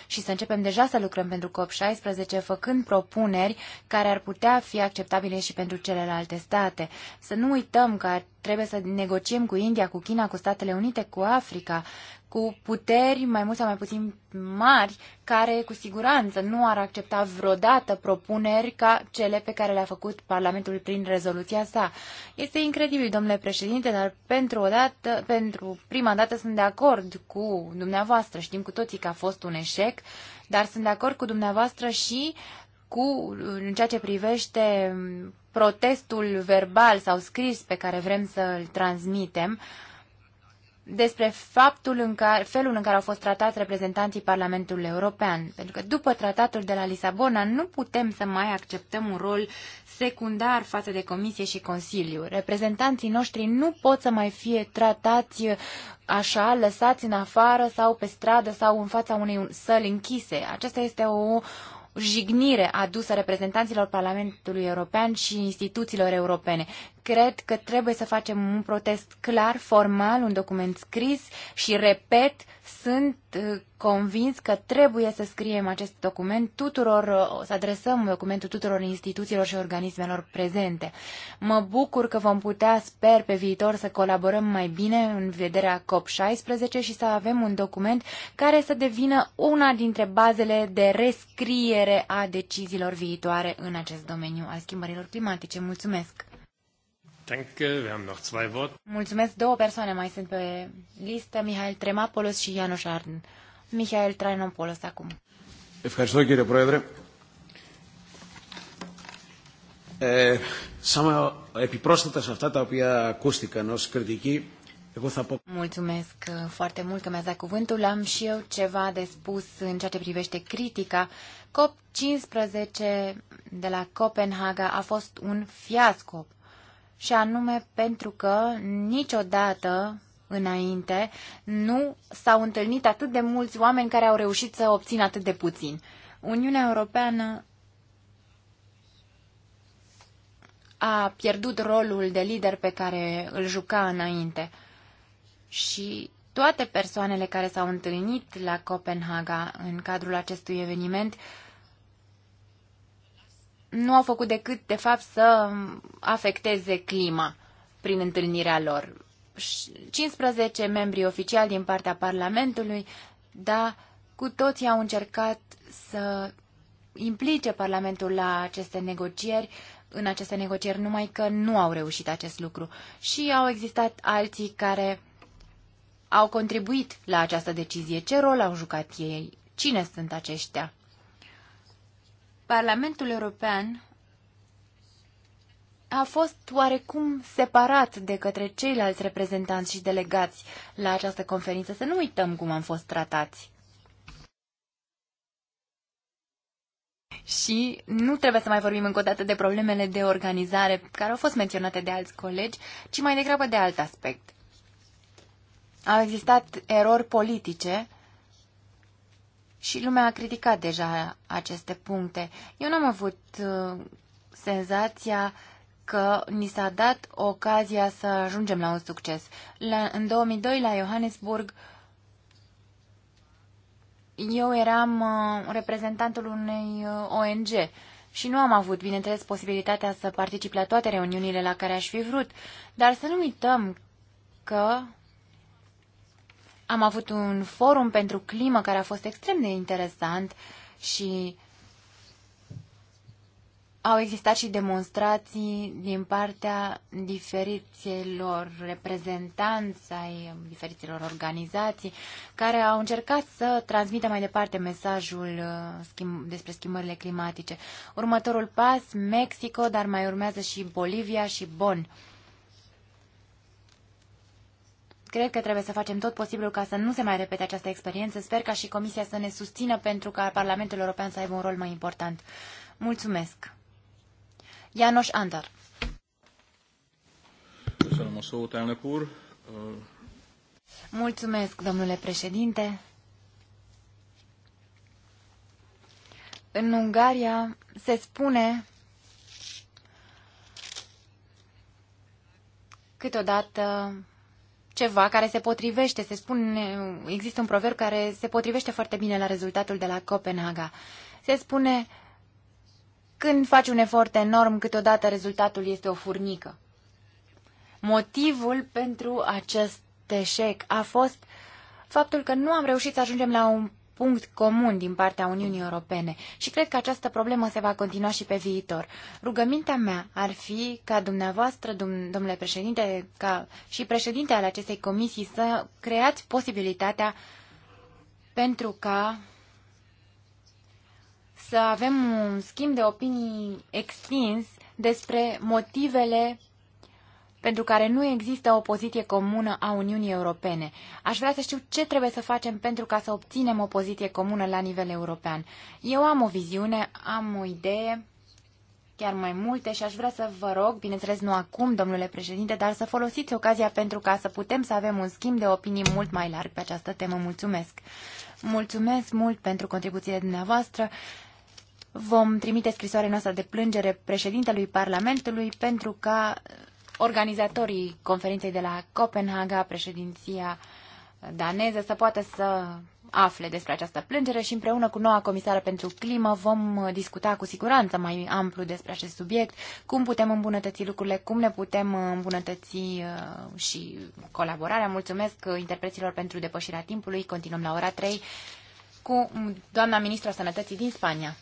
și să începem deja să lucrăm pentru COP16 făcând propuneri care ar putea fi acceptabile și pentru celelalte state. Să nu uităm că trebuie să negociem cu India, cu China, cu Statele Unite, cu Africa, cu puteri mai mult sau mai puțin mari, care cu siguranță nu ar accepta vreodată propuneri ca cele pe care le-a făcut Parlamentul prin rezoluția sa. Este incredibil, domnule președinte, dar pentru, o dată, pentru prima dată sunt de acord cu dumneavoastră. Știm cu toții că a fost un eșec, dar sunt de acord cu dumneavoastră și cu, în ceea ce privește protestul verbal sau scris pe care vrem să-l transmitem. Uh, despre faptul în care, felul în care au fost tratați reprezentanții Parlamentului European. Pentru că după tratatul de la Lisabona nu putem să mai acceptăm un rol secundar față de Comisie și Consiliu. Reprezentanții noștri nu pot să mai fie tratați uh, așa, lăsați în afară sau pe stradă sau în fața unei săli închise. Aceasta este o jignire adusă reprezentanților Parlamentului European și instituțiilor europene. Cred că trebuie să facem un protest clar, formal, un document scris și, repet, sunt uh, convins că trebuie să scriem acest document tuturor, uh, să adresăm documentul tuturor instituțiilor și organismelor prezente. Mă bucur că vom putea, sper, pe viitor să colaborăm mai bine în vederea COP16 și să avem un document care să devină una dintre bazele de rescriere a deciziilor viitoare în acest domeniu al schimbărilor climatice. Mulțumesc! Mulțumesc. Două persoane mai sunt pe listă, Mihail Tremapolos și Ianoș Arden. Mihail Trainopoulos acum. Ευχαριστώ κύριε Πρόεδρε. Ε, σαν επιπρόσθετα σε αυτά τα οποία ακούστηκαν ως κριτική, εγώ θα πω... Mulțumesc uh, foarte mult că mi-ați dat cuvântul. Am și eu ceva de spus în ceea ce privește critica. COP15 de la Copenhaga a fost un fiasco și anume pentru că niciodată înainte nu s-au întâlnit atât de mulți oameni care au reușit să obțină atât de puțin. Uniunea Europeană a pierdut rolul de lider pe care îl juca înainte și toate persoanele care s-au întâlnit la Copenhaga în cadrul acestui eveniment uh, nu au făcut decât, de fapt, să afecteze clima prin întâlnirea lor. 15 membri oficiali din partea Parlamentului, da, cu toții au încercat să implice Parlamentul la aceste negocieri, în aceste negocieri, numai că nu au reușit acest lucru. Și au existat alții care au contribuit la această decizie. Ce rol au jucat ei? Cine sunt aceștia? Parlamentul European a fost oarecum separat de către ceilalți reprezentanți și delegați la această conferință. Să nu uităm cum am fost tratați. Și nu trebuie să mai vorbim încă o dată de problemele de organizare care au fost menționate de alți colegi, ci mai degrabă de alt aspect. Au existat erori politice și lumea a criticat deja aceste puncte. Eu n-am avut uh, senzația că ni s-a dat ocazia să ajungem la un succes. La, în 2002, la Johannesburg, eu eram uh, reprezentantul unei uh, ONG și nu am avut, bineînțeles, posibilitatea să particip la toate reuniunile la care aș fi vrut, dar să nu uităm că am avut un forum pentru climă care a fost extrem de interesant și au existat și demonstrații din partea diferiților reprezentanți ai diferiților organizații care au încercat să transmită mai departe mesajul uh, schimb, despre schimbările climatice. Următorul pas, Mexico, dar mai urmează și Bolivia și Bonn. Cred că trebuie să facem tot posibilul ca să nu se mai repete această experiență. Sper ca și Comisia să ne susțină pentru ca Parlamentul European să aibă un rol mai important. Mulțumesc! Janos Andar. Mulțumesc, domnule președinte. În Ungaria se spune câteodată ceva care se potrivește, se spune, există un proverb care se potrivește foarte bine la rezultatul de la Copenhaga. Se spune, când faci un efort enorm, câteodată rezultatul este o furnică. Motivul pentru acest eșec a fost faptul că nu am reușit să ajungem la un punct comun din partea Uniunii Europene și cred că această problemă se va continua și pe viitor. Rugămintea mea ar fi ca dumneavoastră, domnule președinte, ca și președinte al acestei comisii să creați posibilitatea pentru ca să avem un schimb de opinii extins despre motivele pentru care nu există o poziție comună a Uniunii Europene. Aș vrea să știu ce trebuie să facem pentru ca să obținem o poziție comună la nivel european. Eu am o viziune, am o idee, chiar mai multe și aș vrea să vă rog, bineînțeles nu acum, domnule președinte, dar să folosiți ocazia pentru ca să putem să avem un schimb de opinii mult mai larg pe această temă. Mulțumesc! Mulțumesc mult pentru contribuțiile dumneavoastră. Vom trimite scrisoarea noastră de plângere președintelui Parlamentului pentru ca organizatorii conferinței de la Copenhaga, președinția daneză, să poată să afle despre această plângere și împreună cu noua comisară pentru climă vom discuta cu siguranță mai amplu despre acest subiect, cum putem îmbunătăți lucrurile, cum ne putem îmbunătăți uh, și colaborarea. Mulțumesc uh, interpreților pentru depășirea timpului. Continuăm la ora 3 cu doamna ministra sănătății din Spania.